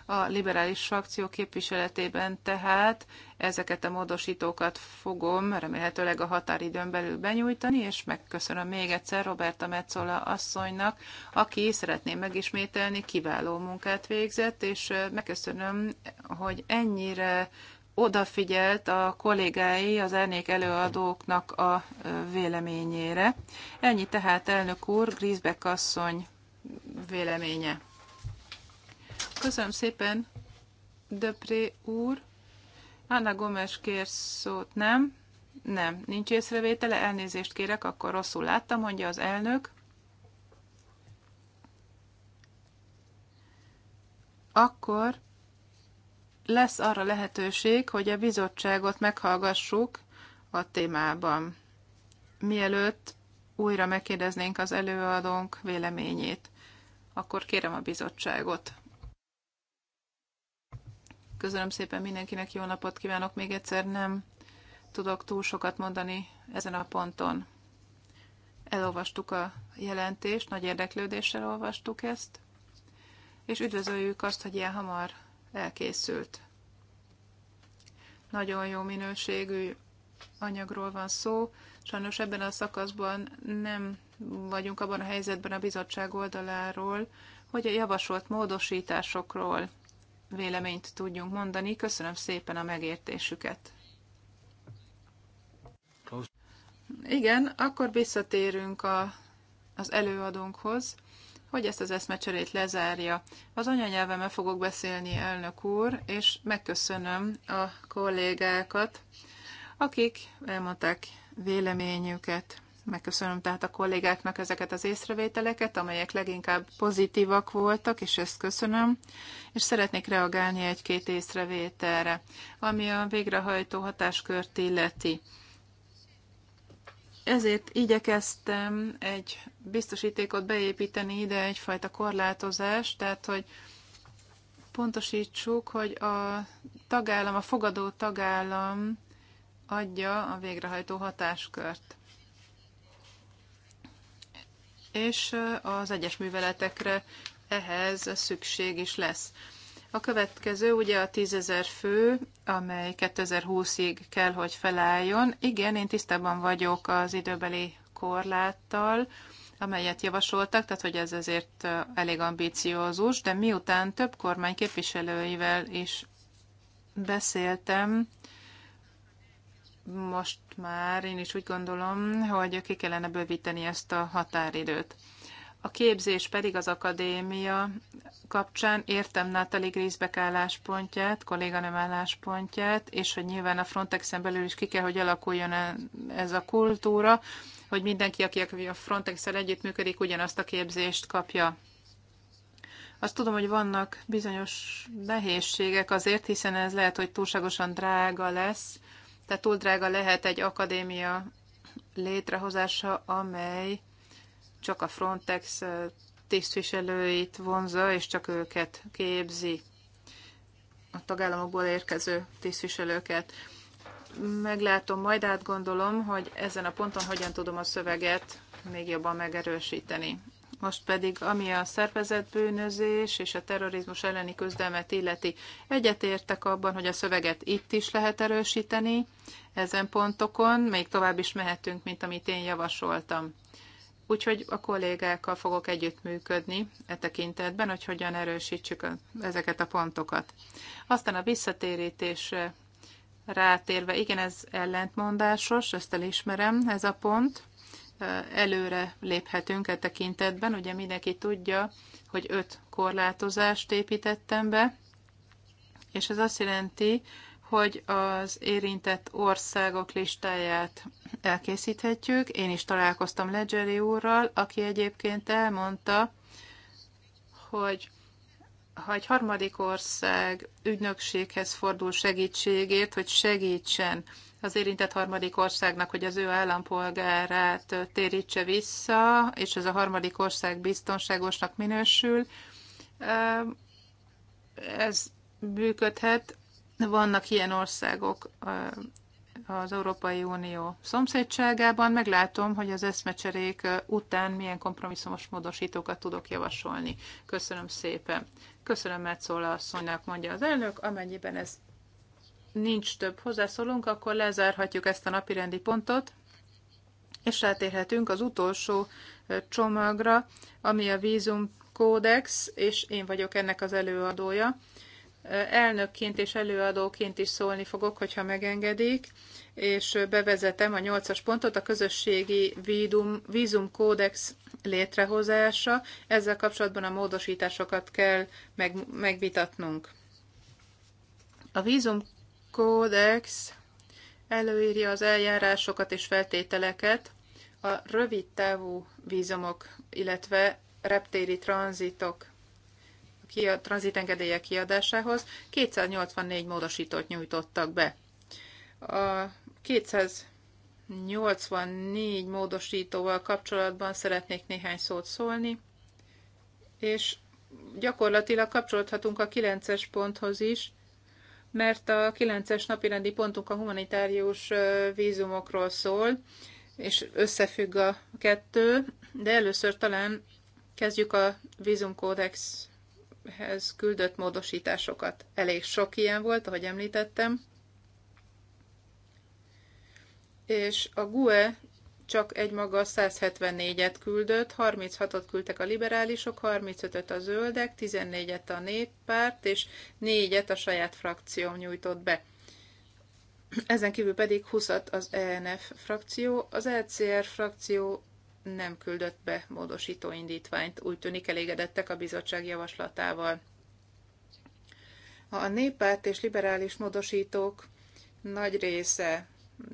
A liberális frakció képviseletében tehát ezeket a módosítókat fogom remélhetőleg a határidőn belül benyújtani, és megköszönöm még egyszer Roberta Metzola asszonynak, aki szeretném megismételni, kiváló munkát végzett, és megköszönöm, hogy ennyire odafigyelt a kollégái, az elnék előadóknak a véleményére. Ennyi tehát elnök úr, Grisbeck asszony véleménye. Köszönöm szépen, Döpré úr. Anna Gomes kér szót, nem? Nem, nincs észrevétele, elnézést kérek, akkor rosszul láttam, mondja az elnök. Akkor lesz arra lehetőség, hogy a bizottságot meghallgassuk a témában, mielőtt újra megkérdeznénk az előadónk véleményét. Akkor kérem a bizottságot. Köszönöm szépen mindenkinek, jó napot kívánok. Még egyszer nem tudok túl sokat mondani ezen a ponton. Elolvastuk a jelentést, nagy érdeklődéssel olvastuk ezt, és üdvözöljük azt, hogy ilyen hamar elkészült. Nagyon jó minőségű anyagról van szó. Sajnos ebben a szakaszban nem vagyunk abban a helyzetben a bizottság oldaláról, hogy a javasolt módosításokról véleményt tudjunk mondani. Köszönöm szépen a megértésüket. Igen, akkor visszatérünk a, az előadónkhoz, hogy ezt az eszmecserét lezárja. Az anyanyelvemmel fogok beszélni, elnök úr, és megköszönöm a kollégákat, akik elmondták véleményüket. Megköszönöm tehát a kollégáknak ezeket az észrevételeket, amelyek leginkább pozitívak voltak, és ezt köszönöm, és szeretnék reagálni egy-két észrevételre, ami a végrehajtó hatáskört illeti. Ezért igyekeztem egy biztosítékot beépíteni ide, egyfajta korlátozást, tehát hogy pontosítsuk, hogy a tagállam, a fogadó tagállam adja a végrehajtó hatáskört. És az egyes műveletekre ehhez szükség is lesz. A következő ugye a tízezer fő, amely 2020-ig kell, hogy felálljon. Igen, én tisztában vagyok az időbeli korláttal, amelyet javasoltak, tehát hogy ez azért elég ambiciózus, de miután több kormány képviselőivel is beszéltem, most már én is úgy gondolom, hogy ki kellene bővíteni ezt a határidőt. A képzés pedig az akadémia kapcsán értem Natalie Grisbeck álláspontját, kolléganőm álláspontját, és hogy nyilván a Frontexen belül is ki kell, hogy alakuljon e- ez a kultúra, hogy mindenki, aki a Frontex-el együttműködik, ugyanazt a képzést kapja. Azt tudom, hogy vannak bizonyos nehézségek azért, hiszen ez lehet, hogy túlságosan drága lesz, tehát túl drága lehet egy akadémia létrehozása, amely csak a Frontex tisztviselőit vonza, és csak őket képzi a tagállamokból érkező tisztviselőket. Meglátom, majd átgondolom, hogy ezen a ponton hogyan tudom a szöveget még jobban megerősíteni. Most pedig, ami a szervezetbűnözés és a terrorizmus elleni küzdelmet illeti, egyetértek abban, hogy a szöveget itt is lehet erősíteni, ezen pontokon még tovább is mehetünk, mint amit én javasoltam. Úgyhogy a kollégákkal fogok együttműködni e tekintetben, hogy hogyan erősítsük a, ezeket a pontokat. Aztán a visszatérítésre rátérve, igen, ez ellentmondásos, ezt elismerem, ez a pont. Előre léphetünk e tekintetben, ugye mindenki tudja, hogy öt korlátozást építettem be, és ez azt jelenti, hogy az érintett országok listáját elkészíthetjük. Én is találkoztam Ledgeri úrral, aki egyébként elmondta, hogy ha egy harmadik ország ügynökséghez fordul segítségért, hogy segítsen az érintett harmadik országnak, hogy az ő állampolgárát térítse vissza, és ez a harmadik ország biztonságosnak minősül, ez működhet, vannak ilyen országok az Európai Unió szomszédságában. Meglátom, hogy az eszmecserék után milyen kompromisszumos módosítókat tudok javasolni. Köszönöm szépen. Köszönöm a asszonynak, mondja az elnök. Amennyiben ez nincs több hozzászólunk, akkor lezárhatjuk ezt a napirendi pontot, és rátérhetünk az utolsó csomagra, ami a vízum kódex, és én vagyok ennek az előadója elnökként és előadóként is szólni fogok, hogyha megengedik, és bevezetem a nyolcas pontot, a közösségi vízum vízumkódex létrehozása. Ezzel kapcsolatban a módosításokat kell meg, megvitatnunk. A vízumkódex előírja az eljárásokat és feltételeket a rövid távú vízumok, illetve reptéri tranzitok tranzitengedélyek kiadásához 284 módosítót nyújtottak be. A 284 módosítóval kapcsolatban szeretnék néhány szót szólni, és gyakorlatilag kapcsolódhatunk a 9-es ponthoz is, mert a 9-es napirendi pontunk a humanitárius vízumokról szól, és összefügg a kettő, de először talán kezdjük a vízumkódex hez küldött módosításokat. Elég sok ilyen volt, ahogy említettem. És a GUE csak egymaga 174-et küldött, 36-ot küldtek a liberálisok, 35-öt a zöldek, 14-et a néppárt, és 4-et a saját frakció nyújtott be. Ezen kívül pedig 20-at az ENF frakció, az LCR e frakció nem küldött be módosító indítványt. Úgy tűnik elégedettek a bizottság javaslatával. A néppárt és liberális módosítók nagy része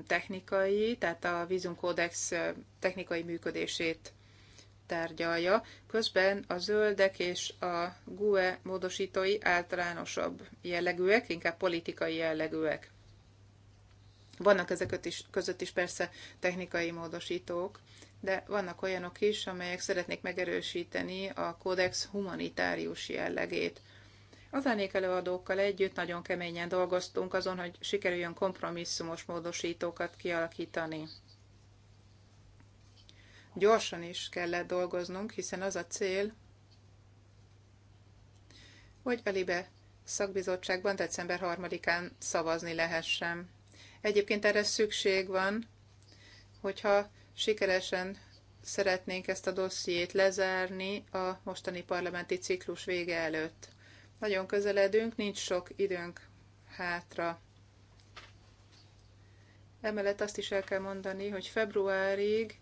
technikai, tehát a vízumkódex technikai működését tárgyalja. Közben a zöldek és a GUE módosítói általánosabb jellegűek, inkább politikai jellegűek. Vannak ezek között is persze technikai módosítók, de vannak olyanok is, amelyek szeretnék megerősíteni a kódex humanitárius jellegét. Az előadókkal együtt nagyon keményen dolgoztunk azon, hogy sikerüljön kompromisszumos módosítókat kialakítani. Gyorsan is kellett dolgoznunk, hiszen az a cél, hogy a LIBE szakbizottságban december 3-án szavazni lehessen. Egyébként erre szükség van, hogyha sikeresen szeretnénk ezt a dossziét lezárni a mostani parlamenti ciklus vége előtt. Nagyon közeledünk, nincs sok időnk hátra. Emellett azt is el kell mondani, hogy februárig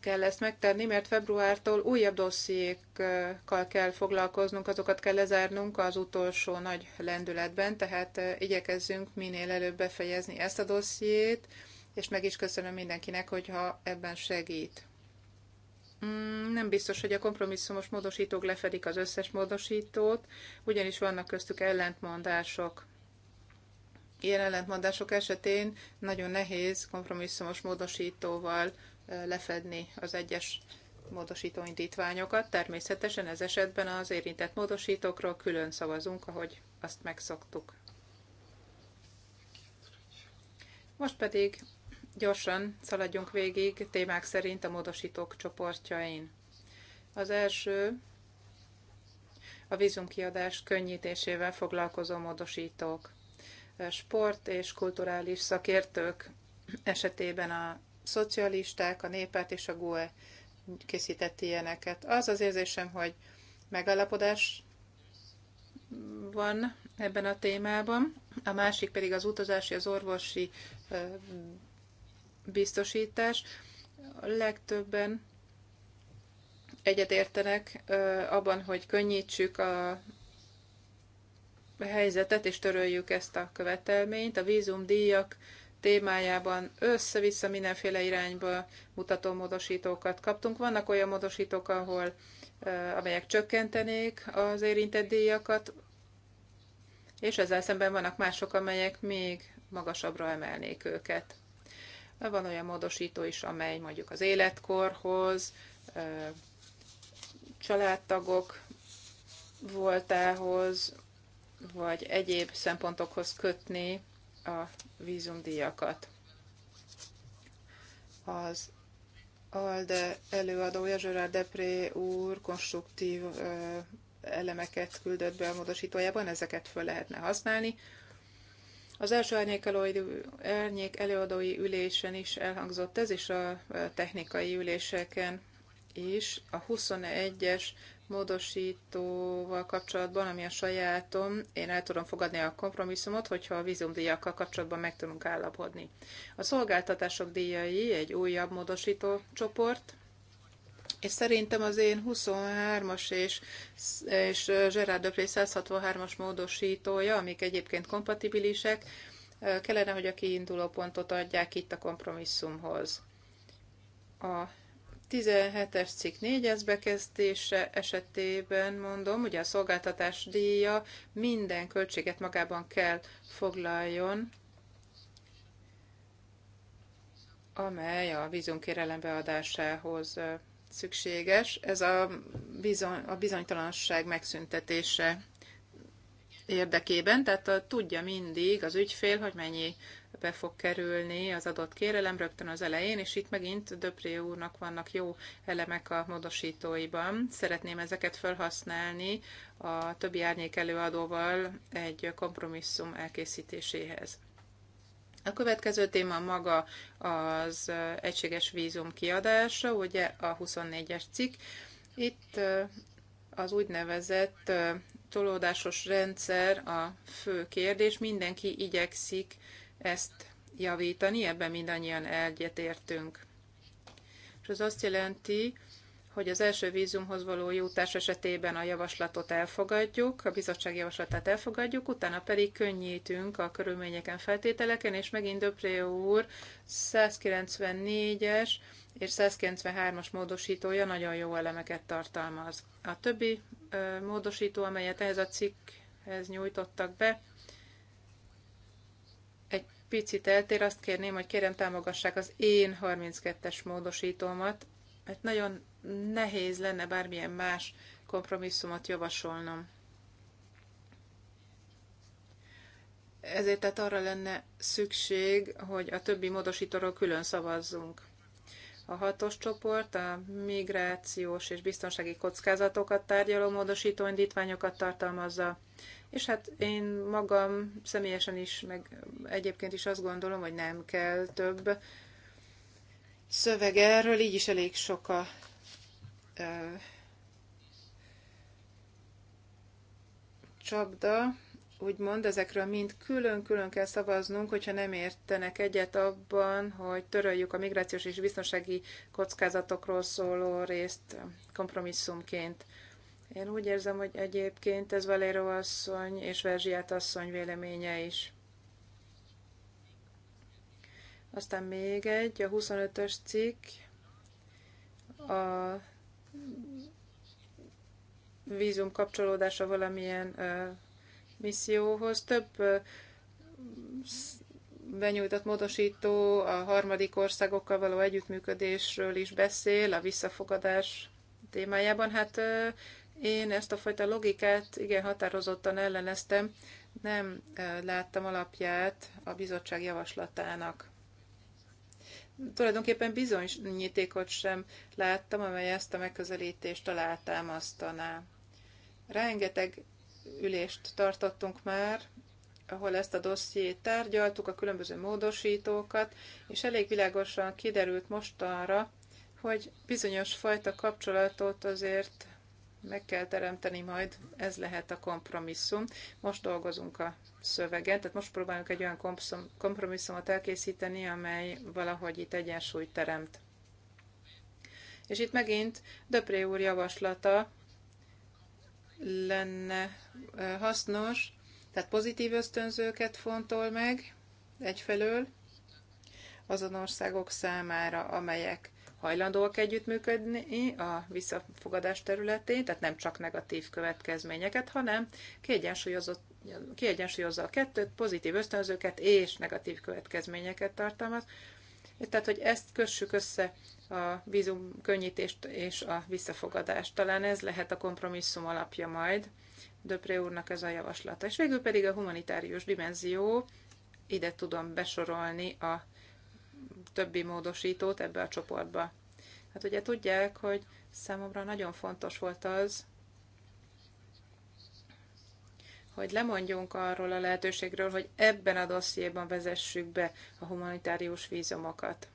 kell ezt megtenni, mert februártól újabb dossziékkal kell foglalkoznunk, azokat kell lezárnunk az utolsó nagy lendületben, tehát eh, igyekezzünk minél előbb befejezni ezt a dossziét, és meg is köszönöm mindenkinek, hogyha ebben segít. Mm, nem biztos, hogy a kompromisszumos módosítók lefedik az összes módosítót, ugyanis vannak köztük ellentmondások. Ilyen ellentmondások esetén nagyon nehéz kompromisszumos módosítóval lefedni az egyes módosító indítványokat. Természetesen ez esetben az érintett módosítókról külön szavazunk, ahogy azt megszoktuk. Most pedig Gyorsan szaladjunk végig témák szerint a módosítók csoportjain. Az első a vízumkiadás könnyítésével foglalkozó módosítók. Sport és kulturális szakértők esetében a szocialisták, a népet és a GUE készített ilyeneket. Az az érzésem, hogy megállapodás van ebben a témában, a másik pedig az utazási, az orvosi biztosítás. A legtöbben egyetértenek abban, hogy könnyítsük a helyzetet, és töröljük ezt a követelményt. A vízumdíjak témájában össze-vissza mindenféle irányba mutató módosítókat kaptunk. Vannak olyan módosítók, ahol amelyek csökkentenék az érintett díjakat, és ezzel szemben vannak mások, amelyek még magasabbra emelnék őket. Van olyan módosító is, amely mondjuk az életkorhoz, családtagok voltához, vagy egyéb szempontokhoz kötni a vízumdíjakat. Az ALDE előadója Zsörár Depré úr konstruktív elemeket küldött be a módosítójában, ezeket föl lehetne használni. Az első árnyék, előadói ülésen is elhangzott ez, és a e, technikai üléseken is. A 21-es módosítóval kapcsolatban, ami a sajátom, én el tudom fogadni a kompromisszumot, hogyha a vízumdíjakkal kapcsolatban meg tudunk állapodni. A szolgáltatások díjai egy újabb módosító csoport, és szerintem az én 23-as és, és Gerard Döplé 163-as módosítója, amik egyébként kompatibilisek, kellene, hogy a kiinduló pontot adják itt a kompromisszumhoz. A 17-es cikk 4-es bekezdése esetében mondom, ugye a szolgáltatás díja minden költséget magában kell foglaljon, amely a vízunkérelem beadásához szükséges, ez a, bizony, a bizonytalanság megszüntetése érdekében, tehát a, tudja mindig az ügyfél, hogy mennyi be fog kerülni az adott kérelem rögtön az elején, és itt megint Döpré úrnak vannak jó elemek a módosítóiban. Szeretném ezeket felhasználni a többi árnyék előadóval egy kompromisszum elkészítéséhez. A következő téma maga az egységes vízum kiadása, ugye a 24-es cikk. Itt az úgynevezett tolódásos rendszer a fő kérdés. Mindenki igyekszik ezt javítani, ebben mindannyian egyetértünk. És az azt jelenti, hogy az első vízumhoz való jutás esetében a javaslatot elfogadjuk, a bizottság javaslatát elfogadjuk, utána pedig könnyítünk a körülményeken, feltételeken, és megint Döpré úr 194-es és 193-as módosítója nagyon jó elemeket tartalmaz. A többi módosító, amelyet ehhez a cikkhez nyújtottak be, picit eltér, azt kérném, hogy kérem támogassák az én 32-es módosítómat, mert hát nagyon nehéz lenne bármilyen más kompromisszumot javasolnom. Ezért tehát arra lenne szükség, hogy a többi módosítóról külön szavazzunk. A hatos csoport a migrációs és biztonsági kockázatokat tárgyaló módosító indítványokat tartalmazza, és hát én magam személyesen is, meg egyébként is azt gondolom, hogy nem kell több szöveg erről, így is elég sok a ö, csapda, úgymond ezekről mind külön-külön kell szavaznunk, hogyha nem értenek egyet abban, hogy töröljük a migrációs és biztonsági kockázatokról szóló részt kompromisszumként. Én úgy érzem, hogy egyébként ez Valéro asszony és Verziát asszony véleménye is. Aztán még egy, a 25-ös cikk, a vízum kapcsolódása valamilyen misszióhoz. Több benyújtott módosító a harmadik országokkal való együttműködésről is beszél, a visszafogadás témájában. Hát én ezt a fajta logikát igen határozottan elleneztem, nem láttam alapját a bizottság javaslatának tulajdonképpen bizonyítékot sem láttam, amely ezt a megközelítést alátámasztaná. Rengeteg ülést tartottunk már, ahol ezt a dossziét tárgyaltuk, a különböző módosítókat, és elég világosan kiderült mostanra, hogy bizonyos fajta kapcsolatot azért meg kell teremteni majd, ez lehet a kompromisszum. Most dolgozunk a szöveget, tehát most próbálunk egy olyan kompromisszumot elkészíteni, amely valahogy itt egyensúlyt teremt. És itt megint Döpré úr javaslata lenne hasznos, tehát pozitív ösztönzőket fontol meg egyfelől azon országok számára, amelyek hajlandóak együttműködni a visszafogadás területén, tehát nem csak negatív következményeket, hanem kiegyensúlyozott kiegyensúlyozza a kettőt, pozitív ösztönzőket és negatív következményeket tartalmaz. Tehát, hogy ezt kössük össze a vízum könnyítést és a visszafogadást. Talán ez lehet a kompromisszum alapja majd. Döpré úrnak ez a javaslata. És végül pedig a humanitárius dimenzió, ide tudom besorolni a többi módosítót ebbe a csoportba. Hát ugye tudják, hogy számomra nagyon fontos volt az, hogy lemondjunk arról a lehetőségről, hogy ebben a dossziéban vezessük be a humanitárius vízumokat.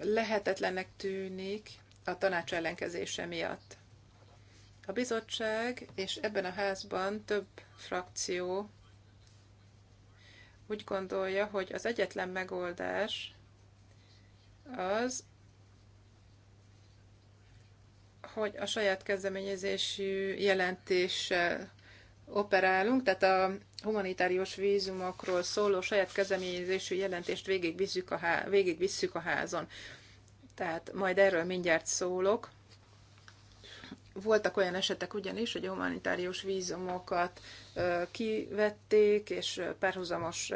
Lehetetlennek tűnik a tanács ellenkezése miatt. A bizottság és ebben a házban több frakció úgy gondolja, hogy az egyetlen megoldás az, hogy a saját kezdeményezésű jelentéssel operálunk, tehát a humanitárius vízumokról szóló saját kezdeményezésű jelentést végigvisszük a, há- végigvisszük a házon. Tehát majd erről mindjárt szólok. Voltak olyan esetek ugyanis, hogy a humanitárius vízumokat kivették, és párhuzamos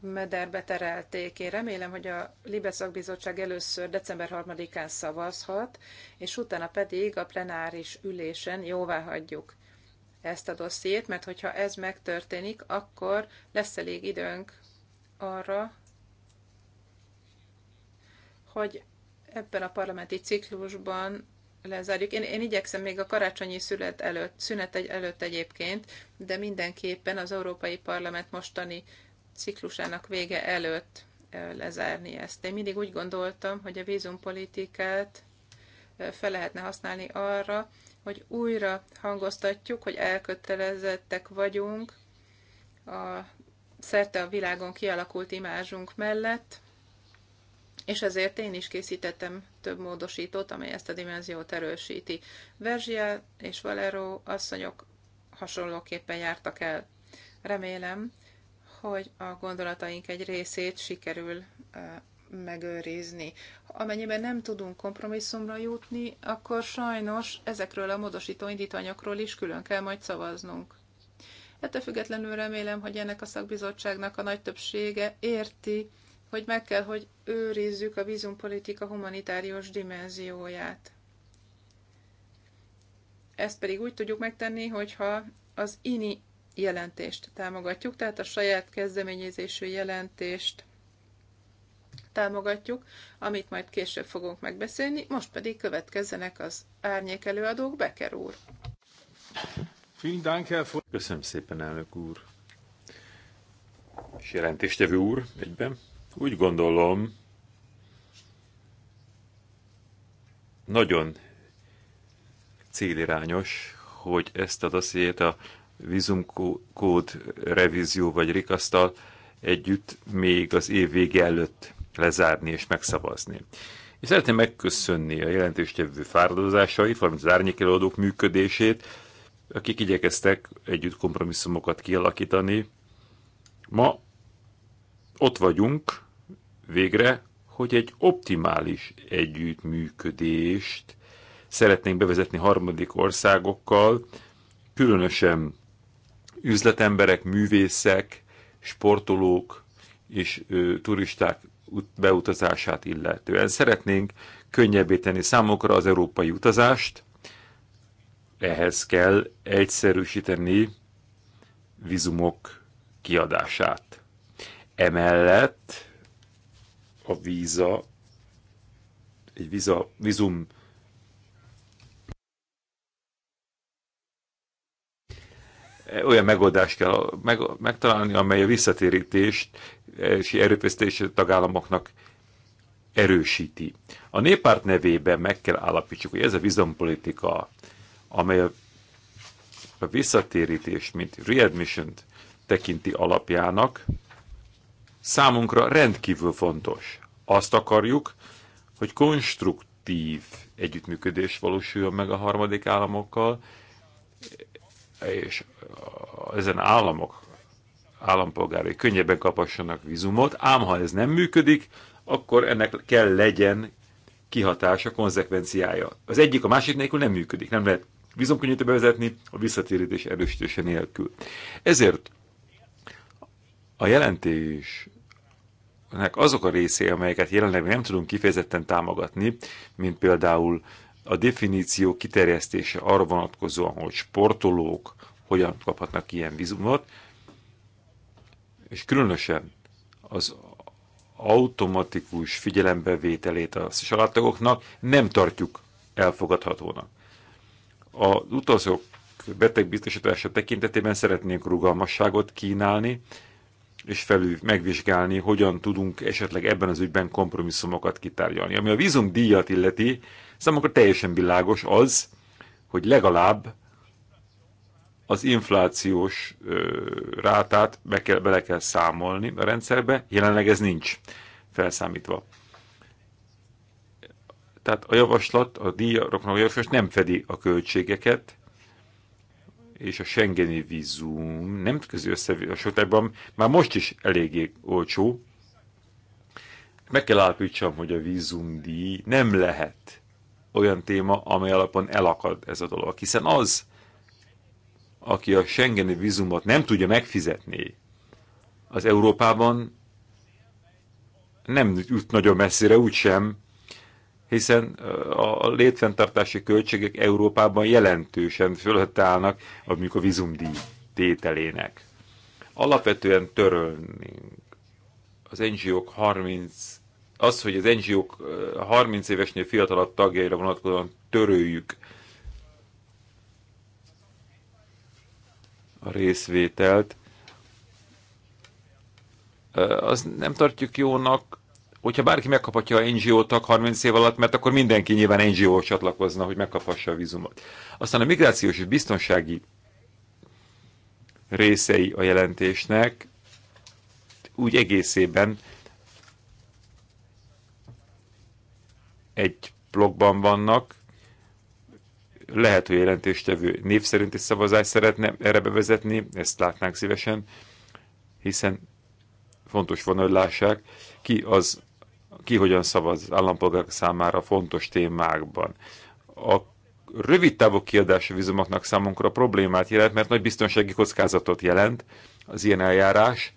mederbe terelték. Én remélem, hogy a Libe szakbizottság először december 3-án szavazhat, és utána pedig a plenáris ülésen jóvá hagyjuk ezt a dossziét, mert hogyha ez megtörténik, akkor lesz elég időnk arra, hogy ebben a parlamenti ciklusban lezárjuk. Én, én igyekszem még a karácsonyi szület előtt, szünet egy, előtt egyébként, de mindenképpen az Európai Parlament mostani ciklusának vége előtt lezárni ezt. Én mindig úgy gondoltam, hogy a vízumpolitikát fel lehetne használni arra, hogy újra hangoztatjuk, hogy elkötelezettek vagyunk a szerte a világon kialakult imázsunk mellett, és ezért én is készítettem több módosítót, amely ezt a dimenziót erősíti. Verzsia és Valero asszonyok hasonlóképpen jártak el. Remélem, hogy a gondolataink egy részét sikerül megőrizni. Amennyiben nem tudunk kompromisszumra jutni, akkor sajnos ezekről a módosító indítványokról is külön kell majd szavaznunk. Ettől függetlenül remélem, hogy ennek a szakbizottságnak a nagy többsége érti, hogy meg kell, hogy őrizzük a vízumpolitika humanitárius dimenzióját. Ezt pedig úgy tudjuk megtenni, hogyha az INI jelentést támogatjuk, tehát a saját kezdeményezésű jelentést támogatjuk, amit majd később fogunk megbeszélni, most pedig következzenek az árnyék előadók, Becker úr. Köszönöm szépen, elnök úr. És jelentéstevő úr, egyben. Úgy gondolom, nagyon célirányos, hogy ezt a dossziét a vízumkód revízió vagy rikasztal együtt még az év vége előtt lezárni és megszavazni. És szeretném megköszönni a jelentéstevő fáradozásait, valamint az árnyékelőadók működését, akik igyekeztek együtt kompromisszumokat kialakítani. Ma ott vagyunk, végre, hogy egy optimális együttműködést szeretnénk bevezetni harmadik országokkal, különösen üzletemberek, művészek, sportolók és ö, turisták beutazását illetően. Szeretnénk könnyebbé tenni számokra az európai utazást, ehhez kell egyszerűsíteni vizumok kiadását. Emellett a víza, egy víza, vízum olyan megoldást kell meg, megtalálni, amely a visszatérítést és a tagállamoknak erősíti. A néppárt nevében meg kell állapítsuk, hogy ez a vizumpolitika, amely a, a visszatérítést, mint readmission tekinti alapjának, számunkra rendkívül fontos. Azt akarjuk, hogy konstruktív együttműködés valósuljon meg a harmadik államokkal, és ezen államok állampolgárai könnyebben kapassanak vízumot, ám ha ez nem működik, akkor ennek kell legyen kihatása, konzekvenciája. Az egyik a másik nélkül nem működik, nem lehet vízumkönnyítő bevezetni a visszatérítés erősítése nélkül. Ezért a jelentés azok a részé, amelyeket jelenleg nem tudunk kifejezetten támogatni, mint például a definíció kiterjesztése arra vonatkozóan, hogy sportolók hogyan kaphatnak ilyen vizumot, és különösen az automatikus figyelembevételét a salátagoknak nem tartjuk elfogadhatónak. Az utazók betegbiztosítása tekintetében szeretnénk rugalmasságot kínálni, és felül megvizsgálni, hogyan tudunk esetleg ebben az ügyben kompromisszumokat kitárgyalni. Ami a vízum díjat illeti, számomra teljesen világos az, hogy legalább az inflációs ö, rátát be kell, bele kell számolni a rendszerbe, jelenleg ez nincs felszámítva. Tehát a javaslat, a díjaroknak a javaslat nem fedi a költségeket, és a Schengeni vízum nemzetközi összehasonlításban már most is eléggé olcsó. Meg kell állapítsam, hogy a vízumdíj nem lehet olyan téma, amely alapon elakad ez a dolog, hiszen az, aki a Schengeni vízumot nem tudja megfizetni, az Európában nem jut nagyon messzire úgysem, hiszen a létfenntartási költségek Európában jelentősen fölött állnak, a vizumdíj tételének. Alapvetően törölnénk az NGO-k 30 az, hogy az NGO-k 30 évesnél fiatalabb tagjaira vonatkozóan töröljük a részvételt, az nem tartjuk jónak, hogyha bárki megkaphatja a NGO tag 30 év alatt, mert akkor mindenki nyilván NGO csatlakozna, hogy megkaphassa a vízumot. Aztán a migrációs és biztonsági részei a jelentésnek úgy egészében egy blogban vannak, lehet, hogy jelentéstevő név is szavazást szeretne erre bevezetni, ezt látnánk szívesen, hiszen fontos volna, hogy lássák, ki az, ki hogyan szavaz állampolgárok számára fontos témákban. A rövid távú kiadási vizumoknak számunkra problémát jelent, mert nagy biztonsági kockázatot jelent az ilyen eljárás,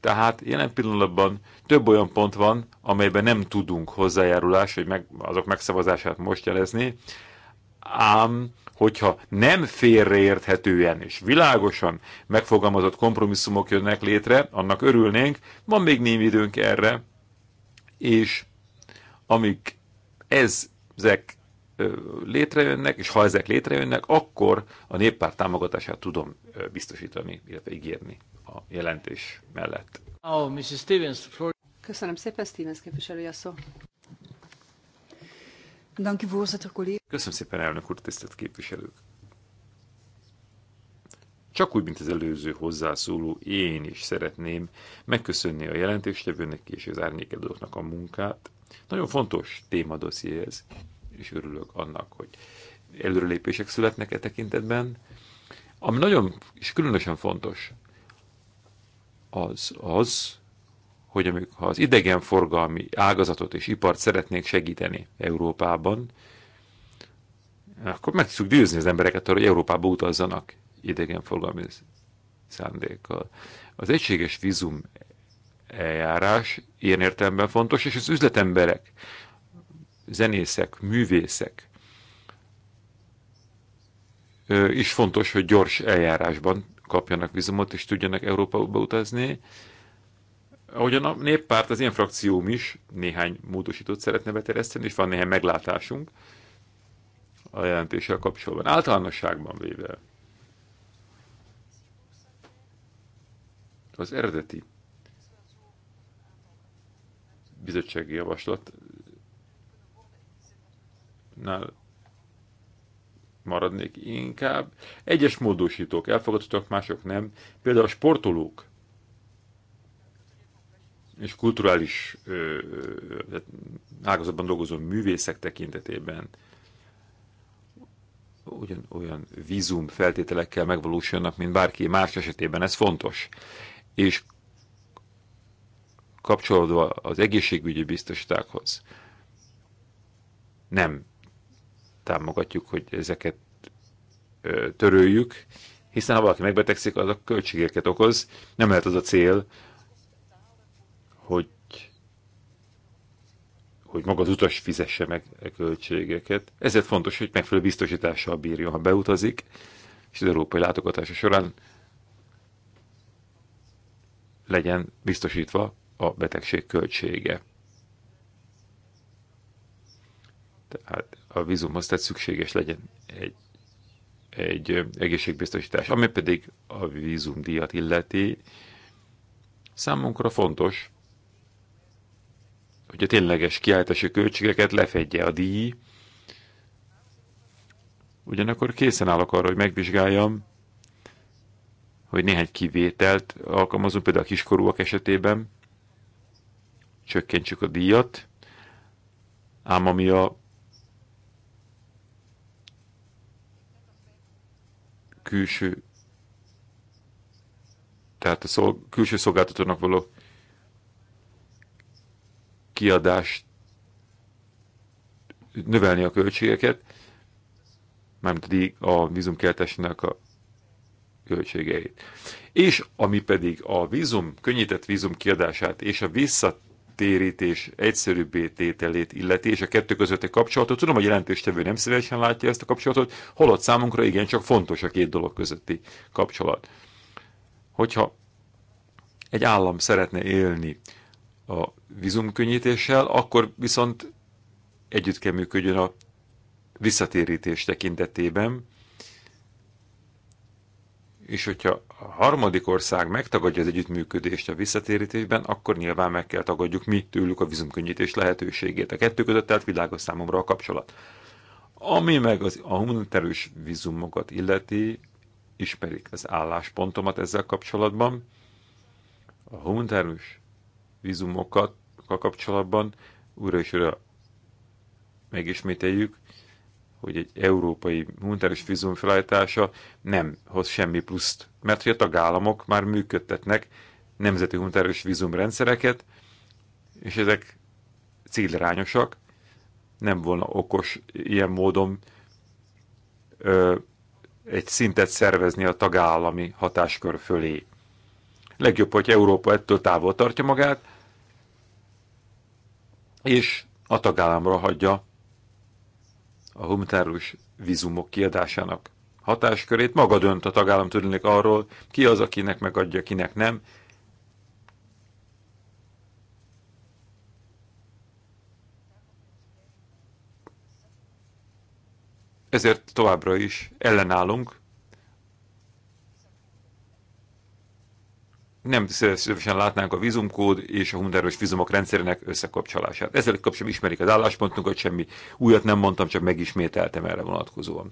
tehát jelen pillanatban több olyan pont van, amelyben nem tudunk hozzájárulás, hogy meg, azok megszavazását most jelezni, ám hogyha nem félreérthetően és világosan megfogalmazott kompromisszumok jönnek létre, annak örülnénk, van még némi időnk erre, és ez, ezek létrejönnek, és ha ezek létrejönnek, akkor a néppárt támogatását tudom biztosítani, illetve ígérni a jelentés mellett. Oh, Mrs. Stevens, floor. Köszönöm szépen, Stevens képviselője a szó. Köszönöm szépen, elnök úr, tisztelt képviselők! Csak úgy, mint az előző hozzászóló, én is szeretném megköszönni a jelentéstevőnek és az árnyékedőknek a munkát. Nagyon fontos témadosszié ez, és örülök annak, hogy előrelépések születnek e tekintetben. Ami nagyon és különösen fontos, az az, hogy amikor az idegenforgalmi ágazatot és ipart szeretnénk segíteni Európában, akkor meg tudjuk győzni az embereket arra, hogy Európába utazzanak idegenforgalmi szándékkal. Az egységes vízum eljárás ilyen értelemben fontos, és az üzletemberek, zenészek, művészek is fontos, hogy gyors eljárásban kapjanak vízumot, és tudjanak Európába utazni. Ahogyan a néppárt, az én frakcióm is néhány módosítót szeretne beterjeszteni, és van néhány meglátásunk a jelentéssel kapcsolatban. Általánosságban véve Az eredeti bizottsági javaslatnál maradnék inkább. Egyes módosítók elfogadottak, mások nem. Például a sportolók és kulturális ö, ö, ágazatban dolgozó művészek tekintetében ugyan, olyan vízum feltételekkel megvalósulnak, mint bárki más esetében. Ez fontos és kapcsolódva az egészségügyi biztosítákhoz nem támogatjuk, hogy ezeket ö, töröljük, hiszen ha valaki megbetegszik, az a költségeket okoz. Nem lehet az a cél, hogy, hogy maga az utas fizesse meg a e költségeket. Ezért fontos, hogy megfelelő biztosítással bírjon, ha beutazik, és az európai látogatása során legyen biztosítva a betegség költsége. Tehát a vízumhoz tehát szükséges legyen egy, egy egészségbiztosítás. Ami pedig a vízumdíjat illeti, számunkra fontos, hogy a tényleges kiállítási költségeket lefedje a díj, Ugyanakkor készen állok arra, hogy megvizsgáljam, hogy néhány kivételt alkalmazunk, például a kiskorúak esetében csökkentsük a díjat, ám ami a külső tehát a szol, külső szolgáltatónak való kiadást növelni a költségeket, mármint a, a vízumkeltesnek a költségeit. És ami pedig a vízum, könnyített vízum kiadását és a visszatérítés egyszerűbbé tételét illeti, és a kettő közötti kapcsolatot, tudom, hogy jelentéstevő nem szívesen látja ezt a kapcsolatot, holott számunkra igen csak fontos a két dolog közötti kapcsolat. Hogyha egy állam szeretne élni a vízumkönnyítéssel, akkor viszont együtt kell működjön a visszatérítés tekintetében, és hogyha a harmadik ország megtagadja az együttműködést a visszatérítésben, akkor nyilván meg kell tagadjuk mi tőlük a vízumkönnyítés lehetőségét. A kettő között tehát világos számomra a kapcsolat. Ami meg az, a humanitárius vízumokat illeti, ismerik az álláspontomat ezzel kapcsolatban. A humanitárius vízumokkal kapcsolatban újra és újra megismételjük, hogy egy európai humanitárius vízum felállítása nem hoz semmi pluszt, mert hogy a tagállamok már működtetnek nemzeti humanitárius vízumrendszereket, és ezek célrányosak, nem volna okos ilyen módon ö, egy szintet szervezni a tagállami hatáskör fölé. Legjobb, hogy Európa ettől távol tartja magát, és a tagállamra hagyja a humanitárius vízumok kiadásának hatáskörét, maga dönt a tagállam törvények arról, ki az, akinek megadja, kinek nem. Ezért továbbra is ellenállunk nem szívesen látnánk a vízumkód és a hungáros vízumok rendszerének összekapcsolását. Ezzel kapcsolatban ismerik az álláspontunkat, semmi újat nem mondtam, csak megismételtem erre vonatkozóan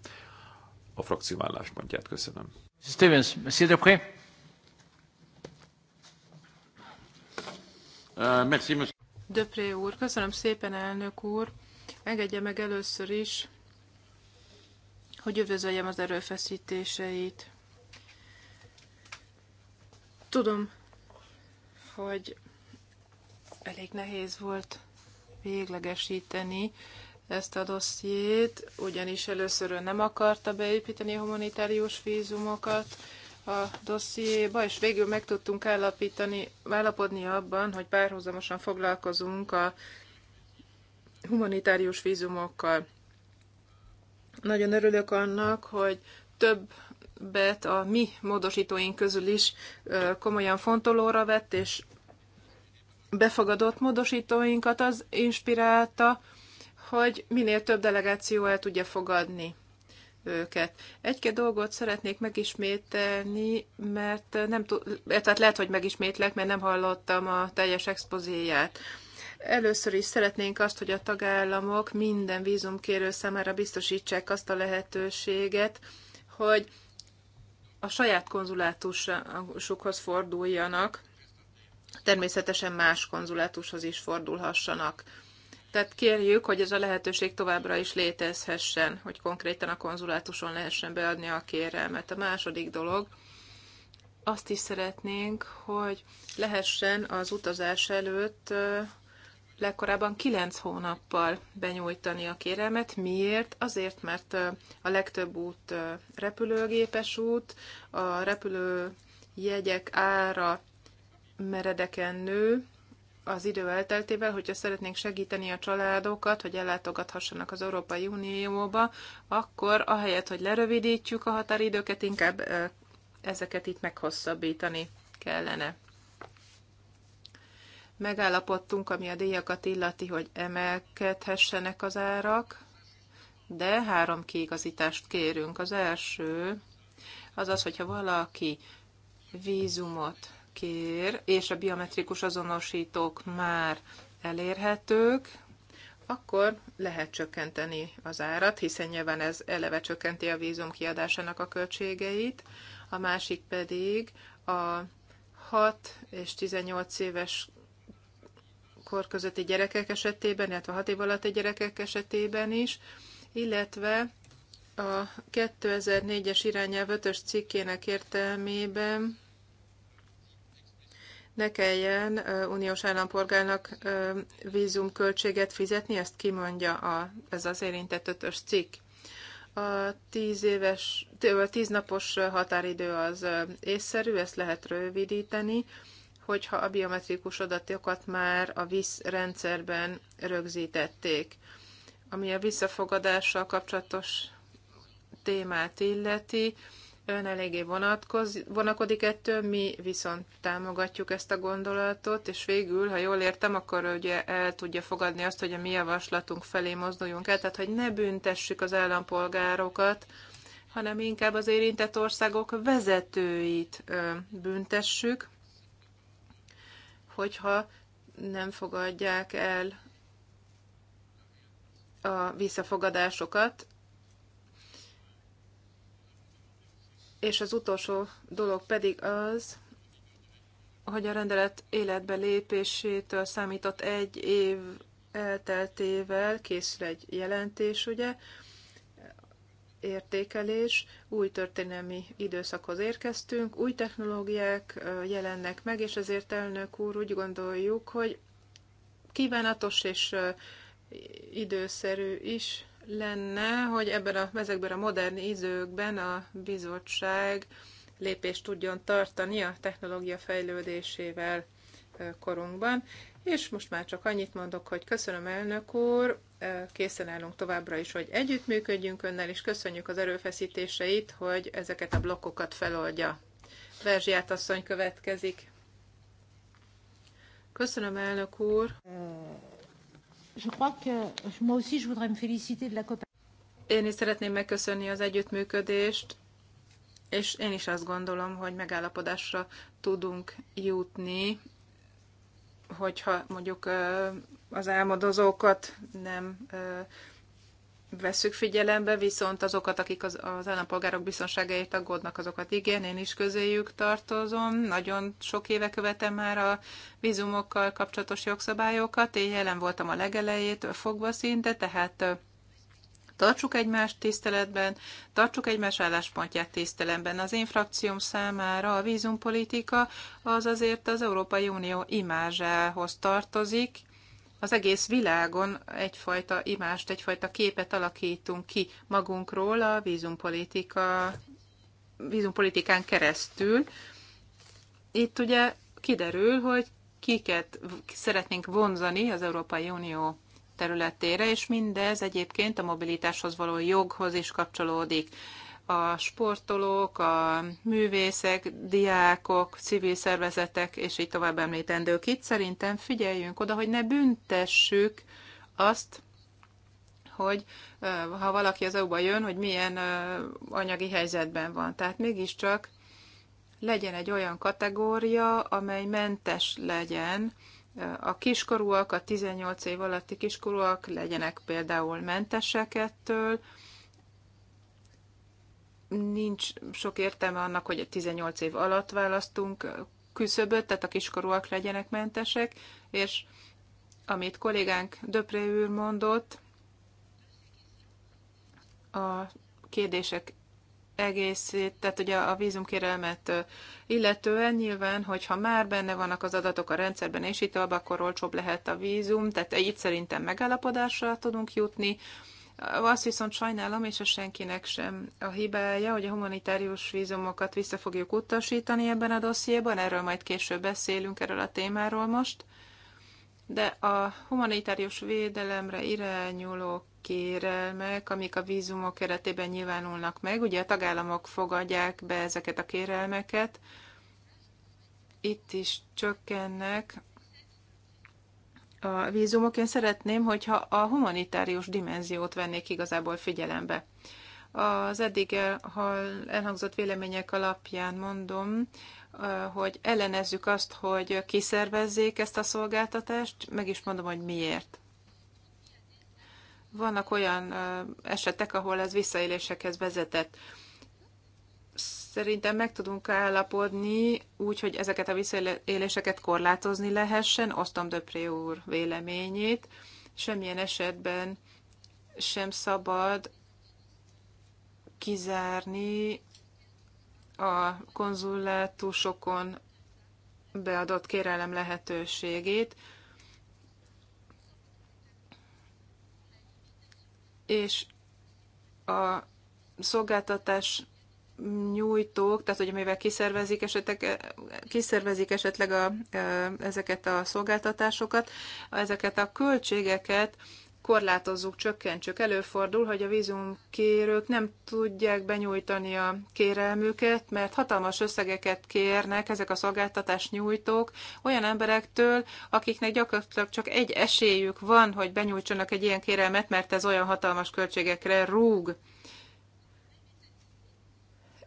a frakció álláspontját. Köszönöm. Stevens, uh, merci de près. merci, Depré úr, köszönöm szépen, elnök úr. Engedje meg először is, hogy üdvözöljem az erőfeszítéseit Tudom, hogy elég nehéz volt véglegesíteni ezt a dossziét, ugyanis először nem akarta beépíteni a humanitárius vízumokat a dossziéba, és végül meg tudtunk állapítani, állapodni abban, hogy párhuzamosan foglalkozunk a humanitárius vízumokkal. Nagyon örülök annak, hogy több bet a mi módosítóink közül is komolyan fontolóra vett, és befogadott módosítóinkat az inspirálta, hogy minél több delegáció el tudja fogadni őket. Egy-két dolgot szeretnék megismételni, mert nem tud, eh, tehát lehet, hogy megismétlek, mert nem hallottam a teljes expozéját. Először is szeretnénk azt, hogy a tagállamok minden vízumkérő számára biztosítsák azt a lehetőséget, hogy a saját konzulátusokhoz forduljanak, természetesen más konzulátushoz is fordulhassanak. Tehát kérjük, hogy ez a lehetőség továbbra is létezhessen, hogy konkrétan a konzulátuson lehessen beadni a kérelmet. A második dolog, azt is szeretnénk, hogy lehessen az utazás előtt legkorábban 9 hónappal benyújtani a kérelmet. Miért? Azért, mert a legtöbb út repülőgépes út, a repülőjegyek ára meredeken nő, az idő elteltével, hogyha szeretnénk segíteni a családokat, hogy ellátogathassanak az Európai Unióba, akkor ahelyett, hogy lerövidítjük a határidőket, inkább ezeket itt meghosszabbítani kellene megállapodtunk, ami a díjakat illeti, hogy emelkedhessenek az árak, de három kiigazítást kérünk. Az első az az, hogyha valaki vízumot kér, és a biometrikus azonosítók már elérhetők, akkor lehet csökkenteni az árat, hiszen nyilván ez eleve csökkenti a vízum kiadásának a költségeit. A másik pedig a 6 és 18 éves kor közötti gyerekek esetében, illetve 6 év alatti gyerekek esetében is, illetve a 2004-es irányelv 5-ös cikkének értelmében ne kelljen uniós állampolgárnak vízumköltséget fizetni, ezt kimondja a, ez az érintett ötös cikk. A tíz, éves, tíz napos határidő az észszerű, ezt lehet rövidíteni, hogyha a biometrikus adatokat már a VISZ rendszerben rögzítették. Ami a visszafogadással kapcsolatos témát illeti, ön eléggé vonakodik ettől, mi viszont támogatjuk ezt a gondolatot, és végül, ha jól értem, akkor ugye el tudja fogadni azt, hogy a mi javaslatunk felé mozduljunk el, tehát hogy ne büntessük az állampolgárokat, hanem inkább az érintett országok vezetőit büntessük, hogyha nem fogadják el a visszafogadásokat. És az utolsó dolog pedig az, hogy a rendelet életbe lépésétől számított egy év elteltével készül egy jelentés, ugye, értékelés, új történelmi időszakhoz érkeztünk, új technológiák jelennek meg, és ezért elnök úr úgy gondoljuk, hogy kívánatos és időszerű is lenne, hogy ebben a, ezekben a modern időkben a bizottság lépést tudjon tartani a technológia fejlődésével korunkban. És most már csak annyit mondok, hogy köszönöm elnök úr, készen állunk továbbra is, hogy együttműködjünk önnel, és köszönjük az erőfeszítéseit, hogy ezeket a blokkokat feloldja. Verzsiát asszony következik. Köszönöm, elnök úr. Én is szeretném megköszönni az együttműködést, és én is azt gondolom, hogy megállapodásra tudunk jutni, hogyha mondjuk az álmodozókat nem veszük figyelembe, viszont azokat, akik az, az állampolgárok biztonságáért aggódnak, azokat igen, én is közéjük tartozom. Nagyon sok éve követem már a vízumokkal kapcsolatos jogszabályokat. Én jelen voltam a legelejétől fogva szinte, tehát tartsuk egymást tiszteletben, tartsuk egymás álláspontját tiszteletben. Az én frakcióm számára a vízumpolitika az azért az Európai Unió imázsához tartozik, az egész világon egyfajta imást, egyfajta képet alakítunk ki magunkról a vízumpolitika, vízumpolitikán keresztül. Itt ugye kiderül, hogy kiket szeretnénk vonzani az Európai Unió területére, és mindez egyébként a mobilitáshoz való joghoz is kapcsolódik a sportolók, a művészek, diákok, civil szervezetek, és így tovább említendők. Itt szerintem figyeljünk oda, hogy ne büntessük azt, hogy ha valaki az EU-ba jön, hogy milyen anyagi helyzetben van. Tehát mégiscsak legyen egy olyan kategória, amely mentes legyen, a kiskorúak, a 18 év alatti kiskorúak legyenek például mentesek ettől, nincs sok értelme annak, hogy 18 év alatt választunk küszöböt, tehát a kiskorúak legyenek mentesek, és amit kollégánk Döpré úr mondott, a kérdések egészét, tehát ugye a vízumkérelmet illetően nyilván, hogyha már benne vannak az adatok a rendszerben és itt akkor olcsóbb lehet a vízum, tehát itt szerintem megállapodásra tudunk jutni, azt viszont sajnálom, és a senkinek sem a hibája, hogy a humanitárius vízumokat vissza fogjuk utasítani ebben a dossziéban, erről majd később beszélünk, erről a témáról most. De a humanitárius védelemre irányuló kérelmek, amik a vízumok keretében nyilvánulnak meg, ugye a tagállamok fogadják be ezeket a kérelmeket, itt is csökkennek a vízumok, én szeretném, hogyha a humanitárius dimenziót vennék igazából figyelembe. Az eddig elhangzott vélemények alapján mondom, hogy ellenezzük azt, hogy kiszervezzék ezt a szolgáltatást, meg is mondom, hogy miért. Vannak olyan esetek, ahol ez visszaélésekhez vezetett szerintem meg tudunk állapodni úgy, hogy ezeket a visszaéléseket korlátozni lehessen, osztom Döpré úr véleményét, semmilyen esetben sem szabad kizárni a konzulátusokon beadott kérelem lehetőségét, és a szolgáltatás nyújtók, tehát hogy amivel kiszervezik, esetek, kiszervezik esetleg a, e, ezeket a szolgáltatásokat, ezeket a költségeket korlátozzuk, csökkentsük. Előfordul, hogy a vízumkérők nem tudják benyújtani a kérelmüket, mert hatalmas összegeket kérnek ezek a szolgáltatás nyújtók olyan emberektől, akiknek gyakorlatilag csak egy esélyük van, hogy benyújtsanak egy ilyen kérelmet, mert ez olyan hatalmas költségekre rúg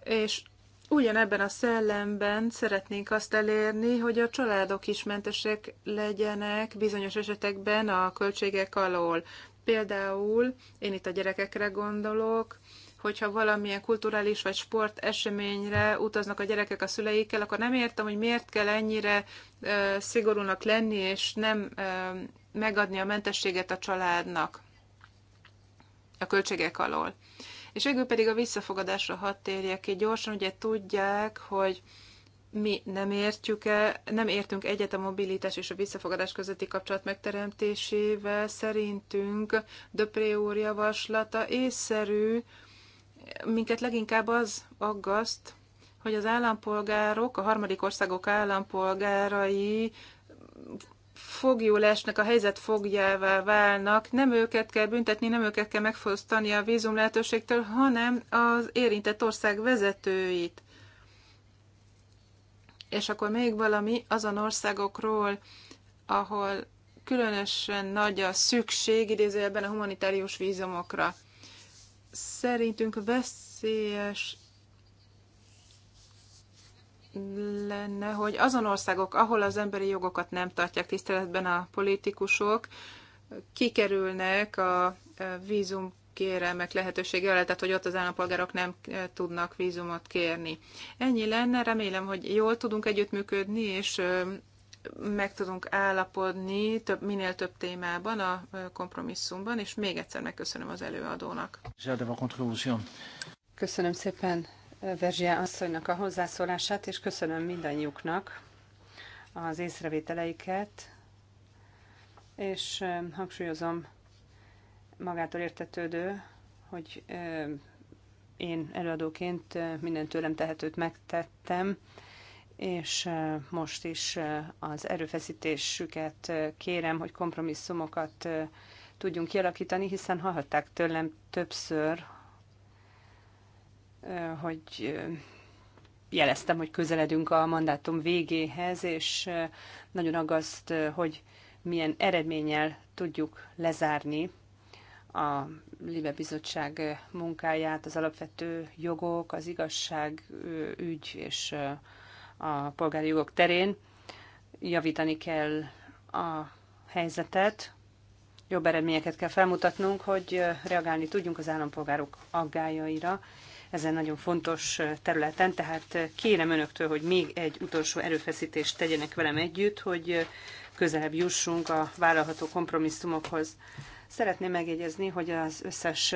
és ugyanebben a szellemben szeretnénk azt elérni, hogy a családok is mentesek legyenek bizonyos esetekben a költségek alól. Például, én itt a gyerekekre gondolok, hogyha valamilyen kulturális vagy sport eseményre utaznak a gyerekek a szüleikkel, akkor nem értem, hogy miért kell ennyire ö, szigorúnak lenni, és nem ö, megadni a mentességet a családnak a költségek alól. És végül pedig a visszafogadásra hat térjek ki gyorsan, ugye tudják, hogy mi nem értjük -e, nem értünk egyet a mobilitás és a visszafogadás közötti kapcsolat megteremtésével. Szerintünk Döpré úr javaslata észszerű, minket leginkább az aggaszt, hogy az állampolgárok, a harmadik országok állampolgárai fogjulásnak a helyzet fogjává válnak, nem őket kell büntetni, nem őket kell megfosztani a vízum lehetőségtől, hanem az érintett ország vezetőit. És akkor még valami azon országokról, ahol különösen nagy a szükség idézőjelben a humanitárius vízumokra. Szerintünk veszélyes lenne, hogy azon országok, ahol az emberi jogokat nem tartják tiszteletben a politikusok, kikerülnek a e, vízum kérelmek lehetősége alá, tehát hogy ott az állampolgárok nem e, tudnak vízumot kérni. Ennyi lenne, remélem, hogy jól tudunk együttműködni, és e, meg tudunk állapodni több, minél több témában a kompromisszumban, és még egyszer megköszönöm az előadónak. Köszönöm szépen Verzsia asszonynak a hozzászólását, és köszönöm mindannyiuknak az észrevételeiket, és hangsúlyozom magától értetődő, hogy én előadóként minden tőlem tehetőt megtettem, és most is az erőfeszítésüket kérem, hogy kompromisszumokat tudjunk kialakítani, hiszen hallhatták tőlem többször, Eh, hogy eh, jeleztem, hogy közeledünk a mandátum végéhez, és eh, nagyon aggaszt, hogy milyen eredménnyel tudjuk lezárni a Libe Bizottság munkáját, az alapvető jogok, az igazság ügy és a polgári jogok terén. Javítani kell a helyzetet, jobb eredményeket kell felmutatnunk, hogy reagálni tudjunk az állampolgárok aggájaira, ezen nagyon fontos területen, tehát kérem önöktől, hogy még egy utolsó erőfeszítést tegyenek velem együtt, hogy közelebb jussunk a vállalható kompromisszumokhoz. Szeretném megjegyezni, hogy az összes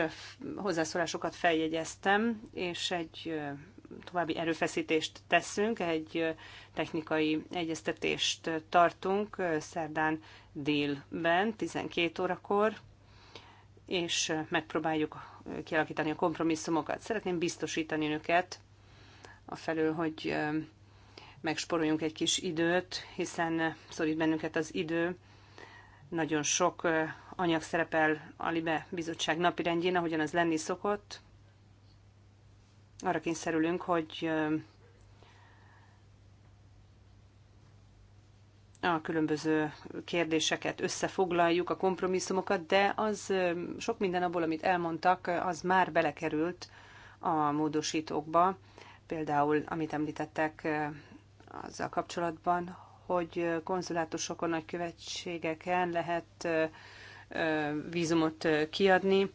hozzászólásokat feljegyeztem, és egy további erőfeszítést teszünk, egy technikai egyeztetést tartunk szerdán délben, 12 órakor, és megpróbáljuk kialakítani a kompromisszumokat. Szeretném biztosítani önöket a felől, hogy megsporoljunk egy kis időt, hiszen szorít bennünket az idő. Nagyon sok anyag szerepel a Libe Bizottság rendjén, ahogyan az lenni szokott. Arra kényszerülünk, hogy a különböző kérdéseket összefoglaljuk, a kompromisszumokat, de az sok minden abból, amit elmondtak, az már belekerült a módosítókba. Például, amit említettek azzal kapcsolatban, hogy konzulátusokon, nagykövetségeken lehet vízumot kiadni,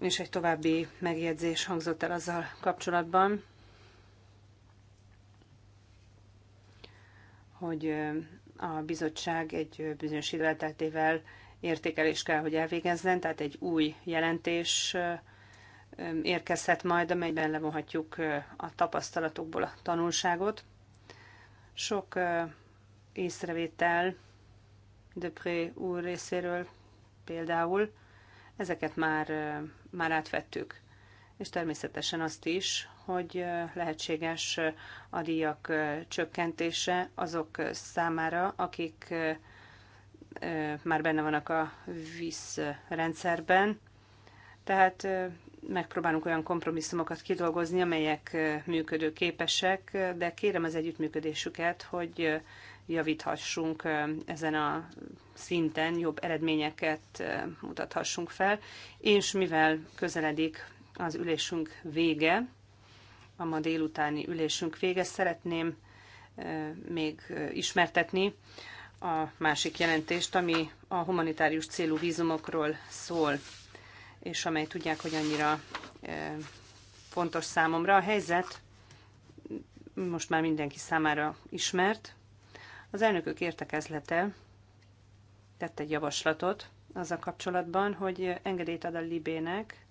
és egy további megjegyzés hangzott el azzal kapcsolatban, hogy a bizottság egy bizonyos időelteltével értékelés kell, hogy elvégezzen, tehát egy új jelentés érkezhet majd, amelyben levonhatjuk a tapasztalatokból a tanulságot. Sok észrevétel Depré úr részéről például, ezeket már, már átvettük. És természetesen azt is, hogy lehetséges a díjak csökkentése azok számára, akik már benne vannak a VISZ rendszerben. Tehát megpróbálunk olyan kompromisszumokat kidolgozni, amelyek működőképesek, de kérem az együttműködésüket, hogy javíthassunk ezen a szinten, jobb eredményeket mutathassunk fel, és mivel közeledik az ülésünk vége, a ma délutáni ülésünk vége. Szeretném még ismertetni a másik jelentést, ami a humanitárius célú vízumokról szól, és amely tudják, hogy annyira fontos számomra. A helyzet most már mindenki számára ismert. Az elnökök értekezlete tett egy javaslatot az a kapcsolatban, hogy engedélyt ad a Libének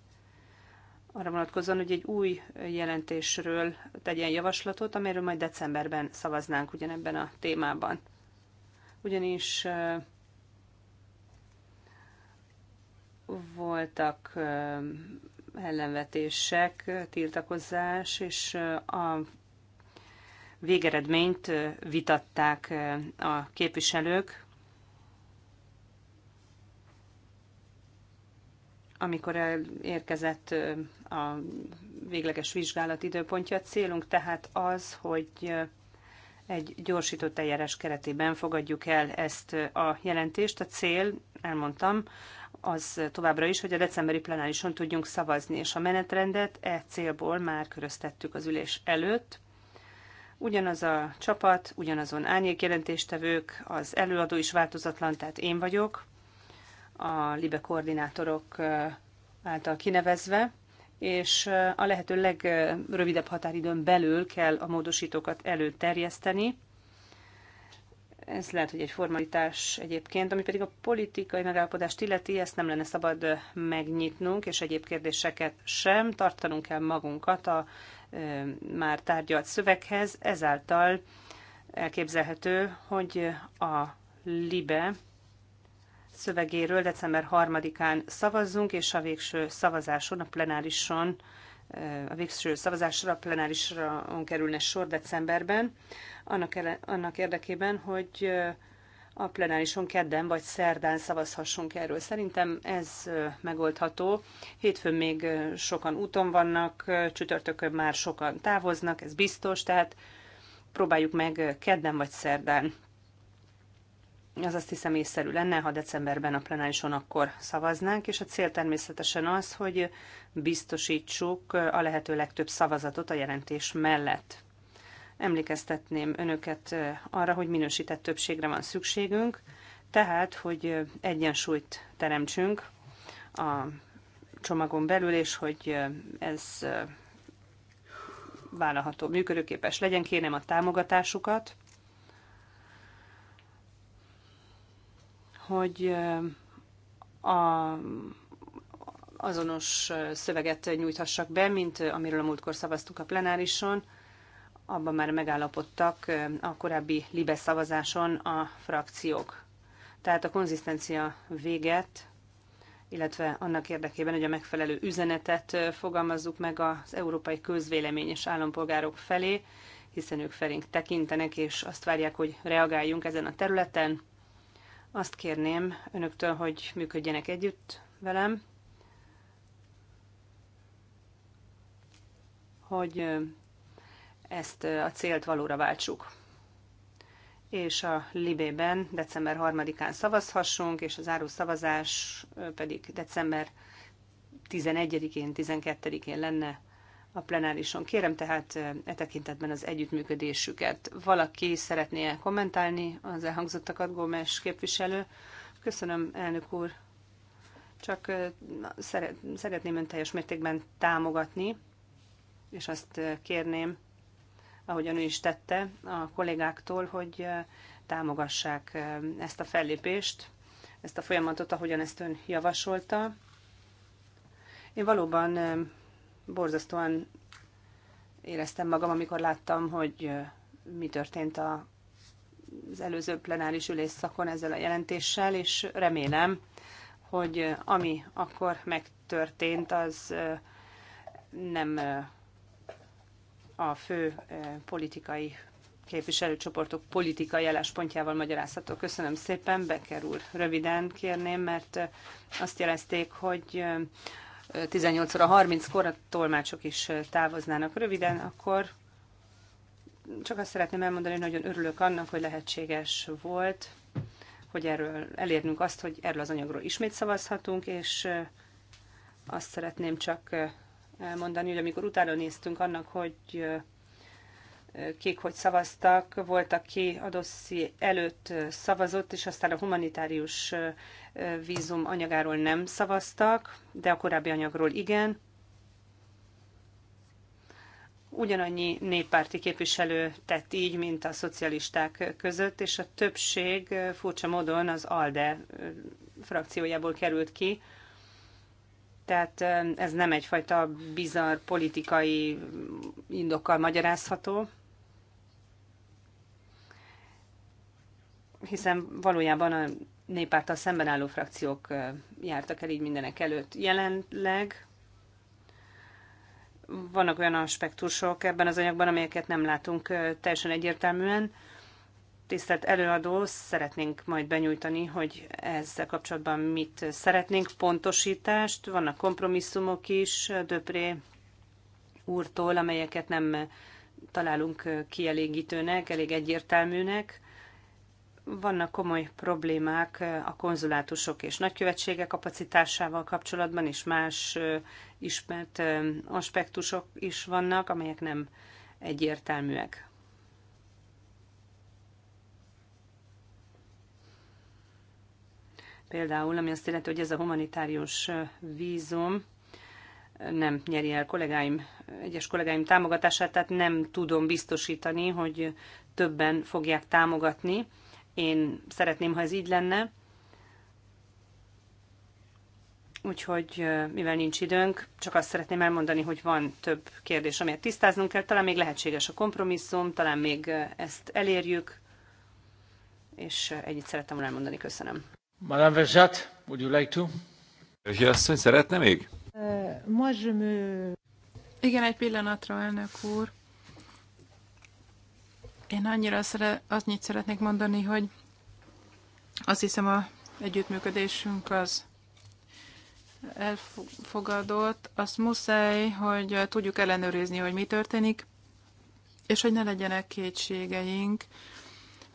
arra vonatkozóan, hogy egy új jelentésről tegyen javaslatot, amelyről majd decemberben szavaznánk ugyanebben a témában. Ugyanis voltak ellenvetések, tiltakozás, és a végeredményt vitatták a képviselők, amikor érkezett a végleges vizsgálat időpontja. Célunk tehát az, hogy egy gyorsított eljárás keretében fogadjuk el ezt a jelentést. A cél, elmondtam, az továbbra is, hogy a decemberi plenárison tudjunk szavazni, és a menetrendet e célból már köröztettük az ülés előtt. Ugyanaz a csapat, ugyanazon jelentéstevők, az előadó is változatlan, tehát én vagyok a LIBE koordinátorok által kinevezve, és a lehető legrövidebb határidőn belül kell a módosítókat előterjeszteni. Ez lehet, hogy egy formalitás egyébként, ami pedig a politikai megállapodást illeti, ezt nem lenne szabad megnyitnunk, és egyéb kérdéseket sem. Tartanunk kell magunkat a már tárgyalt szöveghez, ezáltal elképzelhető, hogy a LIBE szövegéről december 3-án szavazzunk, és a végső szavazáson, a plenárison, a végső szavazásra, a plenárisra kerülne sor decemberben, annak, annak érdekében, hogy a plenárison kedden vagy szerdán szavazhassunk erről. Szerintem ez megoldható. Hétfőn még sokan úton vannak, csütörtökön már sokan távoznak, ez biztos, tehát próbáljuk meg kedden vagy szerdán az azt hiszem észszerű lenne, ha decemberben a plenárison akkor szavaznánk, és a cél természetesen az, hogy biztosítsuk a lehető legtöbb szavazatot a jelentés mellett. Emlékeztetném önöket arra, hogy minősített többségre van szükségünk, tehát, hogy egyensúlyt teremtsünk a csomagon belül, és hogy ez vállalható, működőképes legyen. Kérem a támogatásukat hogy a, azonos szöveget nyújthassak be, mint amiről a múltkor szavaztuk a plenárison. Abban már megállapodtak a korábbi libe szavazáson a frakciók. Tehát a konzisztencia véget, illetve annak érdekében, hogy a megfelelő üzenetet fogalmazzuk meg az európai közvélemény és állampolgárok felé, hiszen ők felénk tekintenek, és azt várják, hogy reagáljunk ezen a területen azt kérném önöktől, hogy működjenek együtt velem, hogy ezt a célt valóra váltsuk. És a Libében december 3-án szavazhassunk, és az áru szavazás pedig december 11-én, 12-én lenne a plenárison. Kérem tehát e tekintetben az együttműködésüket. Valaki szeretné -e kommentálni az elhangzottakat, Gómez képviselő? Köszönöm, elnök úr. Csak szeretném ön teljes mértékben támogatni, és azt kérném, ahogyan ő is tette, a kollégáktól, hogy támogassák ezt a fellépést, ezt a folyamatot, ahogyan ezt ön javasolta. Én valóban borzasztóan éreztem magam, amikor láttam, hogy mi történt a, az előző plenáris ülés szakon ezzel a jelentéssel, és remélem, hogy ami akkor megtörtént, az nem a fő politikai képviselőcsoportok politikai álláspontjával magyarázható. Köszönöm szépen, Becker úr, röviden kérném, mert azt jelezték, hogy 18 óra 30-kor a tolmácsok is távoznának röviden, akkor csak azt szeretném elmondani, hogy nagyon örülök annak, hogy lehetséges volt, hogy erről elérnünk azt, hogy erről az anyagról ismét szavazhatunk, és azt szeretném csak elmondani, hogy amikor utána néztünk annak, hogy kik hogy szavaztak, volt, aki a dosszi előtt szavazott, és aztán a humanitárius vízum anyagáról nem szavaztak, de a korábbi anyagról igen. Ugyanannyi néppárti képviselő tett így, mint a szocialisták között, és a többség furcsa módon az ALDE frakciójából került ki. Tehát ez nem egyfajta bizarr politikai indokkal magyarázható. hiszen valójában a néppárttal szemben álló frakciók jártak el így mindenek előtt. Jelenleg vannak olyan aspektusok ebben az anyagban, amelyeket nem látunk teljesen egyértelműen. Tisztelt előadó, szeretnénk majd benyújtani, hogy ezzel kapcsolatban mit szeretnénk, pontosítást, vannak kompromisszumok is Döpré úrtól, amelyeket nem találunk kielégítőnek, elég egyértelműnek vannak komoly problémák a konzulátusok és nagykövetségek kapacitásával kapcsolatban, és más ismert aspektusok is vannak, amelyek nem egyértelműek. Például, ami azt jelenti, hogy ez a humanitárius vízum nem nyeri el kollégáim, egyes kollégáim támogatását, tehát nem tudom biztosítani, hogy többen fogják támogatni én szeretném, ha ez így lenne. Úgyhogy, mivel nincs időnk, csak azt szeretném elmondani, hogy van több kérdés, amelyet tisztáznunk kell. Talán még lehetséges a kompromisszum, talán még ezt elérjük, és ennyit szerettem volna elmondani. Köszönöm. Madame Verzsat, would you like to? Verzsi asszony, szeretne még? Igen, egy pillanatra, elnök úr. Én annyira szere, annyit szeretnék mondani, hogy azt hiszem a együttműködésünk az elfogadott, azt muszáj, hogy tudjuk ellenőrizni, hogy mi történik, és hogy ne legyenek kétségeink.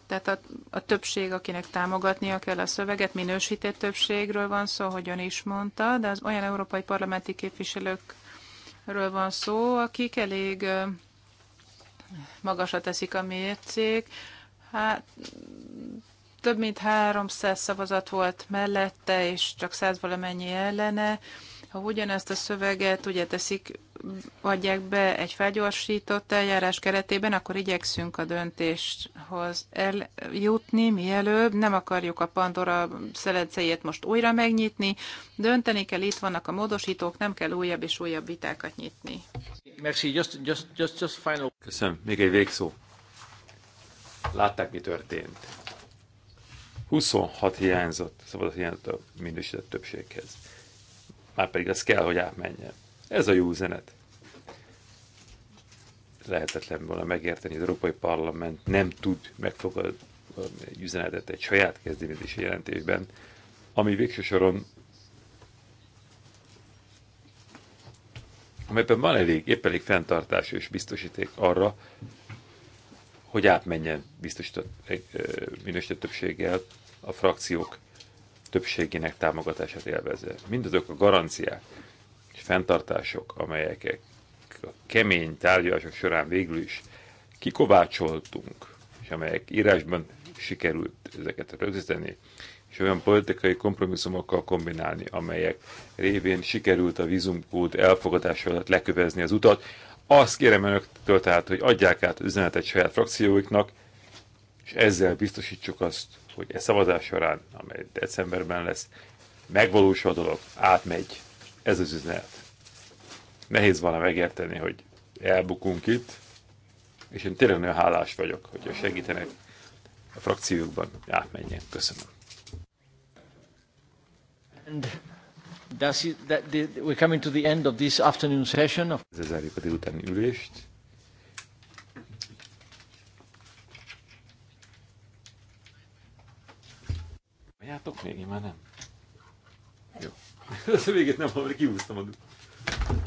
Tehát a, a többség, akinek támogatnia kell a szöveget, minősített többségről van szó, hogyan is mondta, de az olyan európai parlamenti képviselőkről van szó, akik elég magasra teszik a mércék. Hát több mint 300 szavazat volt mellette, és csak 100 valamennyi ellene ha ugyanezt a szöveget ugye teszik, adják be egy felgyorsított eljárás keretében, akkor igyekszünk a döntéshoz eljutni mielőbb. Nem akarjuk a Pandora szelencéjét most újra megnyitni. Dönteni kell, itt vannak a módosítók, nem kell újabb és újabb vitákat nyitni. Merci, just, just, just, just final. Köszönöm, még egy végszó. Látták, mi történt. 26 hiányzott, szabad hiányzott a minősített többséghez már pedig az kell, hogy átmenjen. Ez a jó üzenet. Lehetetlen volna megérteni, hogy az Európai Parlament nem tud megfogadni egy üzenetet egy saját kezdeményezési jelentésben, ami végső soron amelyben van elég, épp elég fenntartás és biztosíték arra, hogy átmenjen biztosított minősített többséggel a frakciók többségének támogatását élvezze. Mindazok a garanciák és fenntartások, amelyek a kemény tárgyalások során végül is kikovácsoltunk, és amelyek írásban sikerült ezeket rögzíteni, és olyan politikai kompromisszumokkal kombinálni, amelyek révén sikerült a vízumkód elfogadása alatt lekövezni az utat. Azt kérem önöktől tehát, hogy adják át üzenetet saját frakcióiknak, és ezzel biztosítsuk azt, hogy e szavazás során, amely decemberben lesz, megvalósul a dolog, átmegy. Ez az üzenet. Nehéz volna megérteni, hogy elbukunk itt, és én tényleg nagyon hálás vagyok, a segítenek a frakciókban átmenjen. Köszönöm. And that's it, that, the, we're coming to the end of this afternoon session. of. a délutáni ülést. Várjátok még? Én már nem. Jó. Ez a végét nem hallom, kihúztam a